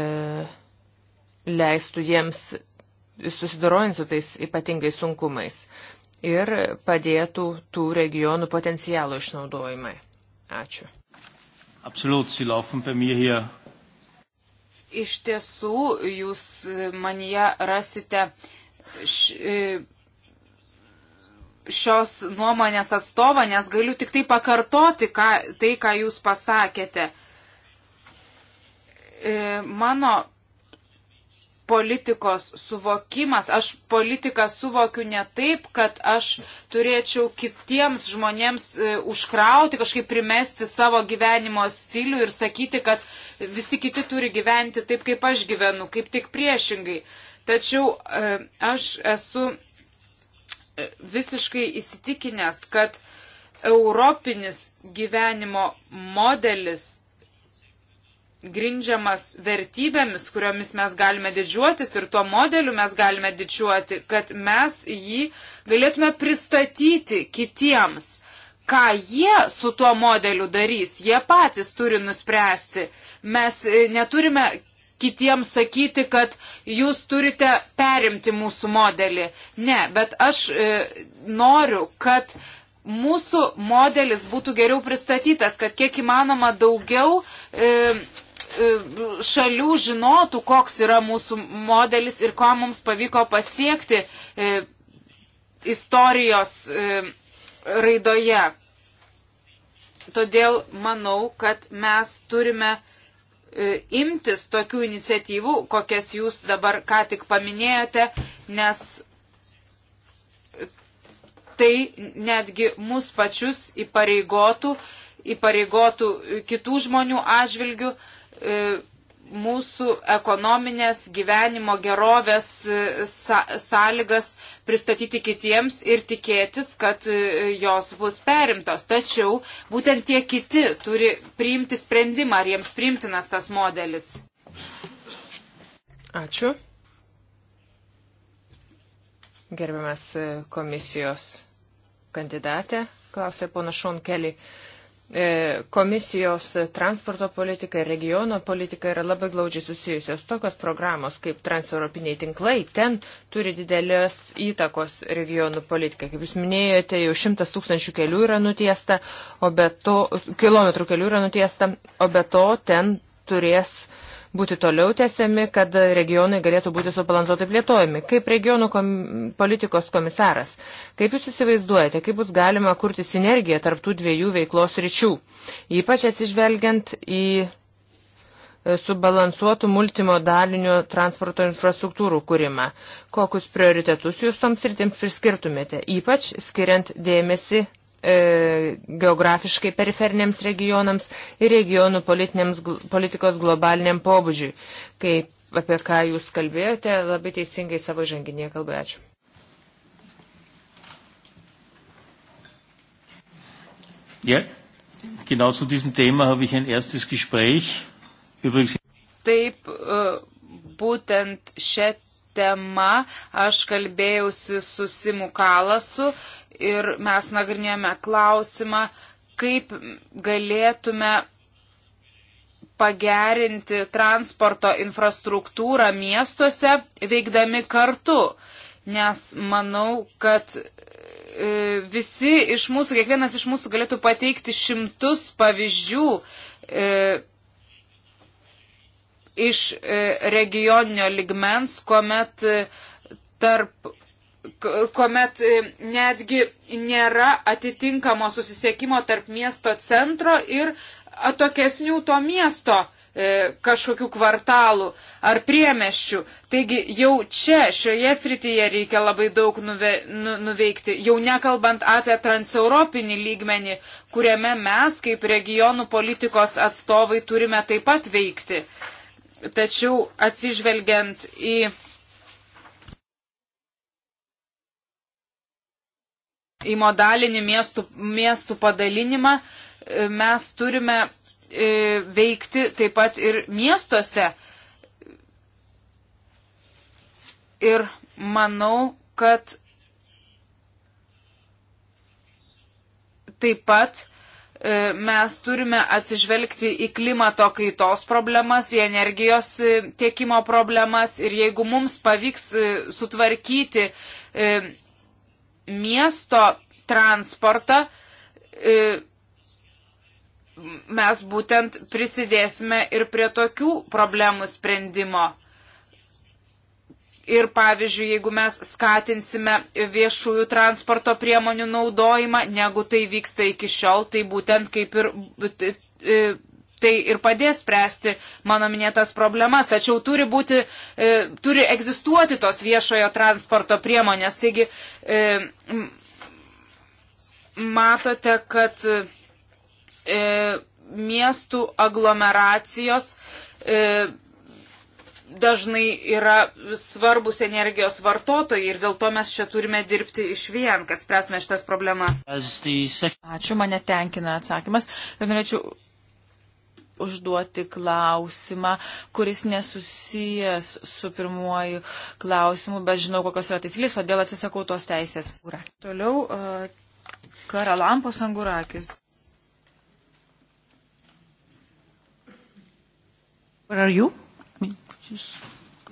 leistų jiems susidorojant su tais ypatingais sunkumais ir padėtų tų regionų potencialo išnaudojimai. Ačiū. Absoliut, Iš tiesų, jūs manyje rasite š, e, šios nuomonės atstovą, nes galiu tik tai pakartoti ką, tai, ką jūs pasakėte. E, mano politikos suvokimas, aš politiką suvokiu ne taip, kad aš turėčiau kitiems žmonėms e, užkrauti, kažkaip primesti savo gyvenimo stilių ir sakyti, kad visi kiti turi gyventi taip, kaip aš gyvenu, kaip tik priešingai. Tačiau e, aš esu E, visiškai įsitikinęs, kad europinis gyvenimo modelis grindžiamas vertybėmis, kuriomis mes galime didžiuotis ir tuo modeliu mes galime didžiuoti, kad mes jį galėtume pristatyti kitiems. Ką jie su tuo modeliu darys, jie patys turi nuspręsti. Mes e, neturime kitiems sakyti, kad jūs turite perimti mūsų modelį. Ne, bet aš e, noriu, kad mūsų modelis būtų geriau pristatytas, kad kiek įmanoma daugiau e, e šalių žinotų, koks yra mūsų modelis ir ko mums pavyko pasiekti e, istorijos e, raidoje. Todėl manau, kad mes turime e, E, imtis tokių iniciatyvų, kokias jūs dabar ką tik paminėjote, nes tai netgi mus pačius įpareigotų, įpareigotų kitų žmonių atžvilgių e, mūsų ekonominės gyvenimo gerovės e, sąlygas pristatyti kitiems ir tikėtis, kad e, jos bus perimtos. Tačiau būtent tie kiti turi priimti sprendimą, ar jiems priimtinas tas modelis. Ačiū. Gerbiamas e, komisijos kandidatė, klausė pona Šonkelį. E, komisijos transporto politika ir regiono politika yra labai glaudžiai susijusios. Tokios programos kaip transeuropiniai tinklai ten turi didelės įtakos regionų politikai. Kaip jūs minėjote, jau šimtas tūkstančių kelių yra nutiesta, o be to, kilometrų kelių yra nutiesta, o be to ten turės uh, būti toliau tęsiami, kad regionai galėtų būti subalansuotai plėtojami. Kaip regionų kom politikos komisaras, kaip jūs įsivaizduojate, kaip bus galima kurti sinergiją tarptų dviejų veiklos ryčių, ypač atsižvelgiant į e, subalansuotų multimodalinių transporto infrastruktūrų kūrimą. Kokius prioritetus jūs toms rytims priskirtumėte, ypač skiriant dėmesį E, geografiškai periferiniams regionams ir regionų politikos globaliniam pobūdžiui, kai apie ką jūs kalbėjote labai teisingai savo žanginėje kalboje. Ačiū. Ja, genau zu diesem Thema habe ich ein erstes Gespräch. Übrigens. Taip, e, būtent šią temą aš kalbėjausi su Simu Kalasu ir mes nagrinėjome klausimą, kaip galėtume pagerinti transporto infrastruktūrą miestuose veikdami kartu. Nes manau, kad e, visi iš mūsų, kiekvienas iš mūsų galėtų pateikti šimtus pavyzdžių e, iš e, regioninio ligmens, kuomet e, tarp kuomet e, netgi nėra atitinkamo susisiekimo tarp miesto centro ir atokesnių to miesto e, kažkokių kvartalų ar priemeščių. Taigi jau čia, šioje srityje reikia labai daug nuve, nu, nuveikti, jau nekalbant apie transeuropinį lygmenį, kuriame mes kaip regionų politikos atstovai turime taip pat veikti. Tačiau atsižvelgiant į į modalinį miestų, miestų padalinimą, e, mes turime e, veikti taip pat ir miestuose. Ir manau, kad taip pat e, mes turime atsižvelgti į klimato kaitos problemas, į energijos tiekimo problemas ir jeigu mums pavyks sutvarkyti miesto transportą e, mes būtent prisidėsime ir prie tokių problemų sprendimo. Ir pavyzdžiui, jeigu mes skatinsime viešųjų transporto priemonių naudojimą, negu tai vyksta iki šiol, tai būtent kaip ir e, tai ir padės spręsti mano minėtas problemas, tačiau turi, būti, e, turi egzistuoti tos viešojo transporto priemonės. Taigi e, matote, kad e, miestų aglomeracijos e, dažnai yra svarbus energijos vartotojai ir dėl to mes čia turime dirbti iš vien, kad spręsime šitas problemas. Ačiū, mane tenkina atsakymas ir norėčiau užduoti klausimą, kuris nesusijęs su pirmuoju klausimu, bet žinau, kokios yra taisyklės, todėl atsisakau tos teisės. Toliau Karalampos Angurakis. Where are you? I mean,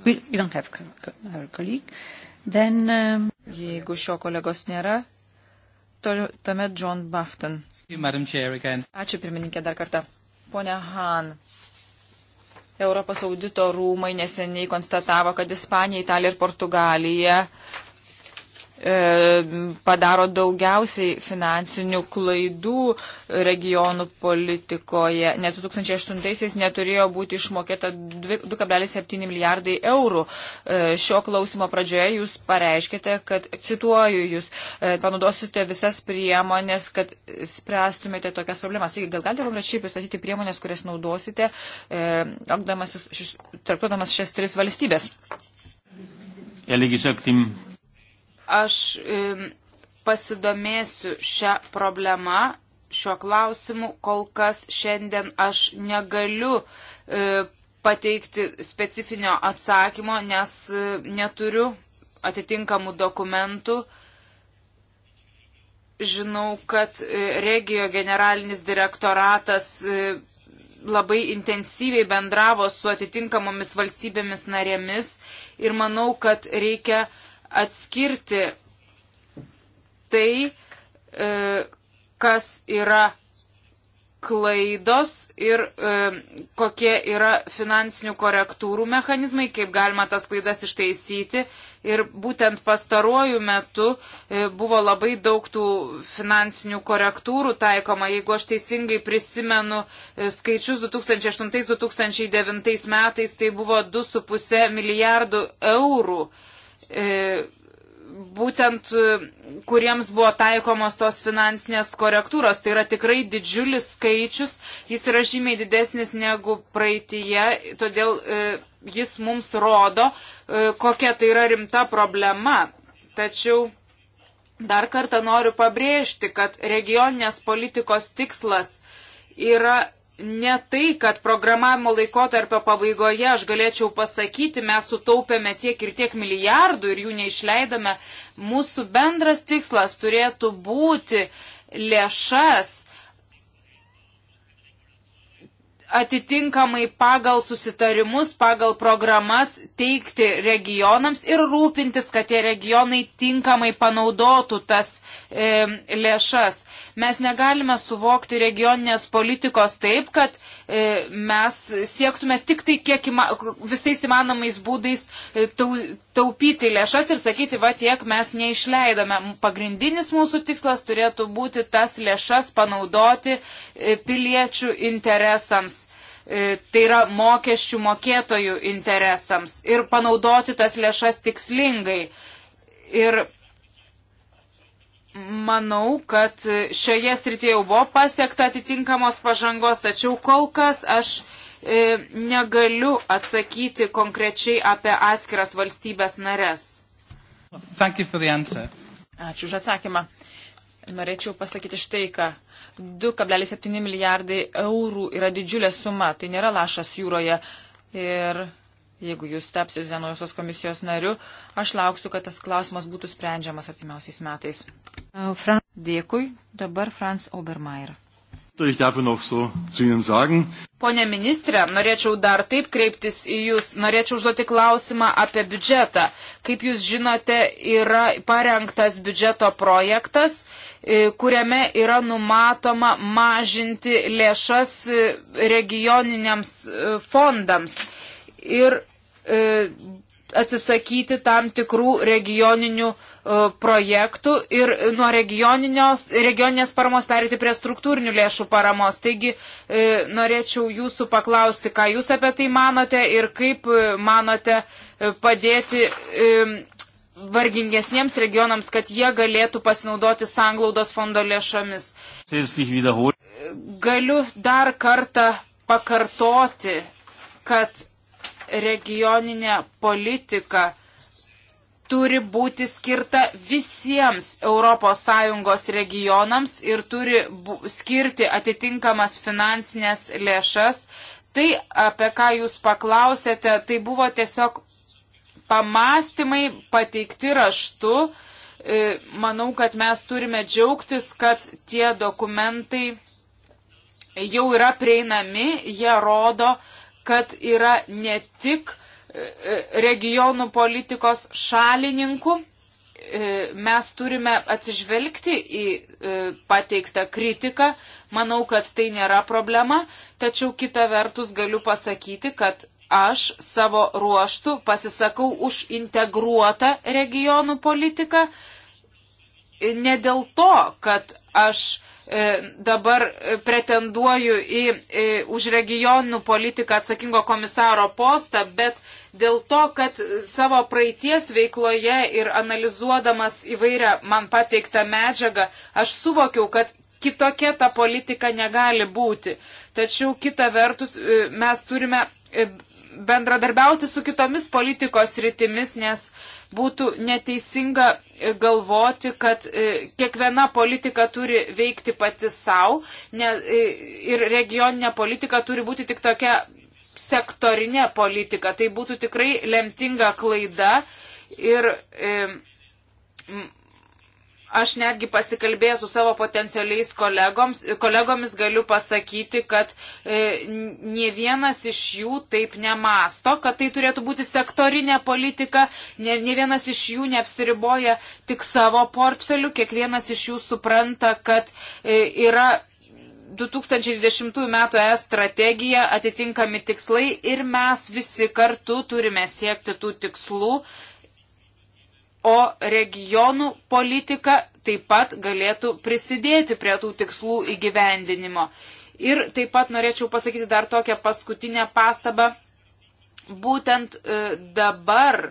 we, you don't have our colleague. Then, um... Jeigu šio kolegos nėra, tuomet John Bafton. Ačiū pirmininkė dar kartą. Pone Han, Europos audito rūmai neseniai konstatavo, kad Ispanija, Italija ir Portugalija E, padaro daugiausiai finansinių klaidų regionų politikoje, nes 2008-aisiais neturėjo būti išmokėta 2,7 milijardai eurų. E, šio klausimo pradžioje jūs pareiškite, kad, cituoju jūs, e, panaudosite visas priemonės, kad spręstumėte tokias problemas. Taigi, gal galite konkrečiai pristatyti priemonės, kurias naudosite, tarptuodamas šias tris valstybės? Ja, Aš pasidomėsiu šią problemą, šiuo klausimu. Kol kas šiandien aš negaliu e, pateikti specifinio atsakymo, nes e, neturiu atitinkamų dokumentų žinau, kad e, regio generalinis direktoratas labai intensyviai bendravo su atitinkamomis valstybėmis narėmis ir manau, kad reikia atskirti tai, e, kas yra klaidos ir e, kokie yra finansinių korektūrų mechanizmai, kaip galima tas klaidas ištaisyti. Ir būtent pastaruoju metu e, buvo labai daug tų finansinių korektūrų taikoma. Jeigu aš teisingai prisimenu e, skaičius 2008-2009 metais, tai buvo 2,5 milijardų eurų. E, E, būtent e, kuriems buvo taikomos tos finansinės korektūros. Tai yra tikrai didžiulis skaičius, jis yra žymiai didesnis negu praeitie, todėl e, jis mums rodo, kokia tai yra rimta problema. Tačiau dar kartą noriu pabrėžti, kad regioninės politikos tikslas yra ne tai, kad programavimo laikotarpio pabaigoje aš galėčiau pasakyti, mes sutaupėme tiek ir tiek milijardų ir jų neišleidome. Mūsų bendras tikslas turėtų būti lėšas atitinkamai pagal susitarimus, pagal programas teikti regionams ir rūpintis, kad tie regionai tinkamai panaudotų tas e, lėšas. E, Mes negalime suvokti regioninės politikos taip, kad e, mes siektume tik tai kiek ima, visais įmanomais būdais e, tau, taupyti lėšas ir sakyti, va tiek mes neišleidome. Pagrindinis mūsų tikslas turėtų būti tas lėšas panaudoti e, piliečių interesams e, tai yra mokesčių mokėtojų interesams ir panaudoti tas lėšas tikslingai. Ir manau, kad šioje srityje jau buvo pasiekta atitinkamos pažangos, tačiau kol kas aš e, negaliu atsakyti konkrečiai apie atskiras valstybės nares. Ačiū už atsakymą. Norėčiau pasakyti štai ką. 2,7 milijardai eurų yra didžiulė suma, tai nėra lašas jūroje. Ir jeigu jūs tapsite naujosios komisijos nariu, aš lauksiu, kad tas klausimas būtų sprendžiamas atimiausiais metais. Fran... Dėkui, dabar Franz Obermeier. Tai Pone ministrė, norėčiau dar taip kreiptis į Jūs. Norėčiau užduoti klausimą apie biudžetą. Kaip Jūs žinote, yra parengtas biudžeto projektas, e, kuriame yra numatoma mažinti lėšas e, regioniniams e, fondams ir e, atsisakyti tam tikrų regioninių e, projektų ir nuo regioninės paramos perėti prie struktūrinių lėšų paramos. Taigi e, norėčiau jūsų paklausti, ką jūs apie tai manote ir kaip e, manote padėti vargingesniems regionams, kad jie galėtų pasinaudoti sanglaudos fondo lėšomis. Galiu dar kartą pakartoti, kad regioninė politika turi būti skirta visiems ES regionams ir turi skirti atitinkamas finansinės lėšas. Tai, apie ką jūs paklausėte, tai buvo tiesiog pamastymai pateikti raštu. E, manau, kad mes turime džiaugtis, kad tie dokumentai jau yra prieinami, jie rodo, kad yra ne tik e, e, regionų politikos šalininkų, e, mes turime atsižvelgti į pateiktą kritiką. Manau, kad tai nėra problema, tačiau kita vertus galiu pasakyti, kad aš savo ruoštų pasisakau už integruotą regionų politiką. Ne dėl to, kad aš E, dabar e, pretenduoju į, į e, už regionų politiką atsakingo komisaro postą, bet dėl to, kad savo praeities veikloje ir analizuodamas įvairią man pateiktą medžiagą, aš suvokiau, kad kitokia ta politika negali būti. Tačiau kita vertus mes turime bendradarbiauti su kitomis politikos rytimis, nes būtų neteisinga e, galvoti, kad e, kiekviena politika turi veikti pati savo ne, e, ir regioninė politika turi būti tik tokia sektorinė politika. Tai būtų tikrai lemtinga klaida ir e, Aš netgi pasikalbėjęs su savo potencialiais kolegoms, kolegomis galiu pasakyti, kad e, ne vienas iš jų taip nemasto, kad tai turėtų būti sektorinė politika, ne, ne vienas iš jų neapsiriboja tik savo portfeliu, kiekvienas iš jų supranta, kad e, yra 2020 m. ES strategija, atitinkami tikslai ir mes visi kartu turime siekti tų tikslų o regionų politika taip pat galėtų prisidėti prie tų tikslų įgyvendinimo. Ir taip pat norėčiau pasakyti dar tokią paskutinę pastabą. Būtent e, dabar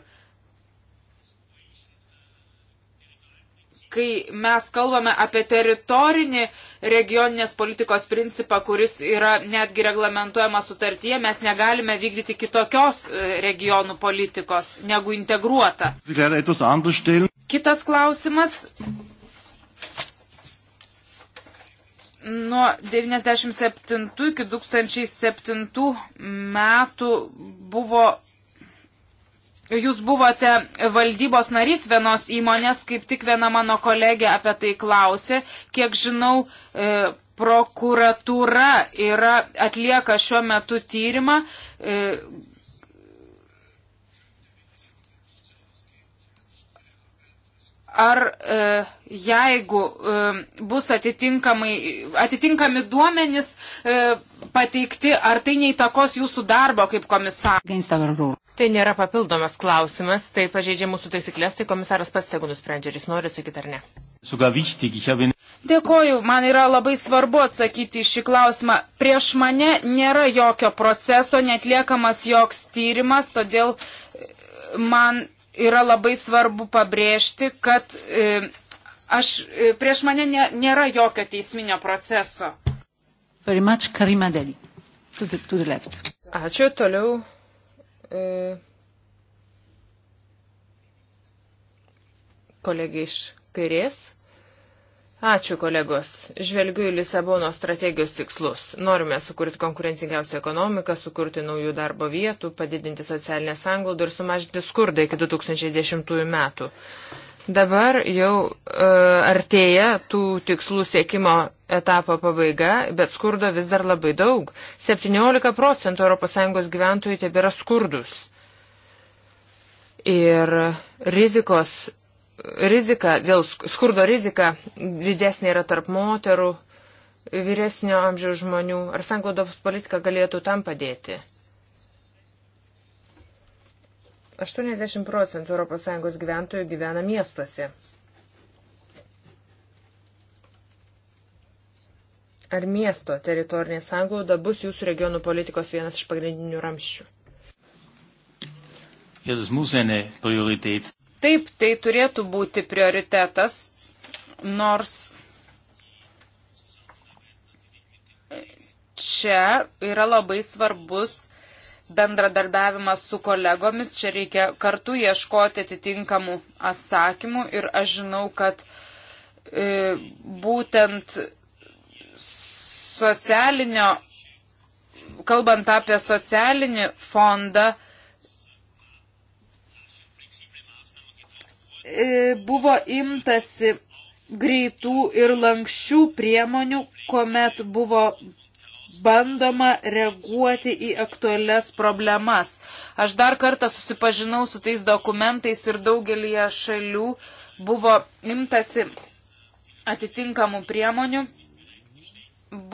kai mes kalbame apie teritorinį regioninės politikos principą, kuris yra netgi reglamentuojamas sutartyje, mes negalime vykdyti kitokios e, regionų politikos negu integruota. Kitas klausimas. Nuo 1997 iki 2007 metų buvo Jūs buvote valdybos narys vienos įmonės, kaip tik viena mano kolegė apie tai klausė. Kiek žinau, e, prokuratūra yra, atlieka šiuo metu tyrimą. E, ar e, jeigu e, bus atitinkami duomenys e, pateikti, ar tai neįtakos jūsų darbo kaip komisarų? Tai nėra papildomas klausimas, tai pažeidžia mūsų taisyklės, tai komisaras pats tegu nusprendžia, ar jis nori atsakyti ar ne. Dėkoju, man yra labai svarbu atsakyti šį klausimą. Prieš mane nėra jokio proceso, netliekamas joks tyrimas, todėl man yra labai svarbu pabrėžti, kad e, aš, e, prieš mane ne, nėra jokio teisminio proceso. Very much, Karima Deli. To the, to the left. Ačiū, toliau. E, kolegė iš kairės. Ačiū kolegos. Žvelgiu į Lisabono strategijos tikslus. Norime sukurti konkurencingiausią ekonomiką, sukurti naujų darbo vietų, padidinti socialinę sanglaudą ir sumažinti skurdą iki 2010 metų. Dabar jau e, artėja tų tikslų siekimo etapo pabaiga, bet skurdo vis dar labai daug. 17 procentų ES gyventojų tebėra skurdus. Ir rizikos rizika, dėl skurdo rizika didesnė yra tarp moterų, vyresnio amžiaus žmonių. Ar sanglaudos politika galėtų tam padėti? 80 procentų ES gyventojų gyvena miestuose. Ar miesto teritorinė sanglauda bus jūsų regionų politikos vienas iš pagrindinių ramščių? Ja, das muss eine Priorität. Taip, tai turėtų būti prioritetas, nors čia yra labai svarbus bendradarbiavimas su kolegomis, čia reikia kartu ieškoti atitinkamų atsakymų ir aš žinau, kad e, būtent socialinio, kalbant apie socialinį fondą, e, E, buvo imtasi greitų ir lankščių priemonių, kuomet buvo bandoma reaguoti į aktualias problemas. Aš dar kartą susipažinau su tais dokumentais ir daugelį šalių buvo imtasi atitinkamų priemonių,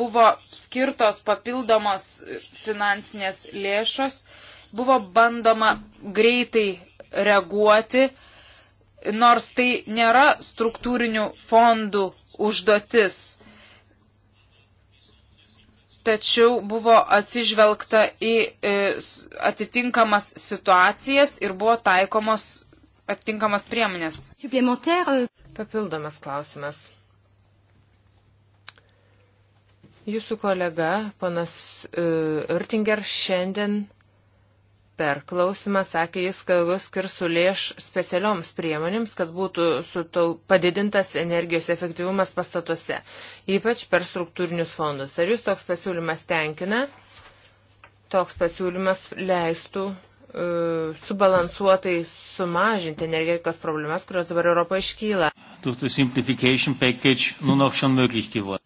buvo skirtos papildomos finansinės lėšos, buvo bandoma greitai reaguoti, nors tai nėra struktūrinių fondų užduotis. Tačiau buvo atsižvelgta į e, atitinkamas situacijas ir buvo taikomos atitinkamas priemonės. Euh, Papildomas klausimas. Jūsų kolega, panas Irtinger, e, šiandien per klausimą sakė jis, kad jis skirs lėš specialioms priemonėms, kad būtų sutau, padidintas energijos efektyvumas pastatuose, ypač per struktūrinius fondus. Ar jūs toks pasiūlymas tenkina? Toks pasiūlymas leistų e, subalansuotai sumažinti energetikos problemas, kurios dabar Europoje iškyla. Durch das Simplification Package nun auch schon möglich geworden.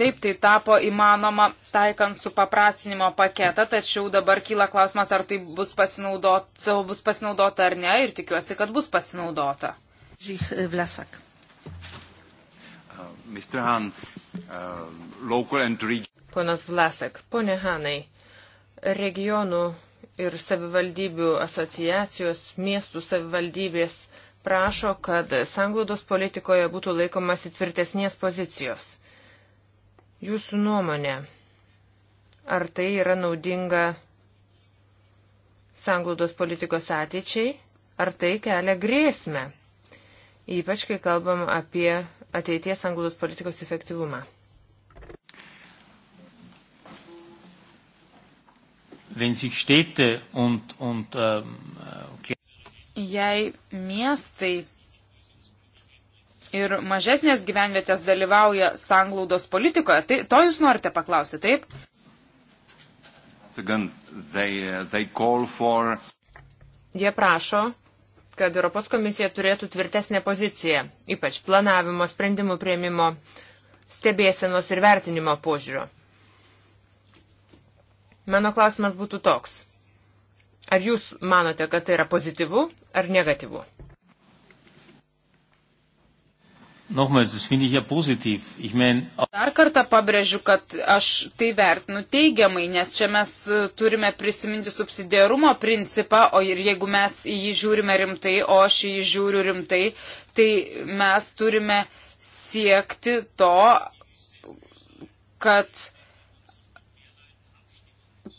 Taip, tai tapo įmanoma taikant su paprastinimo paketą, tačiau dabar kyla klausimas, ar tai bus pasinaudota, bus pasinaudota ar ne ir tikiuosi, kad bus pasinaudota. E, Vlasak. Uh, Han, uh, Ponas Vlasak, ponė Hanai, regionų ir savivaldybių asociacijos, miestų savivaldybės prašo, kad sanglaudos politikoje būtų laikomasi tvirtesnės pozicijos Jūsų nuomonė, ar tai yra naudinga sanglaudos politikos ateičiai, ar tai kelia grėsmę, ypač kai kalbam apie ateities sanglaudos politikos efektyvumą? wenn sich Städte und, und ähm, äh, okay. Jei miestai ir mažesnės gyvenvietės dalyvauja sanglaudos politikoje. Tai to jūs norite paklausti, taip? Again, they, they for... Jie prašo, kad Europos komisija turėtų tvirtesnę poziciją, ypač planavimo, sprendimų prieimimo, stebėsenos ir vertinimo požiūrio. Mano klausimas būtų toks. Ar jūs manote, kad tai yra pozityvu ar negatyvu? Dar kartą pabrėžiu, kad aš tai vertinu teigiamai, nes čia mes e, turime prisiminti subsidiarumo principą, o ir jeigu mes į jį žiūrime rimtai, o aš į jį žiūriu rimtai, tai mes turime siekti to, kad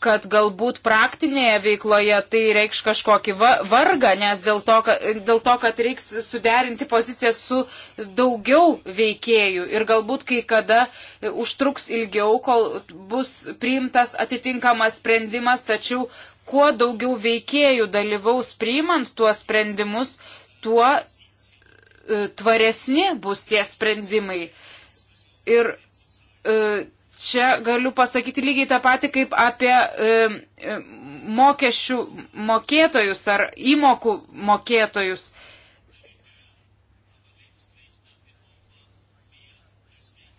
kad galbūt praktinėje veikloje tai reikš kažkokį vargą, nes dėl to, dėl to, kad reiks suderinti pozicijas su daugiau veikėjų ir galbūt kai kada užtruks ilgiau, kol bus priimtas atitinkamas sprendimas, tačiau kuo daugiau veikėjų dalyvaus priimant tuos sprendimus, tuo e, tvaresni bus tie sprendimai. Ir e, Čia galiu pasakyti lygiai tą patį kaip apie e, e mokesčių mokėtojus ar įmokų mokėtojus.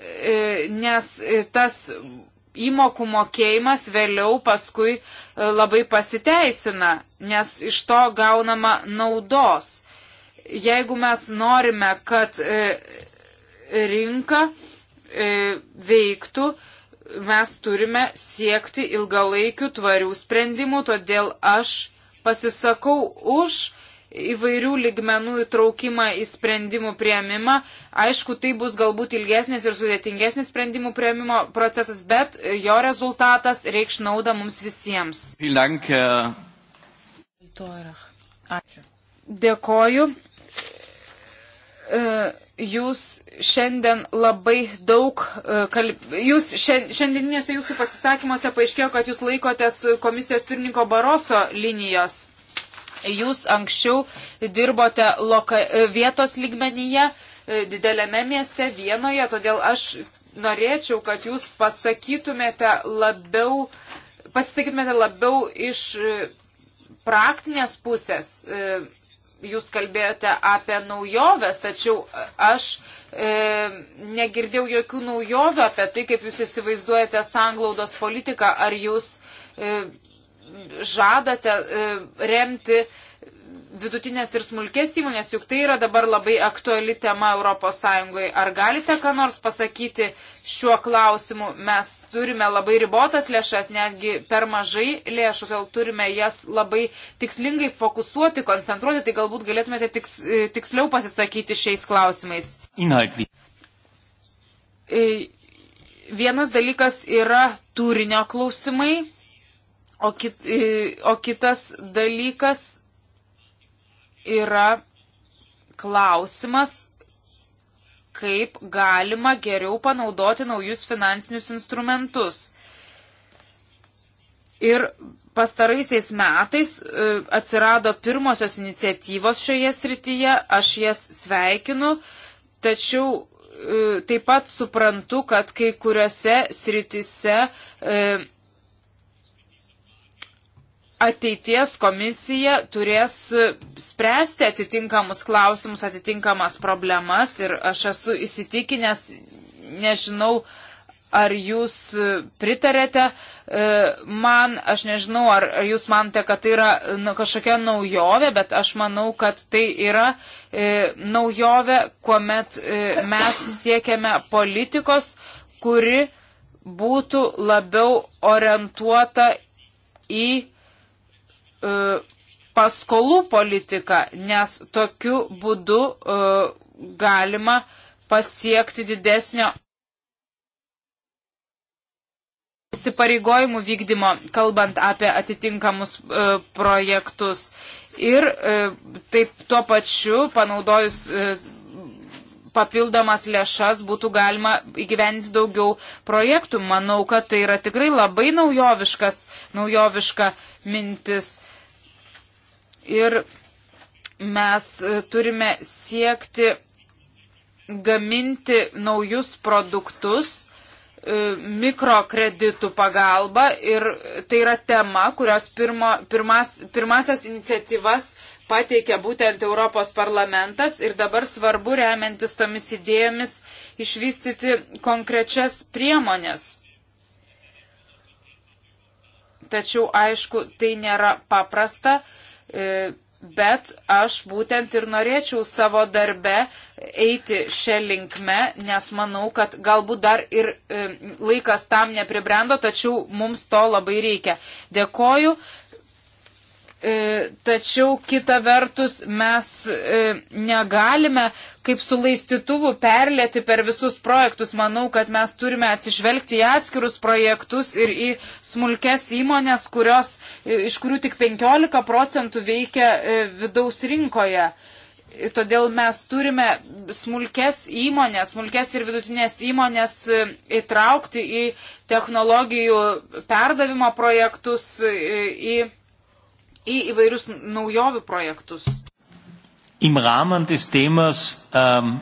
E, nes e, tas įmokų mokėjimas vėliau paskui e, labai pasiteisina, nes iš to gaunama naudos. Jeigu mes norime, kad rinka veiktų, mes turime siekti ilgalaikių tvarių sprendimų, todėl aš pasisakau už įvairių ligmenų įtraukimą į sprendimų prieimimą. Aišku, tai bus galbūt ilgesnis ir sudėtingesnis sprendimų prieimimo procesas, bet jo rezultatas reikš naudą mums visiems. Ačiū. Dėkoju. E jūs šiandien labai daug, e, kalb... jūs šiandieninėse jūsų pasisakymuose paaiškėjo, kad jūs laikotės komisijos pirmininko Baroso linijos. Jūs anksčiau dirbote loka... E, vietos lygmenyje, e, didelėme mieste, vienoje, todėl aš norėčiau, kad jūs pasakytumėte labiau, pasisakytumėte labiau iš praktinės pusės jūs kalbėjote apie naujoves, tačiau aš e, negirdėjau jokių naujovių apie tai, kaip jūs įsivaizduojate sanglaudos politiką, ar jūs e, žadate e, remti vidutinės ir smulkės įmonės, juk tai yra dabar labai aktuali tema ES. Ar galite ką nors pasakyti šiuo klausimu? Mes turime labai ribotas lėšas, netgi per mažai lėšų, todėl turime jas labai tikslingai fokusuoti, koncentruoti, tai galbūt galėtumėte tiks, e, tiksliau pasisakyti šiais klausimais. Inhaltly. E, vienas dalykas yra turinio klausimai, o, kit, e, o kitas dalykas yra klausimas, kaip galima geriau panaudoti naujus finansinius instrumentus. Ir pastaraisiais metais e, atsirado pirmosios iniciatyvos šioje srityje, aš jas sveikinu, tačiau e, taip pat suprantu, kad kai kuriuose srityse e, ateities komisija turės spręsti atitinkamus klausimus, atitinkamas problemas ir aš esu įsitikinęs, nežinau, ar jūs pritarėte e, man, aš nežinau, ar, ar jūs manote, kad tai yra nu, kažkokia naujovė, bet aš manau, kad tai yra e, naujovė, kuomet e, mes siekiame politikos, kuri būtų labiau orientuota į E, paskolų politiką, nes tokiu būdu e, galima pasiekti didesnio įsipareigojimų vykdymo, kalbant apie atitinkamus e, projektus. Ir e, taip tuo pačiu, panaudojus e, papildomas lėšas, būtų galima įgyventi daugiau projektų. Manau, kad tai yra tikrai labai naujoviškas, naujoviška mintis ir mes e, turime siekti gaminti naujus produktus e, mikrokreditų pagalba ir tai yra tema, kurios pirmo, pirmas, pirmasias iniciatyvas pateikė būtent Europos parlamentas ir dabar svarbu remiantis tomis idėjomis išvystyti konkrečias priemonės. Tačiau, aišku, tai nėra paprasta, E, bet aš būtent ir norėčiau savo darbe eiti šią linkmę, nes manau, kad galbūt dar ir e, laikas tam nepribrendo, tačiau mums to labai reikia. Dėkoju, E, tačiau kita vertus mes e, negalime kaip su laistytuvu perlėti per visus projektus. Manau, kad mes turime atsižvelgti į atskirus projektus ir į smulkes įmonės, kurios, e, iš kurių tik 15 procentų veikia vidaus rinkoje. Todėl mes turime smulkes įmonės, smulkes ir vidutinės įmonės įtraukti į technologijų perdavimo projektus, į į įvairius naujovių projektus. Im Rahmen des Themas um,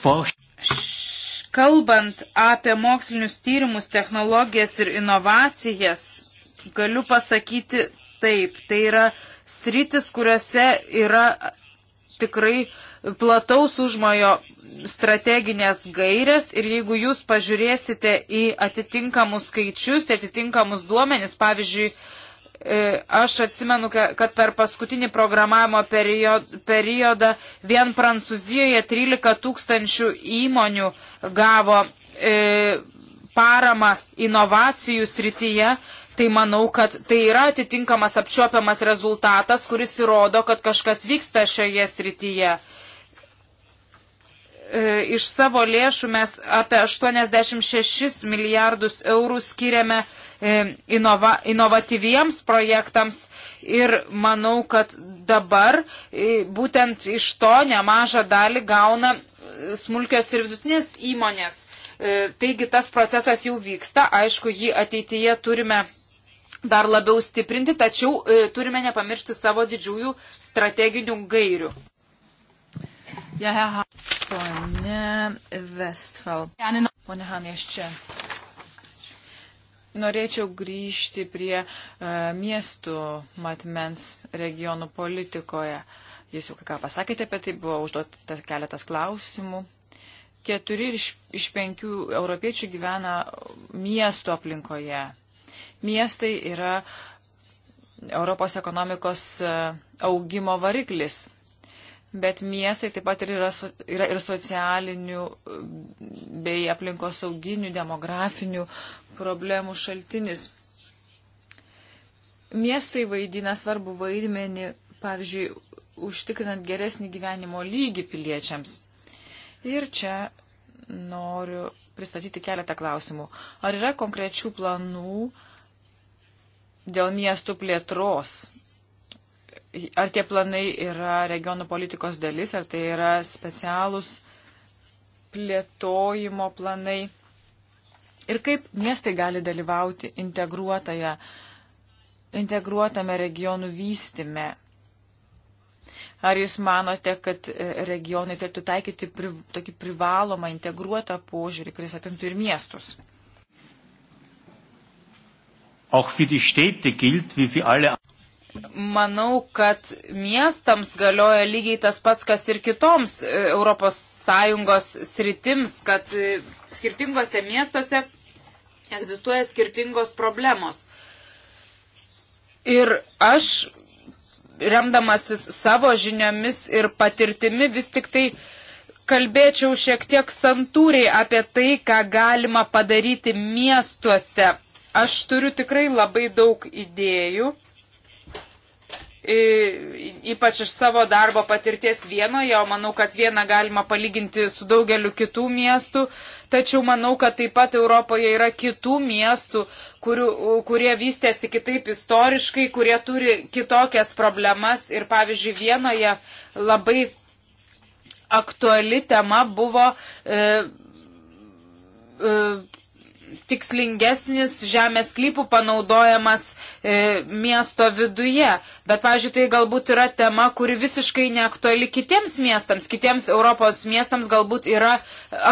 forsch... Kalbant apie mokslinius tyrimus, technologijas ir inovacijas, galiu pasakyti taip, tai yra sritis, kuriuose yra tikrai plataus užmojo strateginės gairės ir jeigu jūs pažiūrėsite į atitinkamus skaičius, atitinkamus duomenis, pavyzdžiui, E, aš atsimenu, kad per paskutinį programavimo periodą vien Prancūzijoje 13 tūkstančių įmonių gavo e, paramą inovacijų srityje tai manau, kad tai yra atitinkamas apčiopiamas rezultatas, kuris įrodo, kad kažkas vyksta šioje srityje. E, iš savo lėšų mes apie 86 milijardus eurų skiriame E, inova, inovatyviems projektams ir manau, kad dabar e, būtent iš to nemažą dalį gauna e, smulkios ir vidutinės įmonės. Taigi tas procesas jau vyksta, aišku, jį ateityje turime dar labiau stiprinti, tačiau turime nepamiršti savo didžiųjų strateginių gairių. Pone Vestfal. Pone Hamės čia. Norėčiau grįžti prie e, miestų matmens regionų politikoje. Jūs jau ką pasakėte apie tai, buvo užduotas keletas klausimų. Keturi iš, iš penkių europiečių gyvena miesto aplinkoje. Miestai yra Europos ekonomikos e, augimo variklis bet miestai taip pat ir yra, yra ir socialinių bei aplinkos sauginių, demografinių problemų šaltinis. Miestai vaidina svarbu vaidmenį, pavyzdžiui, užtikrinant geresnį gyvenimo lygį piliečiams. Ir čia noriu pristatyti keletą klausimų. Ar yra konkrečių planų dėl miestų plėtros ar tie planai yra regionų politikos dalis, ar tai yra specialūs plėtojimo planai ir kaip miestai gali dalyvauti integruotoje, integruotame regionų vystime. Ar jūs manote, kad e, regionai turėtų taikyti pri, tokį privalomą integruotą požiūrį, kuris apimtų ir miestus? Auch für die Städte gilt, wie für alle manau, kad miestams galioja lygiai tas pats, kas ir kitoms ES sritims, kad e, skirtingose miestuose egzistuoja skirtingos problemos. Ir aš, remdamasis savo žiniomis ir patirtimi, vis tik tai kalbėčiau šiek tiek santūriai apie tai, ką galima padaryti miestuose. Aš turiu tikrai labai daug idėjų ypač iš savo darbo patirties Vienoje, o manau, kad vieną galima palyginti su daugeliu kitų miestų, tačiau manau, kad taip pat Europoje yra kitų miestų, kurių, kurie vystėsi kitaip istoriškai, kurie turi kitokias problemas ir pavyzdžiui Vienoje labai aktuali tema buvo e, e, tikslingesnis žemės klypų panaudojamas e, miesto viduje. Bet, pažiūrėjau, tai galbūt yra tema, kuri visiškai neaktuali kitiems miestams. Kitiems Europos miestams galbūt yra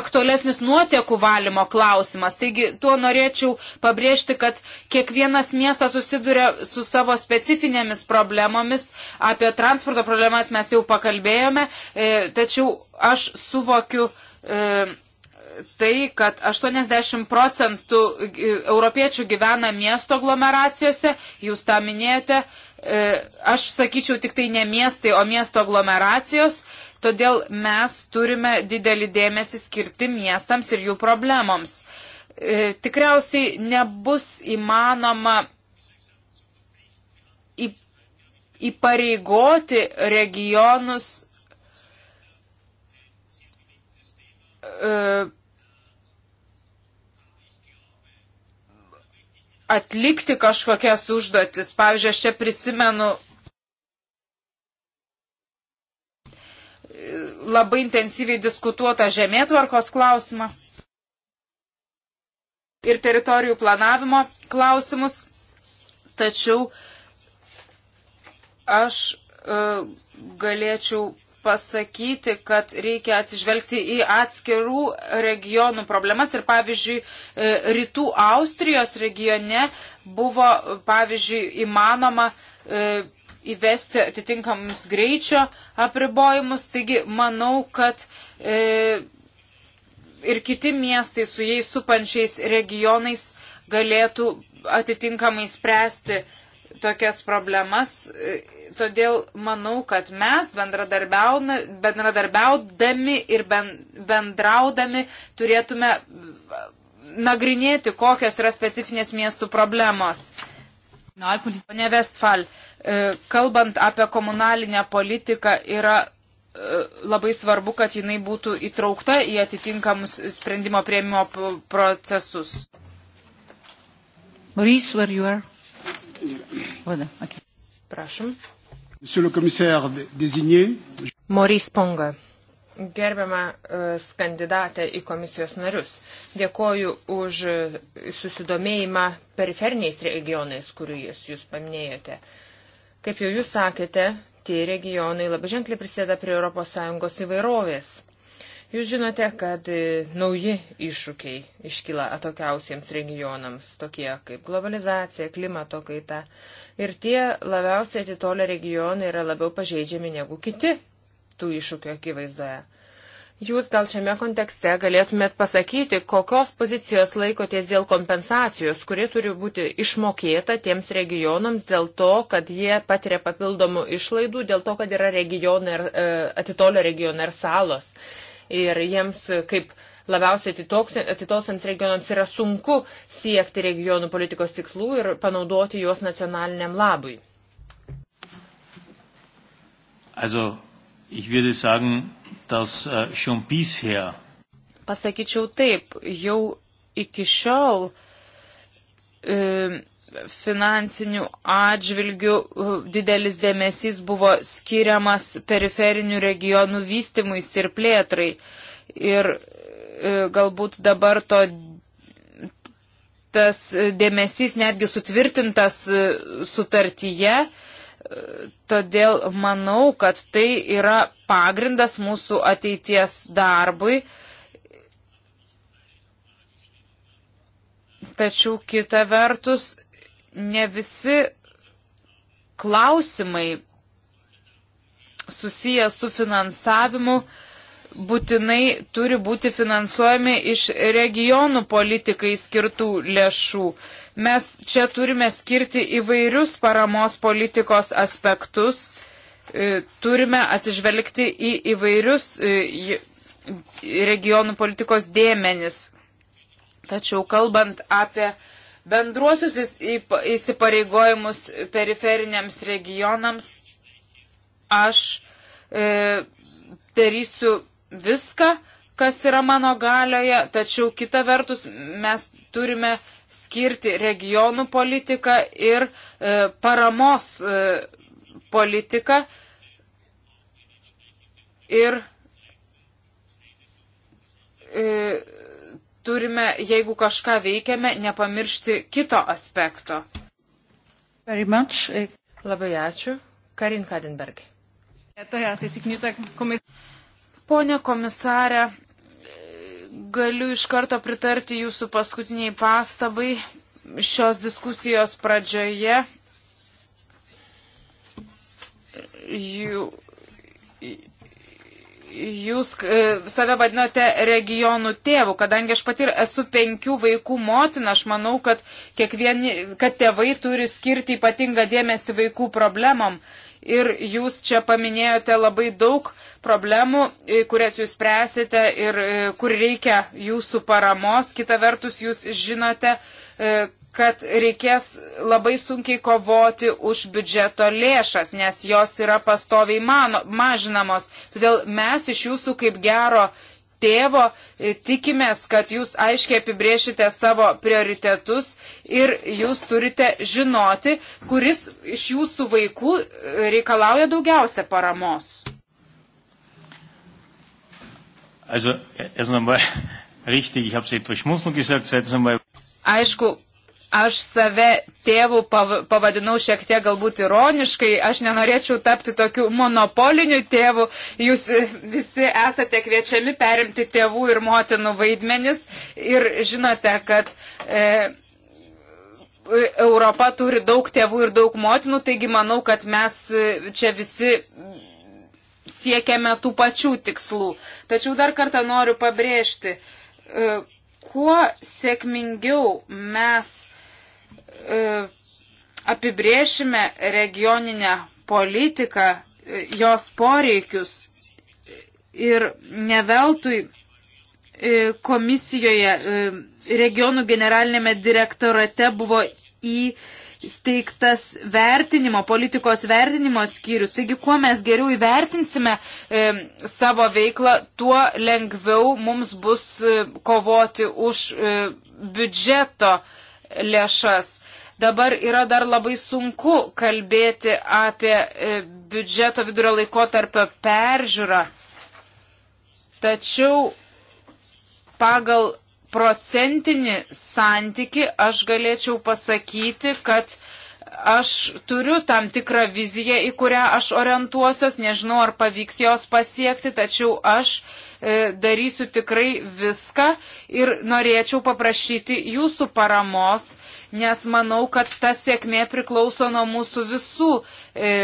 aktualesnis nuotekų valymo klausimas. Taigi, tuo norėčiau pabrėžti, kad kiekvienas miestas susiduria su savo specifinėmis problemomis. Apie transporto problemas mes jau pakalbėjome, e, tačiau aš suvokiu. E, tai, kad 80 procentų europiečių gyvena miesto aglomeracijose, jūs tą minėjote, e, aš sakyčiau tik tai ne miestai, o miesto aglomeracijos, todėl mes turime didelį dėmesį skirti miestams ir jų problemoms. E, tikriausiai nebus įmanoma įpareigoti regionus e, atlikti kažkokias užduotis. Pavyzdžiui, aš čia prisimenu labai intensyviai diskutuotą žemėtvarkos klausimą ir teritorijų planavimo klausimus, tačiau aš e, galėčiau pasakyti, kad reikia atsižvelgti į atskirų regionų problemas ir pavyzdžiui, e, rytų Austrijos regione buvo, pavyzdžiui, įmanoma e, įvesti atitinkamus greičio apribojimus, taigi manau, kad e, ir kiti miestai su jais supančiais regionais galėtų atitinkamai spręsti tokias problemas. E, todėl manau, kad mes bendradarbiaudami ir bendraudami turėtume e, nagrinėti, kokios yra specifinės miestų problemos. Pone Vestfal, e, kalbant apie komunalinę politiką, yra labai svarbu, kad jinai būtų įtraukta į atitinkamus sprendimo prieimimo procesus. Maurice, where you are? Prašom. Morys Ponga. Gerbiama e, kandidatė į komisijos narius, dėkoju už e, susidomėjimą periferiniais regionais, kuriuos jūs paminėjote. Kaip jau jūs sakėte, tie regionai labai ženkliai prisėda prie ES įvairovės. Jūs žinote, kad e, nauji iššūkiai iškyla atokiausiems regionams, tokie kaip globalizacija, klimato kaita. Ir tie labiausiai atitolę regionai yra labiau pažeidžiami negu kiti tų iššūkių akivaizdoje. Jūs gal šiame kontekste galėtumėt pasakyti, kokios pozicijos laikotės dėl kompensacijos, kurie turi būti išmokėta tiems regionams dėl to, kad jie patiria papildomų išlaidų, dėl to, kad yra regionai, e, atitolio regionai ir salos ir jiems kaip labiausiai atitolsams regionams yra sunku siekti regionų politikos tikslų ir panaudoti juos nacionaliniam labui. Also, ich würde sagen, dass äh, schon bisher. Pasakyčiau taip, jau iki šiol e, finansinių atžvilgių uh, didelis dėmesys buvo skiriamas periferinių regionų vystimui ir plėtrai. Ir uh, galbūt dabar to tas dėmesys netgi sutvirtintas uh, sutartyje, todėl manau, kad tai yra pagrindas mūsų ateities darbui. Tačiau kita vertus ne visi klausimai susiję su finansavimu būtinai turi būti finansuojami iš regionų politikai skirtų lėšų. Mes čia turime skirti įvairius paramos politikos aspektus, e, turime atsižvelgti į įvairius e, regionų politikos dėmenis. Tačiau kalbant apie bendruosius įsipareigojimus periferiniams regionams aš e, darysiu viską, kas yra mano galioje, tačiau kita vertus mes turime skirti regionų politiką ir e, paramos e, politiką. Ir e, turime, jeigu kažką veikiame, nepamiršti kito aspekto. Labai ačiū. Karin Kadenberg. Pone komisarė, galiu iš karto pritarti jūsų paskutiniai pastabai šios diskusijos pradžioje. Jų, Jūs e, save vadinote regionų tėvų, kadangi aš pati esu penkių vaikų motina, aš manau, kad, kiekvieni, kad tėvai turi skirti ypatingą dėmesį vaikų problemam. Ir jūs čia paminėjote labai daug problemų, e, kurias jūs presite ir e, kur reikia jūsų paramos. Kita vertus, jūs žinote, kad reikės labai sunkiai kovoti už biudžeto lėšas, nes jos yra pastoviai mano, mažinamos. Todėl mes iš jūsų kaip gero tėvo e, tikimės, kad jūs aiškiai apibriešite savo prioritetus ir jūs turite žinoti, kuris iš jūsų vaikų e, reikalauja daugiausia paramos. Also, erst einmal richtig, ich habe es etwas schmunzeln gesagt, zweitens einmal. Aišku, aš save tėvų pavadinau šiek tiek galbūt ironiškai, aš nenorėčiau tapti tokiu monopoliniu tėvu, jūs visi esate kviečiami perimti tėvų ir motinų vaidmenis ir žinote, kad e, Europa turi daug tėvų ir daug motinų, taigi manau, kad mes e, čia visi siekiame tų pačių tikslų. Tačiau dar kartą noriu pabrėžti, e, kuo sėkmingiau mes E, apibrėšime regioninę politiką, e, jos poreikius ir neveltui e, komisijoje regionų generalinėme direktorate buvo įsteigtas vertinimo, politikos vertinimo skyrius. Taigi, kuo mes geriau įvertinsime e, savo veiklą, tuo lengviau mums bus kovoti už e, biudžeto lėšas. Dabar yra dar labai sunku kalbėti apie e, biudžeto vidurio laikotarpio peržiūrą. Tačiau pagal procentinį santyki aš galėčiau pasakyti, kad aš turiu tam tikrą viziją, į kurią aš orientuosios, nežinau, ar pavyks jos pasiekti, tačiau aš e, darysiu tikrai viską ir norėčiau paprašyti jūsų paramos, nes manau, kad ta sėkmė priklauso nuo mūsų visų. E,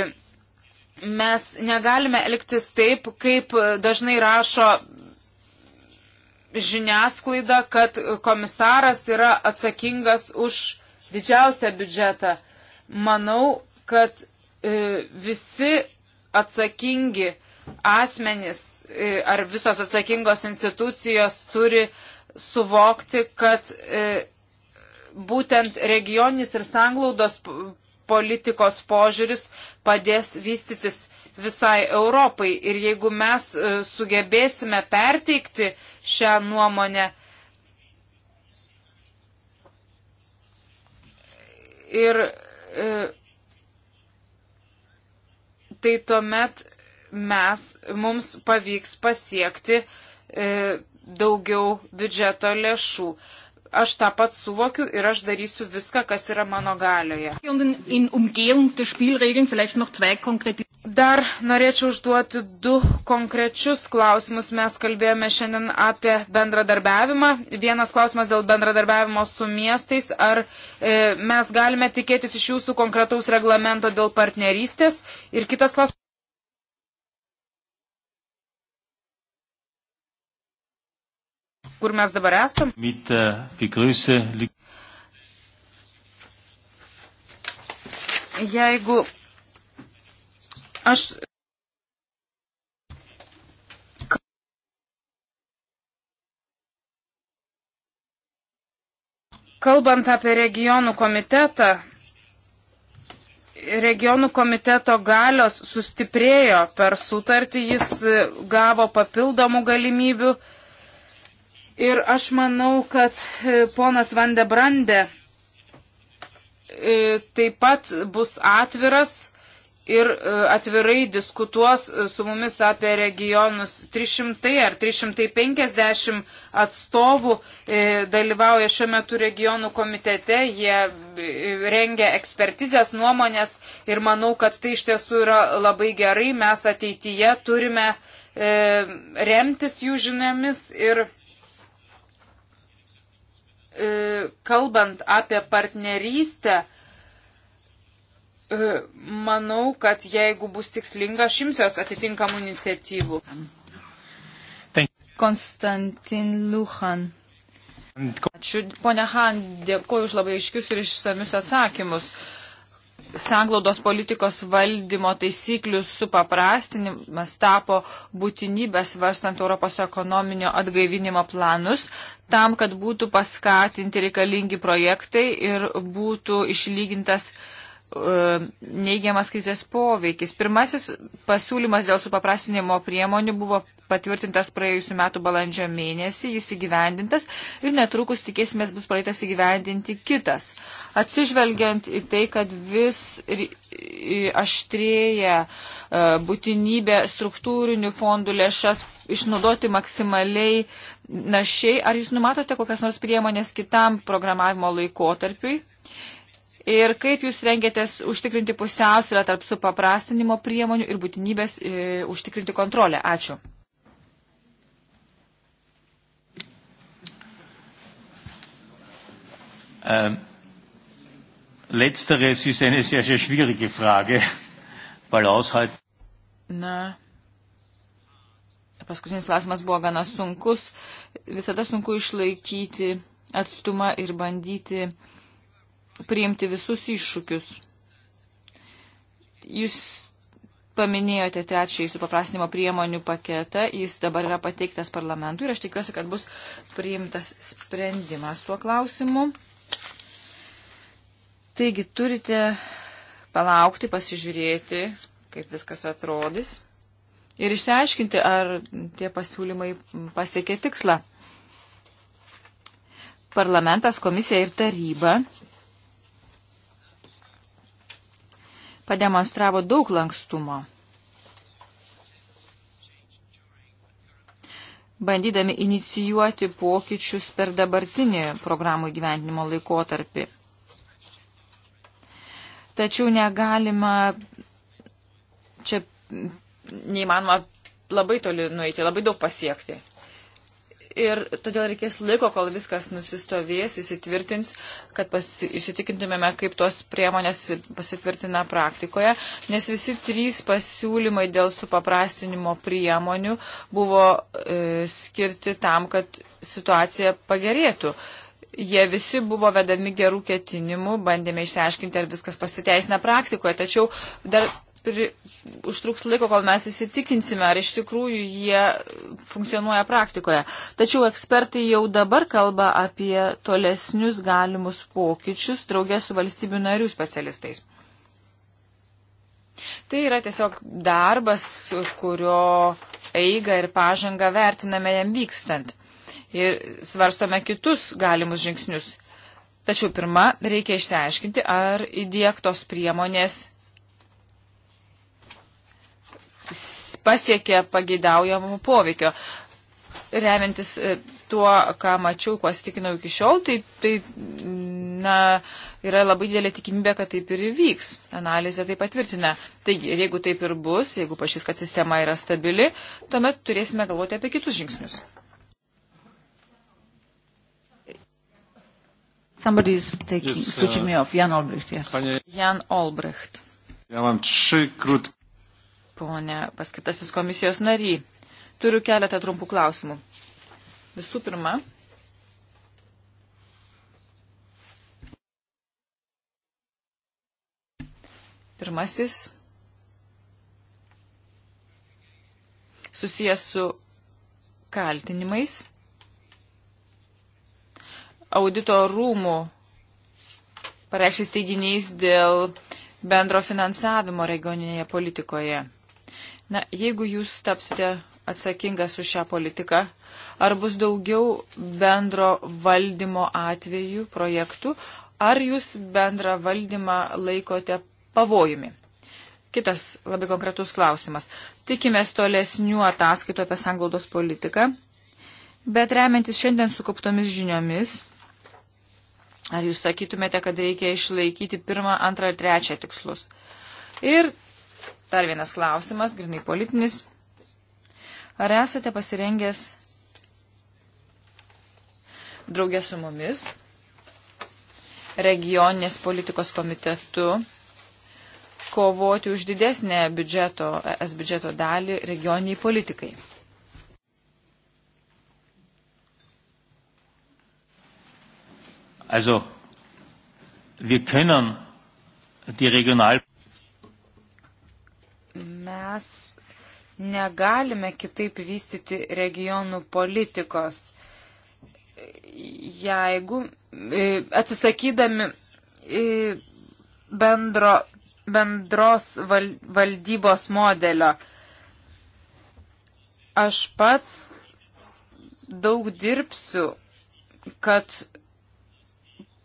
Mes negalime elgtis taip, kaip dažnai rašo žiniasklaida, kad komisaras yra atsakingas už didžiausią biudžetą manau, kad e, visi atsakingi asmenys e, ar visos atsakingos institucijos turi suvokti, kad e, būtent regioninis ir sanglaudos politikos požiūris padės vystytis visai Europai. Ir jeigu mes e, sugebėsime perteikti šią nuomonę ir E, tai tuomet mes, mums pavyks pasiekti e, daugiau biudžeto lėšų. Aš tą pat suvokiu ir aš darysiu viską, kas yra mano galioje. Dar norėčiau užduoti du konkrečius klausimus. Mes kalbėjome šiandien apie bendradarbiavimą. Vienas klausimas dėl bendradarbiavimo su miestais. Ar e, mes galime tikėtis iš jūsų konkretaus reglamento dėl partnerystės? Ir kitas klausimas. Kur mes dabar esam? Mit, uh, Jeigu Aš kalbant apie regionų komitetą, regionų komiteto galios sustiprėjo per sutartį, jis gavo papildomų galimybių. Ir aš manau, kad e, ponas Vandebrande e, taip pat bus atviras ir e, atvirai diskutuos e, su mumis apie regionus. 300 ar 350 atstovų e, dalyvauja šiuo metu regionų komitete, jie rengia ekspertizės nuomonės ir manau, kad tai iš tiesų yra labai gerai. Mes ateityje turime remtis jų žiniomis ir kalbant apie partnerystę, E, manau, kad jeigu bus tikslinga, aš imsiuos atitinkamų iniciatyvų. Konstantin Luhan. Ačiū, ponia Han, dėkuoju už labai aiškius ir išsamius atsakymus. Sanglaudos politikos valdymo taisyklių supaprastinimas tapo būtinybės varstant Europos ekonominio atgaivinimo planus, tam, kad būtų paskatinti reikalingi projektai ir būtų išlygintas uh, neigiamas krizės poveikis. Pirmasis pasiūlymas dėl supaprastinimo priemonių buvo patvirtintas praėjusiu metu balandžio mėnesį, jis įgyvendintas ir netrukus tikėsimės bus praeitas įgyvendinti kitas. Atsižvelgiant į tai, kad vis aštrėja e, būtinybė struktūrinių fondų lėšas išnaudoti maksimaliai našiai, ar jūs numatote kokias nors priemonės kitam programavimo laikotarpiui? ir kaip jūs rengiatės užtikrinti pusiausvę tarp supaprastinimo priemonių ir būtinybės e, užtikrinti kontrolę. Ačiū. Ähm, letzteres ist eine sehr, sehr schwierige Frage, weil Aushalten. Na, paskutinis klausimas buvo gana sunkus. Visada sunku išlaikyti atstumą ir bandyti priimti visus iššūkius. Jūs paminėjote trečiąjį supaprastinimo priemonių paketą, jis dabar yra pateiktas parlamentui ir aš tikiuosi, kad bus priimtas sprendimas tuo klausimu. Taigi turite palaukti, pasižiūrėti, kaip viskas atrodys ir išsiaiškinti, ar tie pasiūlymai pasiekė tikslą. Parlamentas, komisija ir taryba pademonstravo daug lankstumo. bandydami inicijuoti pokyčius per dabartinį programų gyventinimo laikotarpį. Tačiau negalima, čia neįmanoma labai toli nueiti, labai daug pasiekti ir todėl reikės laiko, kol viskas nusistovės, įsitvirtins, kad pasi, įsitikintumėme, kaip tos priemonės pasitvirtina praktikoje, nes visi trys pasiūlymai dėl supaprastinimo priemonių buvo e, skirti tam, kad situacija pagerėtų. Jie visi buvo vedami gerų ketinimų, bandėme išsiaiškinti, ar viskas pasiteisina praktikoje, tačiau dar pri, užtruks laiko, kol mes įsitikinsime, ar iš tikrųjų jie funkcionuoja praktikoje. Tačiau ekspertai jau dabar kalba apie tolesnius galimus pokyčius draugės su valstybių narių specialistais. Tai yra tiesiog darbas, kurio eigą ir pažangą vertiname jam vykstant ir svarstome kitus galimus žingsnius. Tačiau pirmą reikia išsiaiškinti, ar įdėktos priemonės pasiekė pagidaujamų poveikio. Remiantis e, tuo, ką mačiau, kuo stikinau iki šiol, tai, tai na, yra labai didelė tikimybė, kad taip ir įvyks. Analizė tai patvirtina. Taigi, jeigu taip ir bus, jeigu pašys, kad sistema yra stabili, tuomet turėsime galvoti apie kitus žingsnius. Somebody is taking, yes, uh, switching me off. Jan Olbricht, yes. Panie... Jan Olbricht. Ja mam trzy krótkie ponė paskirtasis komisijos nary. Turiu keletą trumpų klausimų. Visų pirma, pirmasis susijęs su kaltinimais audito rūmų pareikštais teiginiais dėl bendro finansavimo regioninėje politikoje. Na, jeigu jūs tapsite atsakingas už šią politiką, ar bus daugiau bendro valdymo atvejų, projektų, ar jūs bendrą valdymą laikote pavojumi? Kitas labai konkretus klausimas. Tikimės tolesnių ataskaitų apie sanglaudos politiką, bet remiantis šiandien sukauptomis žiniomis, ar jūs sakytumėte, kad reikia išlaikyti pirmą, antrą ir trečią tikslus? Ir Dar vienas klausimas, grinai politinis. Ar esate pasirengęs draugė su mumis, regioninės politikos komitetu, kovoti už didesnę biudžeto, es biudžeto dalį regioniniai politikai? Also, wir können die Regional mes negalime kitaip vystyti regionų politikos, jeigu e, atsisakydami e, bendro, bendros val, valdybos modelio. Aš pats daug dirbsiu, kad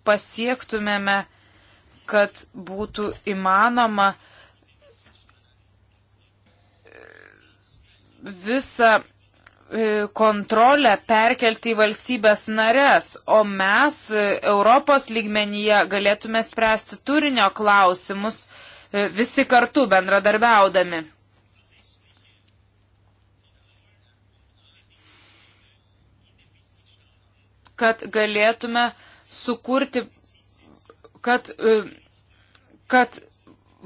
pasiektumėme, kad būtų įmanoma, visą e, kontrolę perkelti į valstybės narės, o mes e, Europos lygmenyje galėtume spręsti turinio klausimus e, visi kartu bendradarbiaudami. Kad galėtume sukurti, kad, kad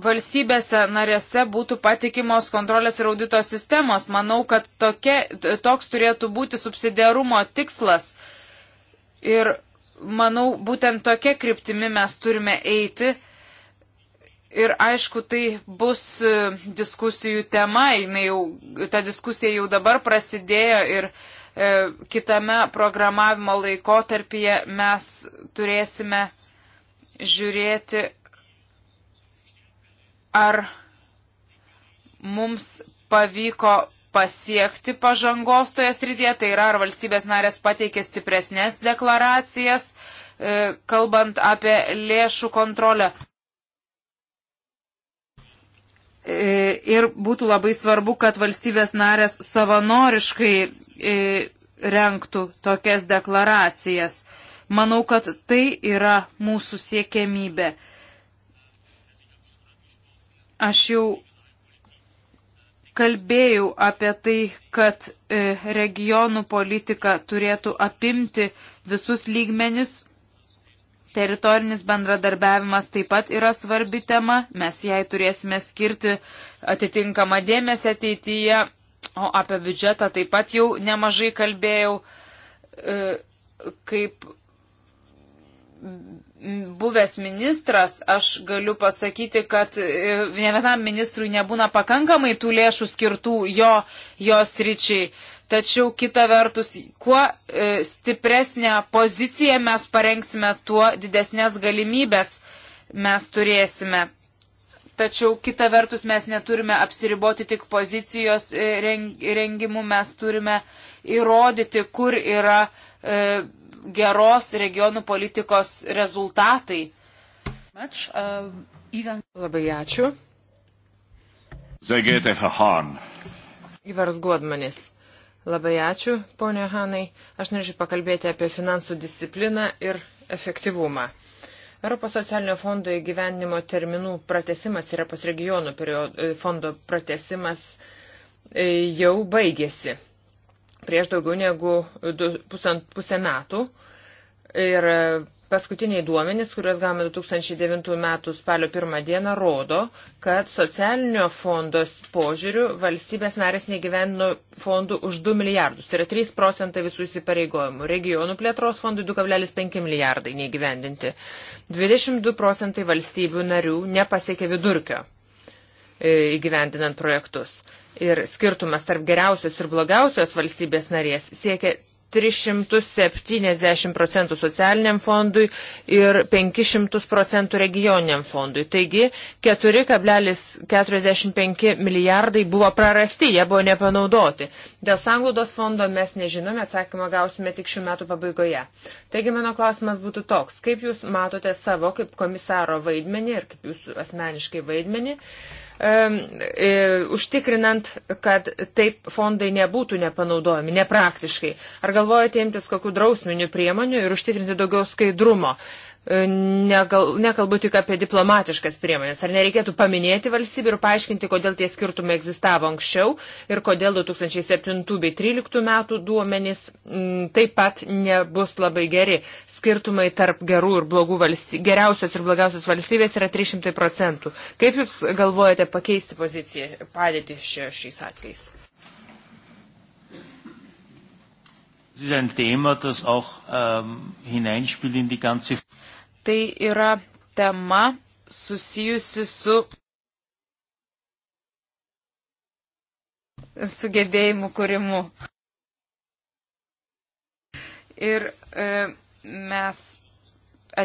valstybėse narėse būtų patikimos kontrolės ir audito sistemos. Manau, kad tokia, toks turėtų būti subsidiarumo tikslas. Ir manau, būtent tokia kryptimi mes turime eiti. Ir aišku, tai bus e, diskusijų tema, Jinai jau, ta diskusija jau dabar prasidėjo ir e, kitame programavimo laikotarpyje mes turėsime žiūrėti, ar mums pavyko pasiekti pažangos toje srityje, tai yra ar valstybės narės pateikė stipresnės deklaracijas, e, kalbant apie lėšų kontrolę. E, ir būtų labai svarbu, kad valstybės narės savanoriškai e, renktų tokias deklaracijas. Manau, kad tai yra mūsų siekėmybė. Aš jau kalbėjau apie tai, kad e, regionų politika turėtų apimti visus lygmenis. Teritorinis bendradarbiavimas taip pat yra svarbi tema, mes jai turėsime skirti atitinkamą dėmesį ateityje, o apie biudžetą taip pat jau nemažai kalbėjau, e, kaip buvęs ministras, aš galiu pasakyti, kad e, ne vienam ministrui nebūna pakankamai tų lėšų skirtų jo, jos ryčiai. Tačiau kita vertus, kuo e, stipresnę poziciją mes parengsime, tuo didesnės galimybės mes turėsime. Tačiau kita vertus mes neturime apsiriboti tik pozicijos e, rengimu, mes turime įrodyti, kur yra geros regionų politikos rezultatai. Much, uh, even... Labai ačiū. Įvars Godmanis. Labai ačiū, ponio Hanai. Aš norėčiau pakalbėti apie finansų discipliną ir efektyvumą. Europos socialinio fondo įgyvendinimo terminų pratesimas ir Europos regionų e, fondo pratesimas e, jau baigėsi prieš daugiau negu du, pusant, pusę metų. Ir paskutiniai duomenys, kuriuos gavome 2009 metų spalio pirmą dieną, rodo, kad socialinio fondos požiūrių valstybės narės negyvendino fondų už 2 milijardus. Tai yra 3 procentai visų įsipareigojimų. Regionų plėtros fondui 2,5 milijardai negyvendinti. 22 procentai valstybių narių nepasiekė vidurkio. E, įgyvendinant projektus. Ir skirtumas tarp geriausios ir blogiausios valstybės narės siekia 370 procentų socialiniam fondui ir 500 procentų regioniniam fondui. Taigi 4,45 milijardai buvo prarasti, jie buvo nepanaudoti. Dėl sanglaudos fondo mes nežinome, atsakymą gausime tik šių metų pabaigoje. Taigi mano klausimas būtų toks, kaip jūs matote savo kaip komisaro vaidmenį ir kaip jūsų asmeniškai vaidmenį E, užtikrinant, kad taip fondai nebūtų nepanaudojami, nepraktiškai? Ar galvojate imtis kokių drausminių priemonių ir užtikrinti daugiau skaidrumo? E, negal, nekalbu tik apie diplomatiškas priemonės. Ar nereikėtų paminėti valstybę ir paaiškinti, kodėl tie skirtumai egzistavo anksčiau ir kodėl 2007 bei 2013 metų duomenys m, mm, taip pat nebus labai geri. Skirtumai tarp gerų ir blogų valstybės, geriausios ir blogiausios valstybės yra 300 procentų. Kaip Jūs galvojate pakeisti poziciją, padėti šia, šiais atvejais? ist ein Thema, das auch ähm, hineinspielt in die ganze. Tai yra tema susijusi su sugebėjimų kūrimu. Ir e, mes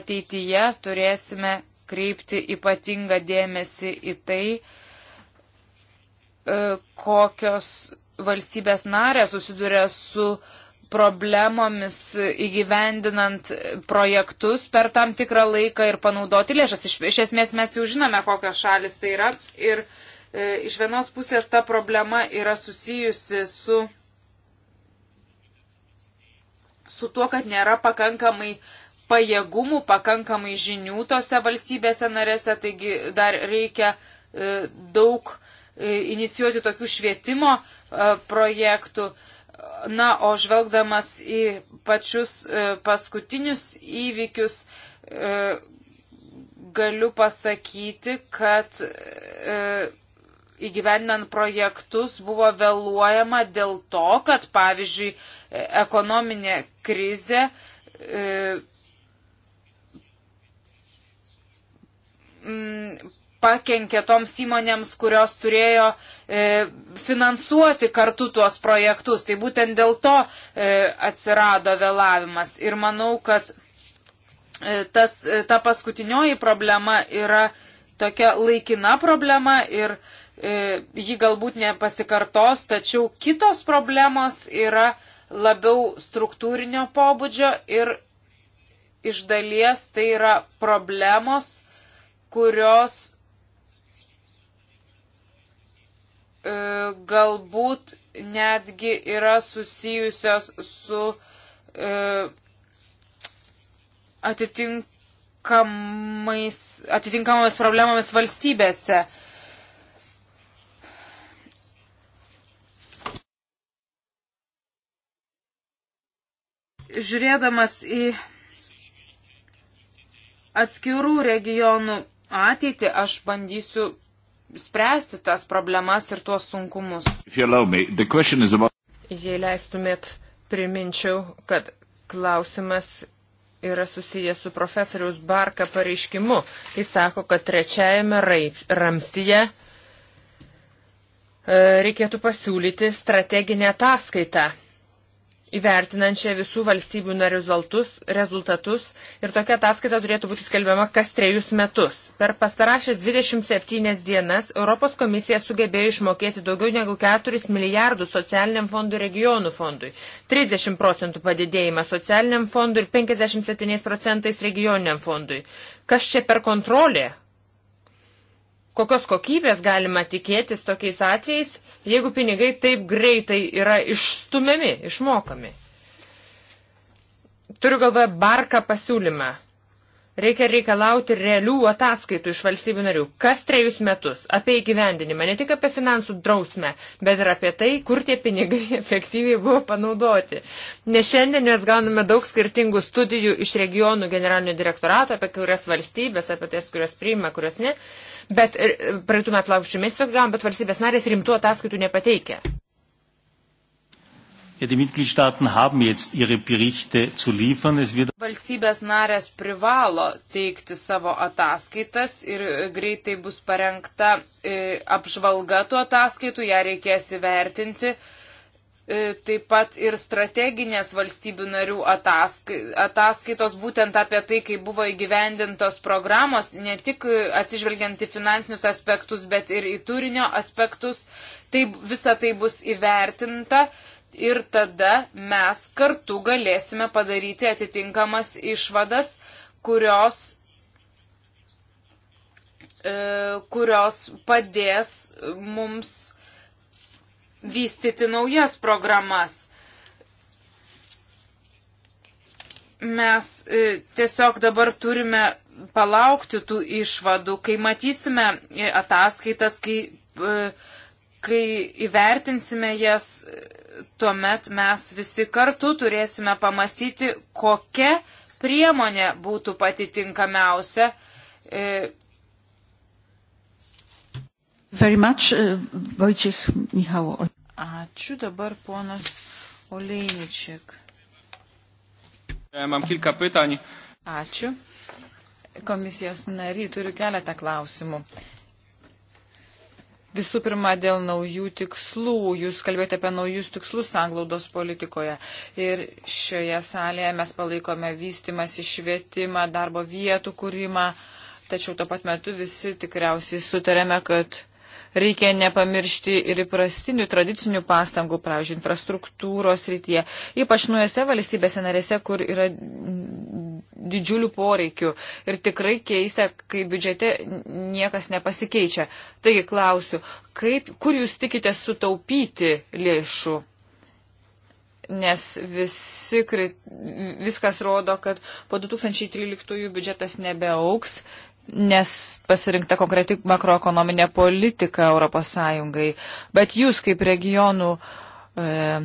ateityje turėsime kreipti ypatingą dėmesį į tai, e, kokios valstybės narės susiduria su e, problemomis įgyvendinant projektus per tam tikrą laiką ir panaudoti lėšas. Iš, iš esmės mes jau žinome, kokios šalis tai yra. Ir e, iš vienos pusės ta problema yra susijusi su, su tuo, kad nėra pakankamai pajėgumų, pakankamai žinių tose valstybėse narėse, taigi dar reikia e, daug e, inicijuoti tokių švietimo e, projektų. E, Na, o žvelgdamas į pačius e, paskutinius įvykius, e, galiu pasakyti, kad e, įgyvendinant projektus buvo vėluojama dėl to, kad, pavyzdžiui, ekonominė krizė pakenkė toms įmonėms, kurios turėjo uh, E, finansuoti kartu tuos projektus. Tai būtent dėl to e, atsirado vėlavimas. Ir manau, kad e, tas, ta paskutinioji problema yra tokia laikina problema ir ji galbūt nepasikartos, tačiau kitos problemos yra labiau struktūrinio pobūdžio ir iš dalies tai yra problemos, kurios E, galbūt netgi yra susijusios su e, atitinkamais, atitinkamais problemomis valstybėse. Žiūrėdamas į atskirų regionų ateitį, aš bandysiu spręsti tas problemas ir tuos sunkumus. Me, about... Jei leistumėt, priminčiau, kad klausimas yra susijęs su profesoriaus Barka pareiškimu. Jis sako, kad trečiajame ramstyje e, reikėtų pasiūlyti strateginę ataskaitą įvertinančią visų valstybių rezultatus, rezultatus ir tokia ataskaita turėtų būti skelbiama kas trejus metus. Per pastarašias 27 dienas Europos komisija sugebėjo išmokėti daugiau negu 4 milijardus socialiniam fondui regionų fondui, 30 procentų padidėjimą socialiniam fondui ir 57 procentais regioniniam fondui. Kas čia per kontrolė? kokios kokybės galima tikėtis tokiais atvejais, jeigu pinigai taip greitai yra išstumiami, išmokami. Turiu galvoje barką pasiūlymą. Reikia reikalauti realių ataskaitų iš valstybių narių, kas trejus metus, apie įgyvendinimą, ne tik apie finansų drausmę, bet ir apie tai, kur tie pinigai efektyviai buvo panaudoti. Nes šiandien mes gauname daug skirtingų studijų iš regionų generalinio direktorato, apie kurias valstybės, apie ties, kurias priima, kurias ne. Bet e, praeitų metų laukščių mėnesio gavom, bet valstybės narės rimtų ataskaitų nepateikia. Ja, die Mitgliedstaaten haben jetzt ihre Berichte zu liefern. Es wird Valstybės narės privalo teikti savo ataskaitas ir e, greitai bus parengta e, apžvalga tų ataskaitų, ją reikės įvertinti. E, taip pat ir strateginės valstybių narių ataska, ataskaitos būtent apie tai, kaip buvo įgyvendintos programos, ne tik e, atsižvelgiant į finansinius aspektus, bet ir į turinio aspektus. Tai visa tai bus įvertinta. E, ir tada mes kartu galėsime padaryti atitinkamas išvadas, kurios, e, kurios padės mums vystyti naujas programas. Mes e, tiesiog dabar turime palaukti tų išvadų, kai matysime e, ataskaitas, kai e, kai įvertinsime jas, tuomet mes visi kartu turėsime pamastyti, kokia priemonė būtų pati tinkamiausia. E, Very much, uh, e, Vojčiech Michalo. Ačiū dabar ponas Olejničiak. E, mam kilka pytań. Ačiū. Komisijos nariai turiu keletą klausimų. Uh, Visų pirma, dėl naujų tikslų. Jūs kalbėjote apie naujus tikslus sanglaudos politikoje. Ir šioje salėje mes palaikome vystimas, išvietimą, darbo vietų kūrimą. Tačiau tuo pat metu visi tikriausiai sutarėme, kad reikia nepamiršti ir įprastinių tradicinių pastangų, pavyzdžiui, infrastruktūros rytyje, ypač nuojose valstybėse narėse, kur yra didžiulių poreikių ir tikrai keista, kai biudžete niekas nepasikeičia. Taigi klausiu, kaip, kur jūs tikite sutaupyti lėšų? Nes visi, viskas rodo, kad po 2013 biudžetas nebeauks nes pasirinkta konkreti makroekonominė politika Europos Sąjungai. Bet jūs kaip regionų e,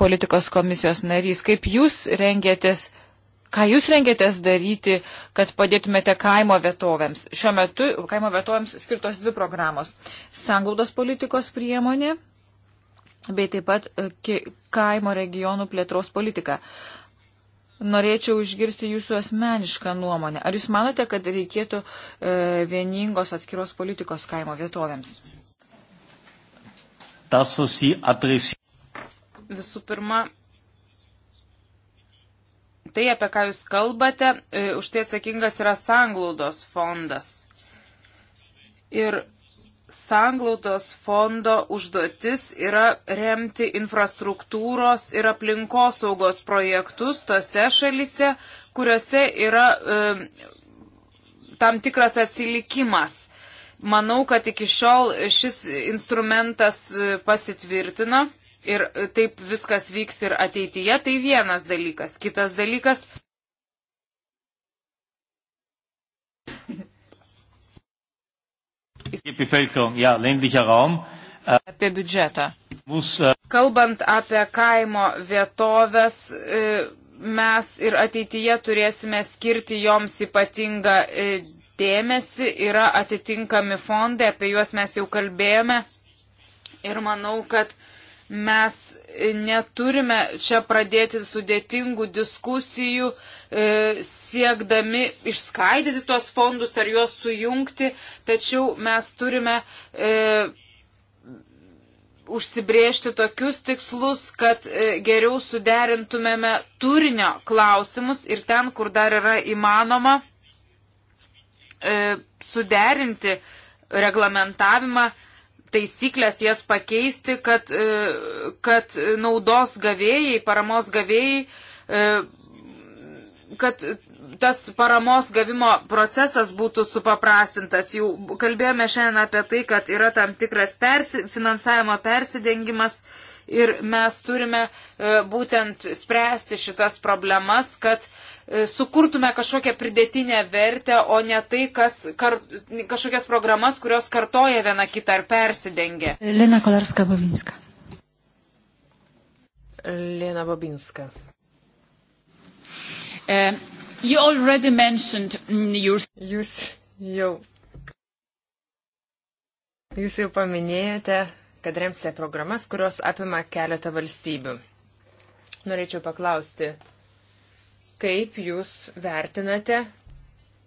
politikos komisijos narys, kaip jūs rengėtės, ką jūs rengėtės daryti, kad padėtumėte kaimo vietovėms? Šiuo metu kaimo vietovėms skirtos dvi programos - sanglaudos politikos priemonė bei taip pat e, kaimo regionų plėtros politika norėčiau išgirsti jūsų asmenišką nuomonę. Ar jūs manote, kad reikėtų e, vieningos atskiros politikos kaimo vietovėms? Tas, Visų pirma, tai, apie ką jūs kalbate, e, už tai atsakingas yra sanglaudos fondas. Ir sanglautos fondo užduotis yra remti infrastruktūros ir aplinkosaugos projektus tose šalise, kuriuose yra e, tam tikras atsilikimas. Manau, kad iki šiol šis instrumentas e, pasitvirtino ir e, taip viskas vyks ir ateityje. Tai vienas dalykas. Kitas dalykas. Äh, apie biudžetą. Äh, Kalbant apie kaimo vietovės, e, mes ir ateityje turėsime skirti joms ypatingą e, dėmesį, yra atitinkami fondai, apie juos mes jau kalbėjome. Ir manau, kad mes e, neturime čia pradėti sudėtingų diskusijų, uh, E, siekdami išskaidyti tuos fondus ar juos sujungti, tačiau mes turime e, užsibriežti tokius tikslus, kad e, geriau suderintumėme turinio klausimus ir ten, kur dar yra įmanoma e, suderinti reglamentavimą, taisyklės jas pakeisti, kad, e, kad naudos gavėjai, paramos gavėjai e, kad tas paramos gavimo procesas būtų supaprastintas. Jau kalbėjome šiandien apie tai, kad yra tam tikras persi, finansavimo persidengimas ir mes turime e, būtent spręsti šitas problemas, kad e, sukurtume kažkokią pridėtinę vertę, o ne tai, kas kar, kažkokias programas, kurios kartoja viena kitą ar persidengia. Lena Kolarska Babinska. Lena Babinska. Uh, you already mentioned mm, your... Jūs jau. Jūs jau paminėjote, kad remsite programas, kurios apima keletą valstybių. Norėčiau paklausti, kaip jūs vertinate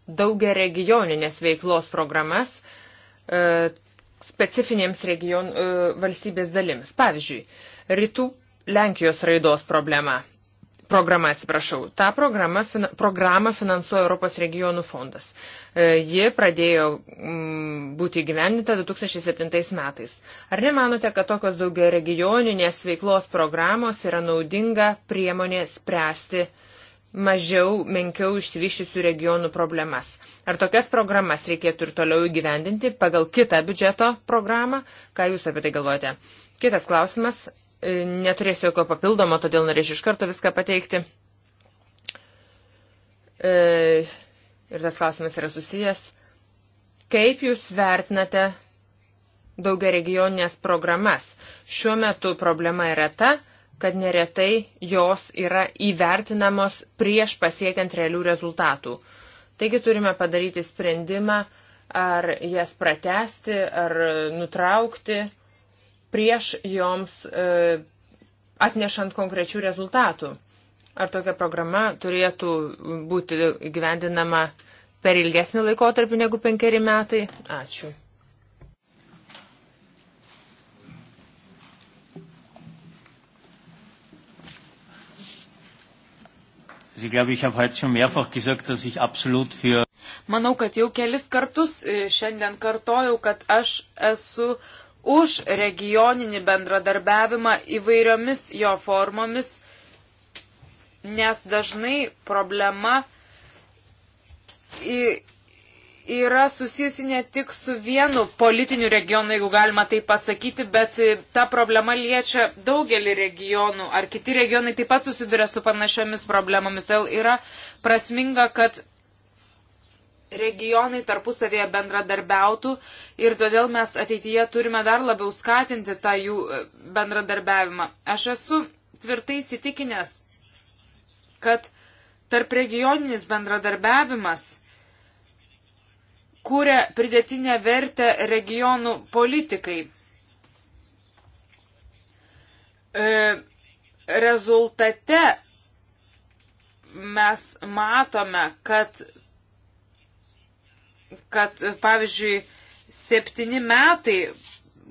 daugia regioninės veiklos programas e, specifinėms region, e, valstybės dalims. Pavyzdžiui, rytų Lenkijos raidos problema programą, atsiprašau. Ta programa, fin, programą finansuoja Europos regionų fondas. E, ji pradėjo m, mm, būti gyvendinta 2007 metais. Ar nemanote, kad tokios daugia regioninės veiklos programos yra naudinga priemonė spręsti mažiau, menkiau išsivyščiusių regionų problemas? Ar tokias programas reikėtų ir toliau įgyvendinti pagal kitą biudžeto programą? Ką Jūs apie tai galvojate? Kitas klausimas Neturėsiu jokio papildomo, todėl norėčiau iš karto viską pateikti. E, ir tas klausimas yra susijęs. Kaip jūs vertinate daugia regioninės programas? Šiuo metu problema yra ta, kad neretai jos yra įvertinamos prieš pasiekiant realių rezultatų. Taigi turime padaryti sprendimą, ar jas pratesti, ar nutraukti prieš joms e, atnešant konkrečių rezultatų. Ar tokia programa turėtų būti gyvendinama per ilgesnį laikotarpį negu penkeri metai? Ačiū. Ich glaube, ich habe heute schon mehrfach gesagt, dass ich absolut für. Manau, kad jau kelis kartus e, šiandien kartojau, kad aš esu už regioninį bendradarbiavimą įvairiomis jo formomis, nes dažnai problema yra susijusi ne tik su vienu politiniu regionu, jeigu galima tai pasakyti, bet ta problema liečia daugelį regionų, ar kiti regionai taip pat susiduria su panašiomis problemomis. Todėl tai yra prasminga, kad regionai tarpusavėje bendradarbiautų ir todėl mes ateityje turime dar labiau skatinti tą jų e, bendradarbiavimą. Aš esu tvirtai įsitikinęs, kad tarp regioninis bendradarbiavimas kūrė pridėtinę vertę regionų politikai. E, rezultate mes matome, kad kad, pavyzdžiui, septyni metai,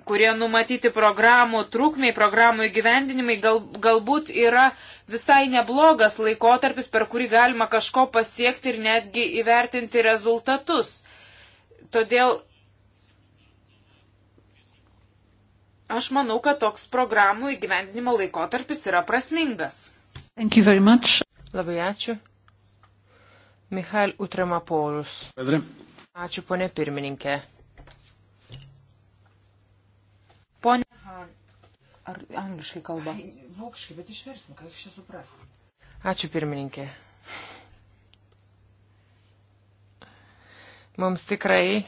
kurie numatyti programų trukmiai, programų įgyvendinimai, gal, galbūt yra visai neblogas laikotarpis, per kurį galima kažko pasiekti ir netgi įvertinti rezultatus. Todėl aš manau, kad toks programų įgyvendinimo laikotarpis yra prasmingas. Labai ačiū. Mihail Utremapolus. Pedri. Ačiū, ponė pirmininkė. Pone Han. Ar angliškai kalba? Vokiškai, bet išversim, ką jūs čia supras. Ačiū, pirmininkė. Mums tikrai.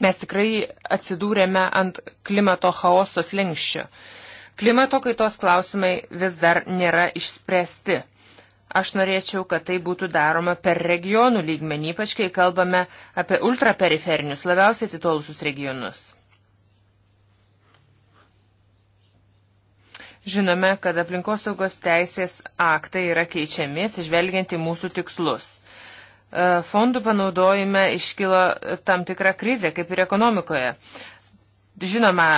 Mes tikrai atsidūrėme ant klimato chaoso slengščio. Klimato kaitos klausimai vis dar nėra išspręsti. Aš norėčiau, kad tai būtų daroma per regionų lygmenį, ypač kai kalbame apie ultraperiferinius, labiausiai atitolusius regionus. Žinome, kad aplinkosaugos teisės aktai yra keičiami atsižvelgiant į mūsų tikslus. E, fondų panaudojime iškilo tam tikra krizė, kaip ir ekonomikoje. Žinoma,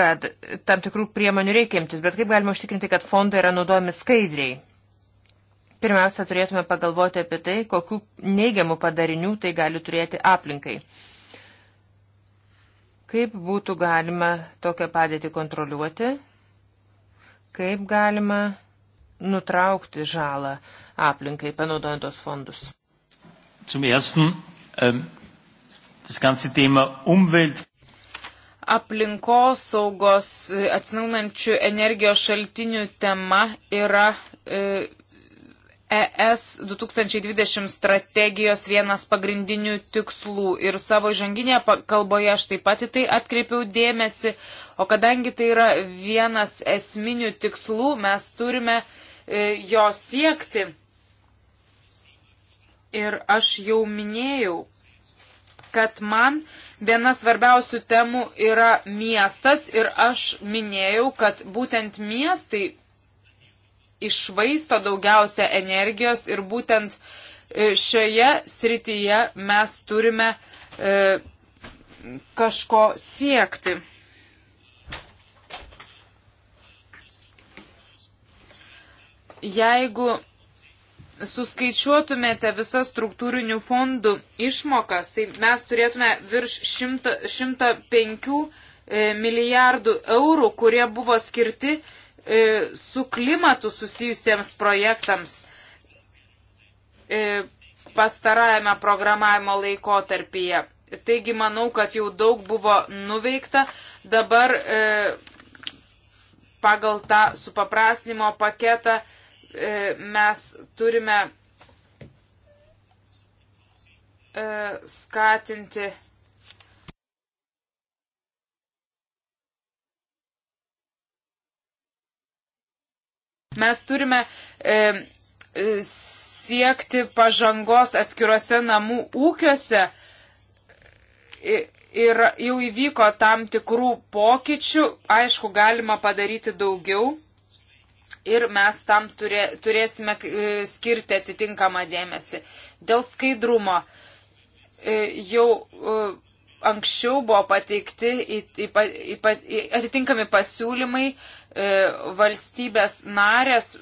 kad tam tikrų priemonių reikia imtis, bet kaip galima užtikrinti, kad fondai yra naudojami skaidriai? pirmiausia turėtume pagalvoti apie tai, kokiu neigiamu padarinių tai gali turėti aplinkai. Kaip būtų galima tokią padėtį kontroliuoti? Kaip galima nutraukti žalą aplinkai, panaudojant tos fondus? Zum ersten, ähm, das ganze Thema Umwelt aplinkosaugos äh, atsinaunančių energijos šaltinių tema yra e, ES 2020 strategijos vienas pagrindinių tikslų ir savo žanginėje kalboje aš taip pat į tai atkreipiau dėmesį, o kadangi tai yra vienas esminių tikslų, mes turime e, jo siekti. Ir aš jau minėjau, kad man viena svarbiausių temų yra miestas ir aš minėjau, kad būtent miestai išvaisto daugiausia energijos ir būtent e, šioje srityje mes turime e, kažko siekti. Jeigu suskaičiuotumėte visas struktūrinių fondų išmokas, tai mes turėtume virš 100, 105 e, milijardų eurų, kurie buvo skirti E, su klimatu susijusiems projektams e, pastarajame programavimo laikotarpyje. Taigi manau, kad jau daug buvo nuveikta. Dabar e, pagal tą supaprastinimo paketą e, mes turime e, skatinti Mes turime e, e, siekti pažangos atskiruose namų ūkiuose. Ir jau įvyko tam tikrų pokyčių, aišku, galima padaryti daugiau ir mes tam turė, turėsime e, skirti atitinkamą dėmesį. Dėl skaidrumo e, jau anksčiau buvo pateikti į, į, į, į, atitinkami pasiūlymai, e, valstybės narės e,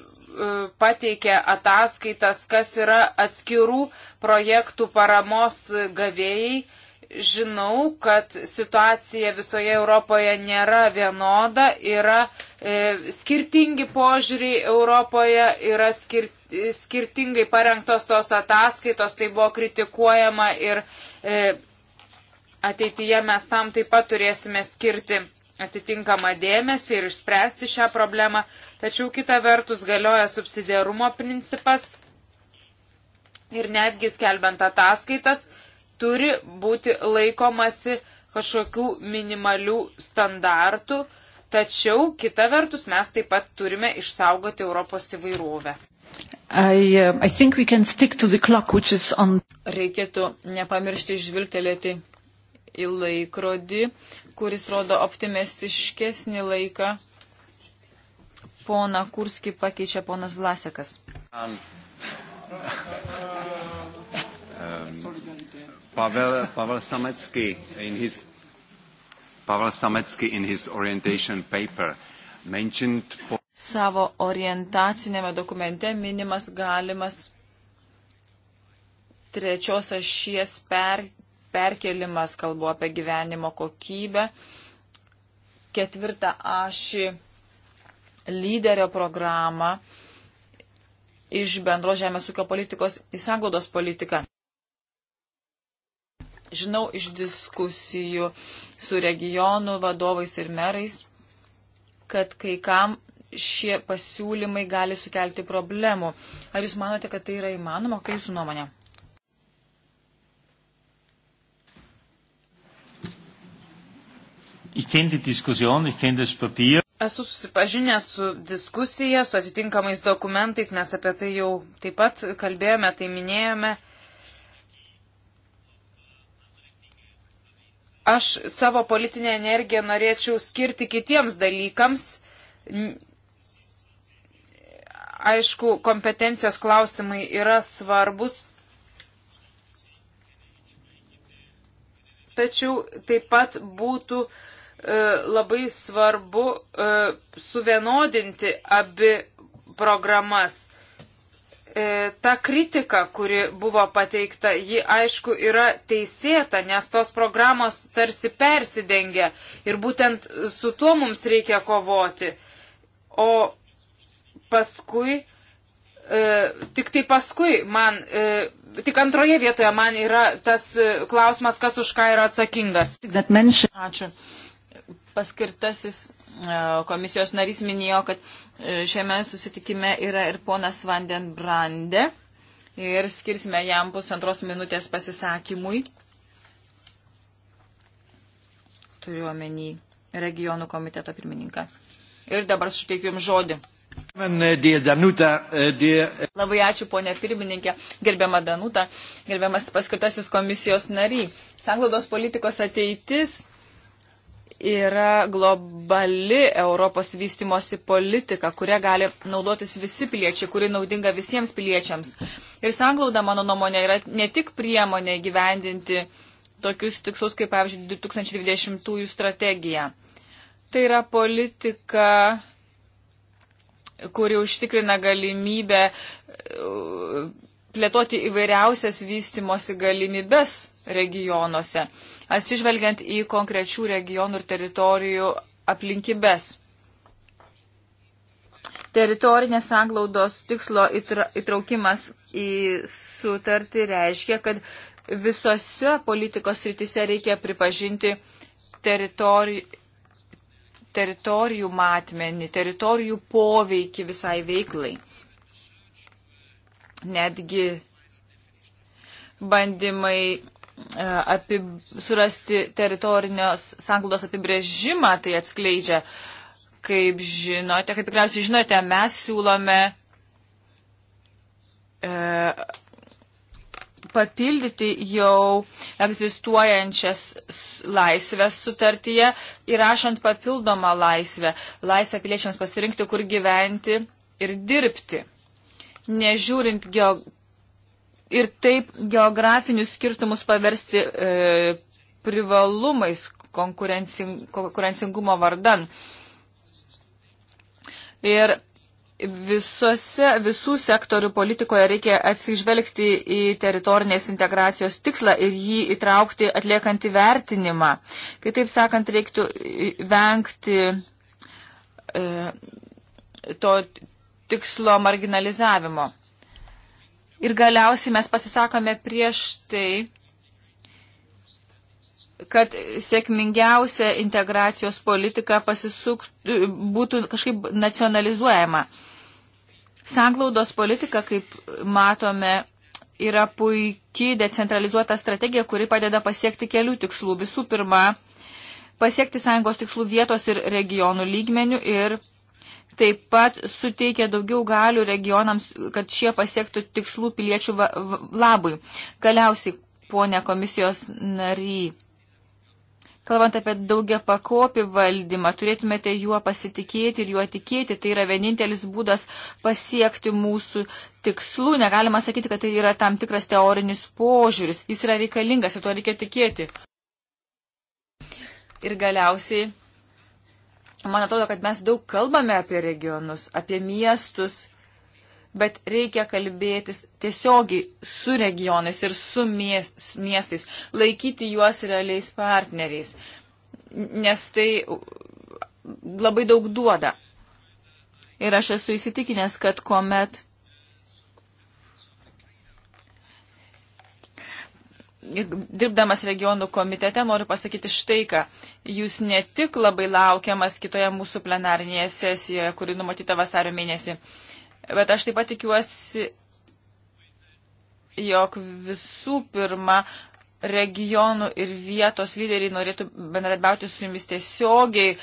pateikė ataskaitas, kas yra atskirų projektų paramos gavėjai. Žinau, kad situacija visoje Europoje nėra vienoda, yra e, skirtingi požiūriai Europoje, yra skir, skirtingai parengtos tos ataskaitos, tai buvo kritikuojama ir e, ateityje mes tam taip pat turėsime skirti atitinkamą dėmesį ir išspręsti šią problemą. Tačiau kita vertus galioja subsidiarumo principas ir netgi skelbiant ataskaitas turi būti laikomasi kažkokių minimalių standartų, tačiau kita vertus mes taip pat turime išsaugoti Europos įvairovę. I, uh, I on... Reikėtų nepamiršti žvilgtelėti į laikrodį, kuris rodo optimistiškesnį laiką. Pona Kurski pakeičia ponas Vlasekas. Um, um, Pavel, Pavel Samecki in his Pavel Samecki in his orientation paper mentioned savo orientacinėme dokumente minimas galimas trečios ašies per, perkelimas, kalbu apie gyvenimo kokybę. Ketvirtą ašį lyderio programą iš bendro žemės ūkio politikos į sanglaudos politiką. Žinau iš diskusijų su regionų vadovais ir merais, kad kai kam šie pasiūlymai gali sukelti problemų. Ar jūs manote, kad tai yra įmanoma? Kaip jūsų nuomonė? Ich kenne die Diskussion, ich kenne das Papier. Esu susipažinęs su diskusija, su atitinkamais dokumentais, mes apie tai jau taip pat kalbėjome, tai minėjome. Aš savo politinę energiją norėčiau skirti kitiems dalykams. Aišku, kompetencijos klausimai yra svarbus, tačiau taip pat būtų uh, E, labai svarbu e, suvienodinti abi programas. E, ta kritika, kuri buvo pateikta, ji aišku yra teisėta, nes tos programos tarsi persidengia ir būtent su tuo mums reikia kovoti. O paskui, e, tik tai paskui man e, tik antroje vietoje man yra tas klausimas, kas už ką yra atsakingas. Ačiū paskirtasis e, komisijos narys minėjo, kad e, šiame susitikime yra ir ponas Vanden Brande ir skirsime jam pusantros minutės pasisakymui. Turiu omeny regionų komiteto pirmininką. Ir dabar suteikiu jums žodį. Labai ačiū, ponė pirmininkė, gerbiama Danuta, gerbiamas paskirtasis komisijos nariai. Sanglaudos politikos ateitis yra globali Europos vystimosi politika, kuria gali naudotis visi piliečiai, kuri naudinga visiems piliečiams. Ir sanglauda, mano nuomonė, yra ne tik priemonė gyvendinti tokius tikslus, kaip pavyzdžiui, 2020 strategija. Tai yra politika, kuri užtikrina galimybę uh, plėtoti įvairiausias vystimosi galimybes regionuose atsižvelgiant į konkrečių regionų ir teritorijų aplinkybės. Teritorinės sanglaudos tikslo įtraukimas į sutartį reiškia, kad visose politikos rytise reikia pripažinti teritori, teritorijų matmenį, teritorijų poveikį visai veiklai. Netgi bandymai E, apib, surasti teritorinios sanglaudos apibrėžimą, tai atskleidžia. Kaip žinote, kaip tikriausiai žinote, mes siūlome e, papildyti jau egzistuojančias laisvės sutartyje, įrašant papildomą laisvę, laisvę piliečiams pasirinkti, kur gyventi ir dirbti. Nežiūrint geo ir taip geografinius skirtumus paversti e, privalumais konkurencing, konkurencingumo vardan. Ir visose, visų sektorių politikoje reikia atsižvelgti į teritorinės integracijos tikslą ir jį įtraukti atliekant įvertinimą. Kitaip sakant, reiktų vengti e, to tikslo marginalizavimo. Ir galiausiai mes pasisakome prieš tai, kad sėkmingiausia integracijos politika pasisuk, būtų kažkaip nacionalizuojama. Sanglaudos politika, kaip matome, yra puikiai decentralizuota strategija, kuri padeda pasiekti kelių tikslų. Visų pirma, pasiekti sąjungos tikslų vietos ir regionų lygmenių ir taip pat suteikia daugiau galių regionams, kad šie pasiektų tikslų piliečių va, va, labui. Galiausiai, ponė komisijos nary, kalbant apie daugia pakopį valdymą, turėtumėte juo pasitikėti ir juo tikėti. Tai yra vienintelis būdas pasiekti mūsų tikslų. Negalima sakyti, kad tai yra tam tikras teorinis požiūris. Jis yra reikalingas ir tuo reikia tikėti. Ir galiausiai Man atrodo, kad mes daug kalbame apie regionus, apie miestus, bet reikia kalbėtis tiesiogiai su regionais ir su miestais, laikyti juos realiais partneriais, nes tai labai daug duoda. Ir aš esu įsitikinęs, kad kuomet dirbdamas regionų komitete noriu pasakyti štai ką. Jūs ne tik labai laukiamas kitoje mūsų plenarinėje sesijoje, kuri numatyta vasario mėnesį, bet aš taip pat tikiuosi, jog visų pirma regionų ir vietos lyderiai norėtų bendradarbiauti su jumis tiesiogiai,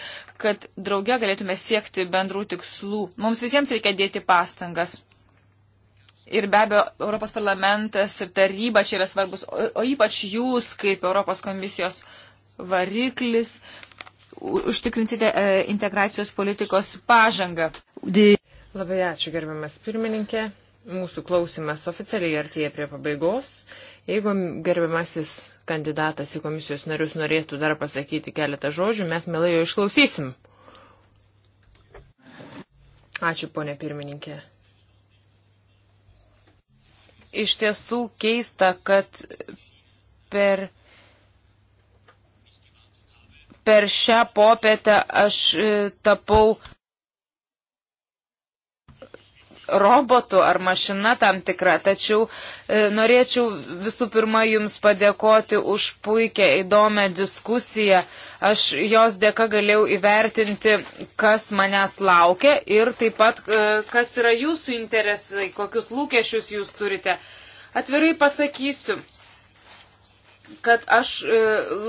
kad drauge galėtume siekti bendrų tikslų. Mums visiems reikia dėti pastangas. Ir be abejo, Europos parlamentas ir taryba čia yra svarbus, o, o ypač jūs, kaip Europos komisijos variklis, užtikrinsite e, integracijos politikos pažangą. Labai ačiū, gerbiamas pirmininkė. Mūsų klausimas oficialiai artėja prie pabaigos. Jeigu gerbiamasis kandidatas į komisijos narius norėtų dar pasakyti keletą žodžių, mes mielai jo išklausysim. Ačiū, ponė pirmininkė iš tiesų keista, kad per, per šią popietę aš e, tapau robotu ar mašina tam tikra, tačiau e, norėčiau visų pirma Jums padėkoti už puikią įdomią diskusiją. Aš jos dėka galėjau įvertinti, kas manęs laukia ir taip pat, e, kas yra Jūsų interesai, kokius lūkesčius Jūs turite. Atvirai pasakysiu kad aš e,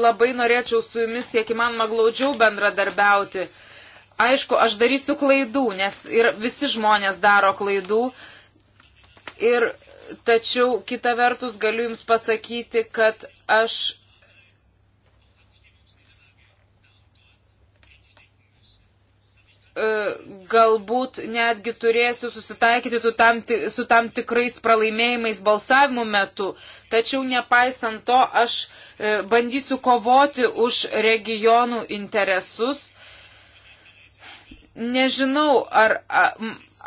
labai norėčiau su jumis kiek įmanoma glaudžiau bendradarbiauti. E, Aišku, aš darysiu klaidų, nes ir visi žmonės daro klaidų. Ir tačiau kita vertus galiu Jums pasakyti, kad aš. E, galbūt netgi turėsiu susitaikyti tam, su tam tikrais pralaimėjimais balsavimų metu. Tačiau nepaisant to, aš e, bandysiu kovoti už regionų interesus nežinau, ar,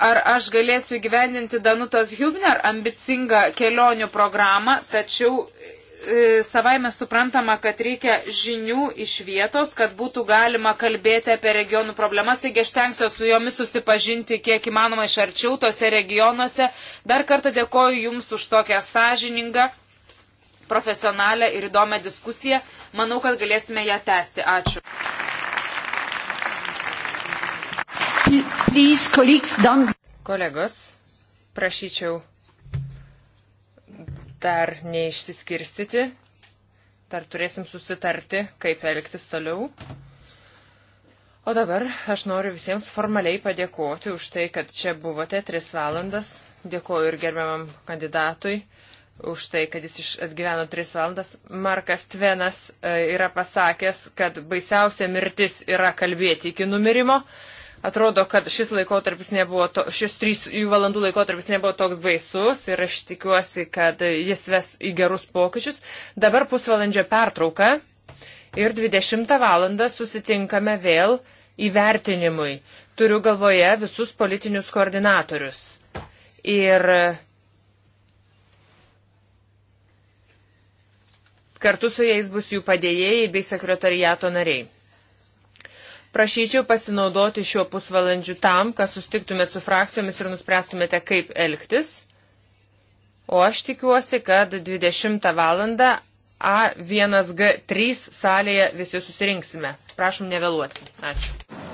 ar aš galėsiu gyvendinti Danutos Hubner ambicingą kelionių programą, tačiau e, savaime suprantama, kad reikia žinių iš vietos, kad būtų galima kalbėti apie regionų problemas, taigi aš tenksiu su jomis susipažinti kiek įmanoma iš arčiau tose regionuose. Dar kartą dėkoju Jums už tokią sąžiningą, profesionalę ir įdomią diskusiją. Manau, kad galėsime ją tęsti. Ačiū. Please, colleagues, don't... Kolegos, prašyčiau dar neišsiskirstyti, dar turėsim susitarti, kaip elgtis toliau. O dabar aš noriu visiems formaliai padėkoti už tai, kad čia buvote tris valandas. Dėkoju ir gerbiamam kandidatui už tai, kad jis atgyveno 3 valandas. Markas Tvenas e, yra pasakęs, kad baisiausia mirtis yra kalbėti iki numirimo. Atrodo, kad šis laikotarpis nebuvo, to, šis trys valandų laikotarpis nebuvo toks baisus ir aš tikiuosi, kad jis ves į gerus pokyčius. Dabar pusvalandžio pertrauka ir 20 valandą susitinkame vėl įvertinimui. Turiu galvoje visus politinius koordinatorius. Ir kartu su jais bus jų padėjėjai bei sekretariato nariai. Prašyčiau pasinaudoti šiuo pusvalandžiu tam, kad sustiktumėt su frakcijomis ir nuspręstumėte, kaip elgtis. O aš tikiuosi, kad 20 val. A1G3 salėje visi susirinksime. Prašom nevėluoti. Ačiū.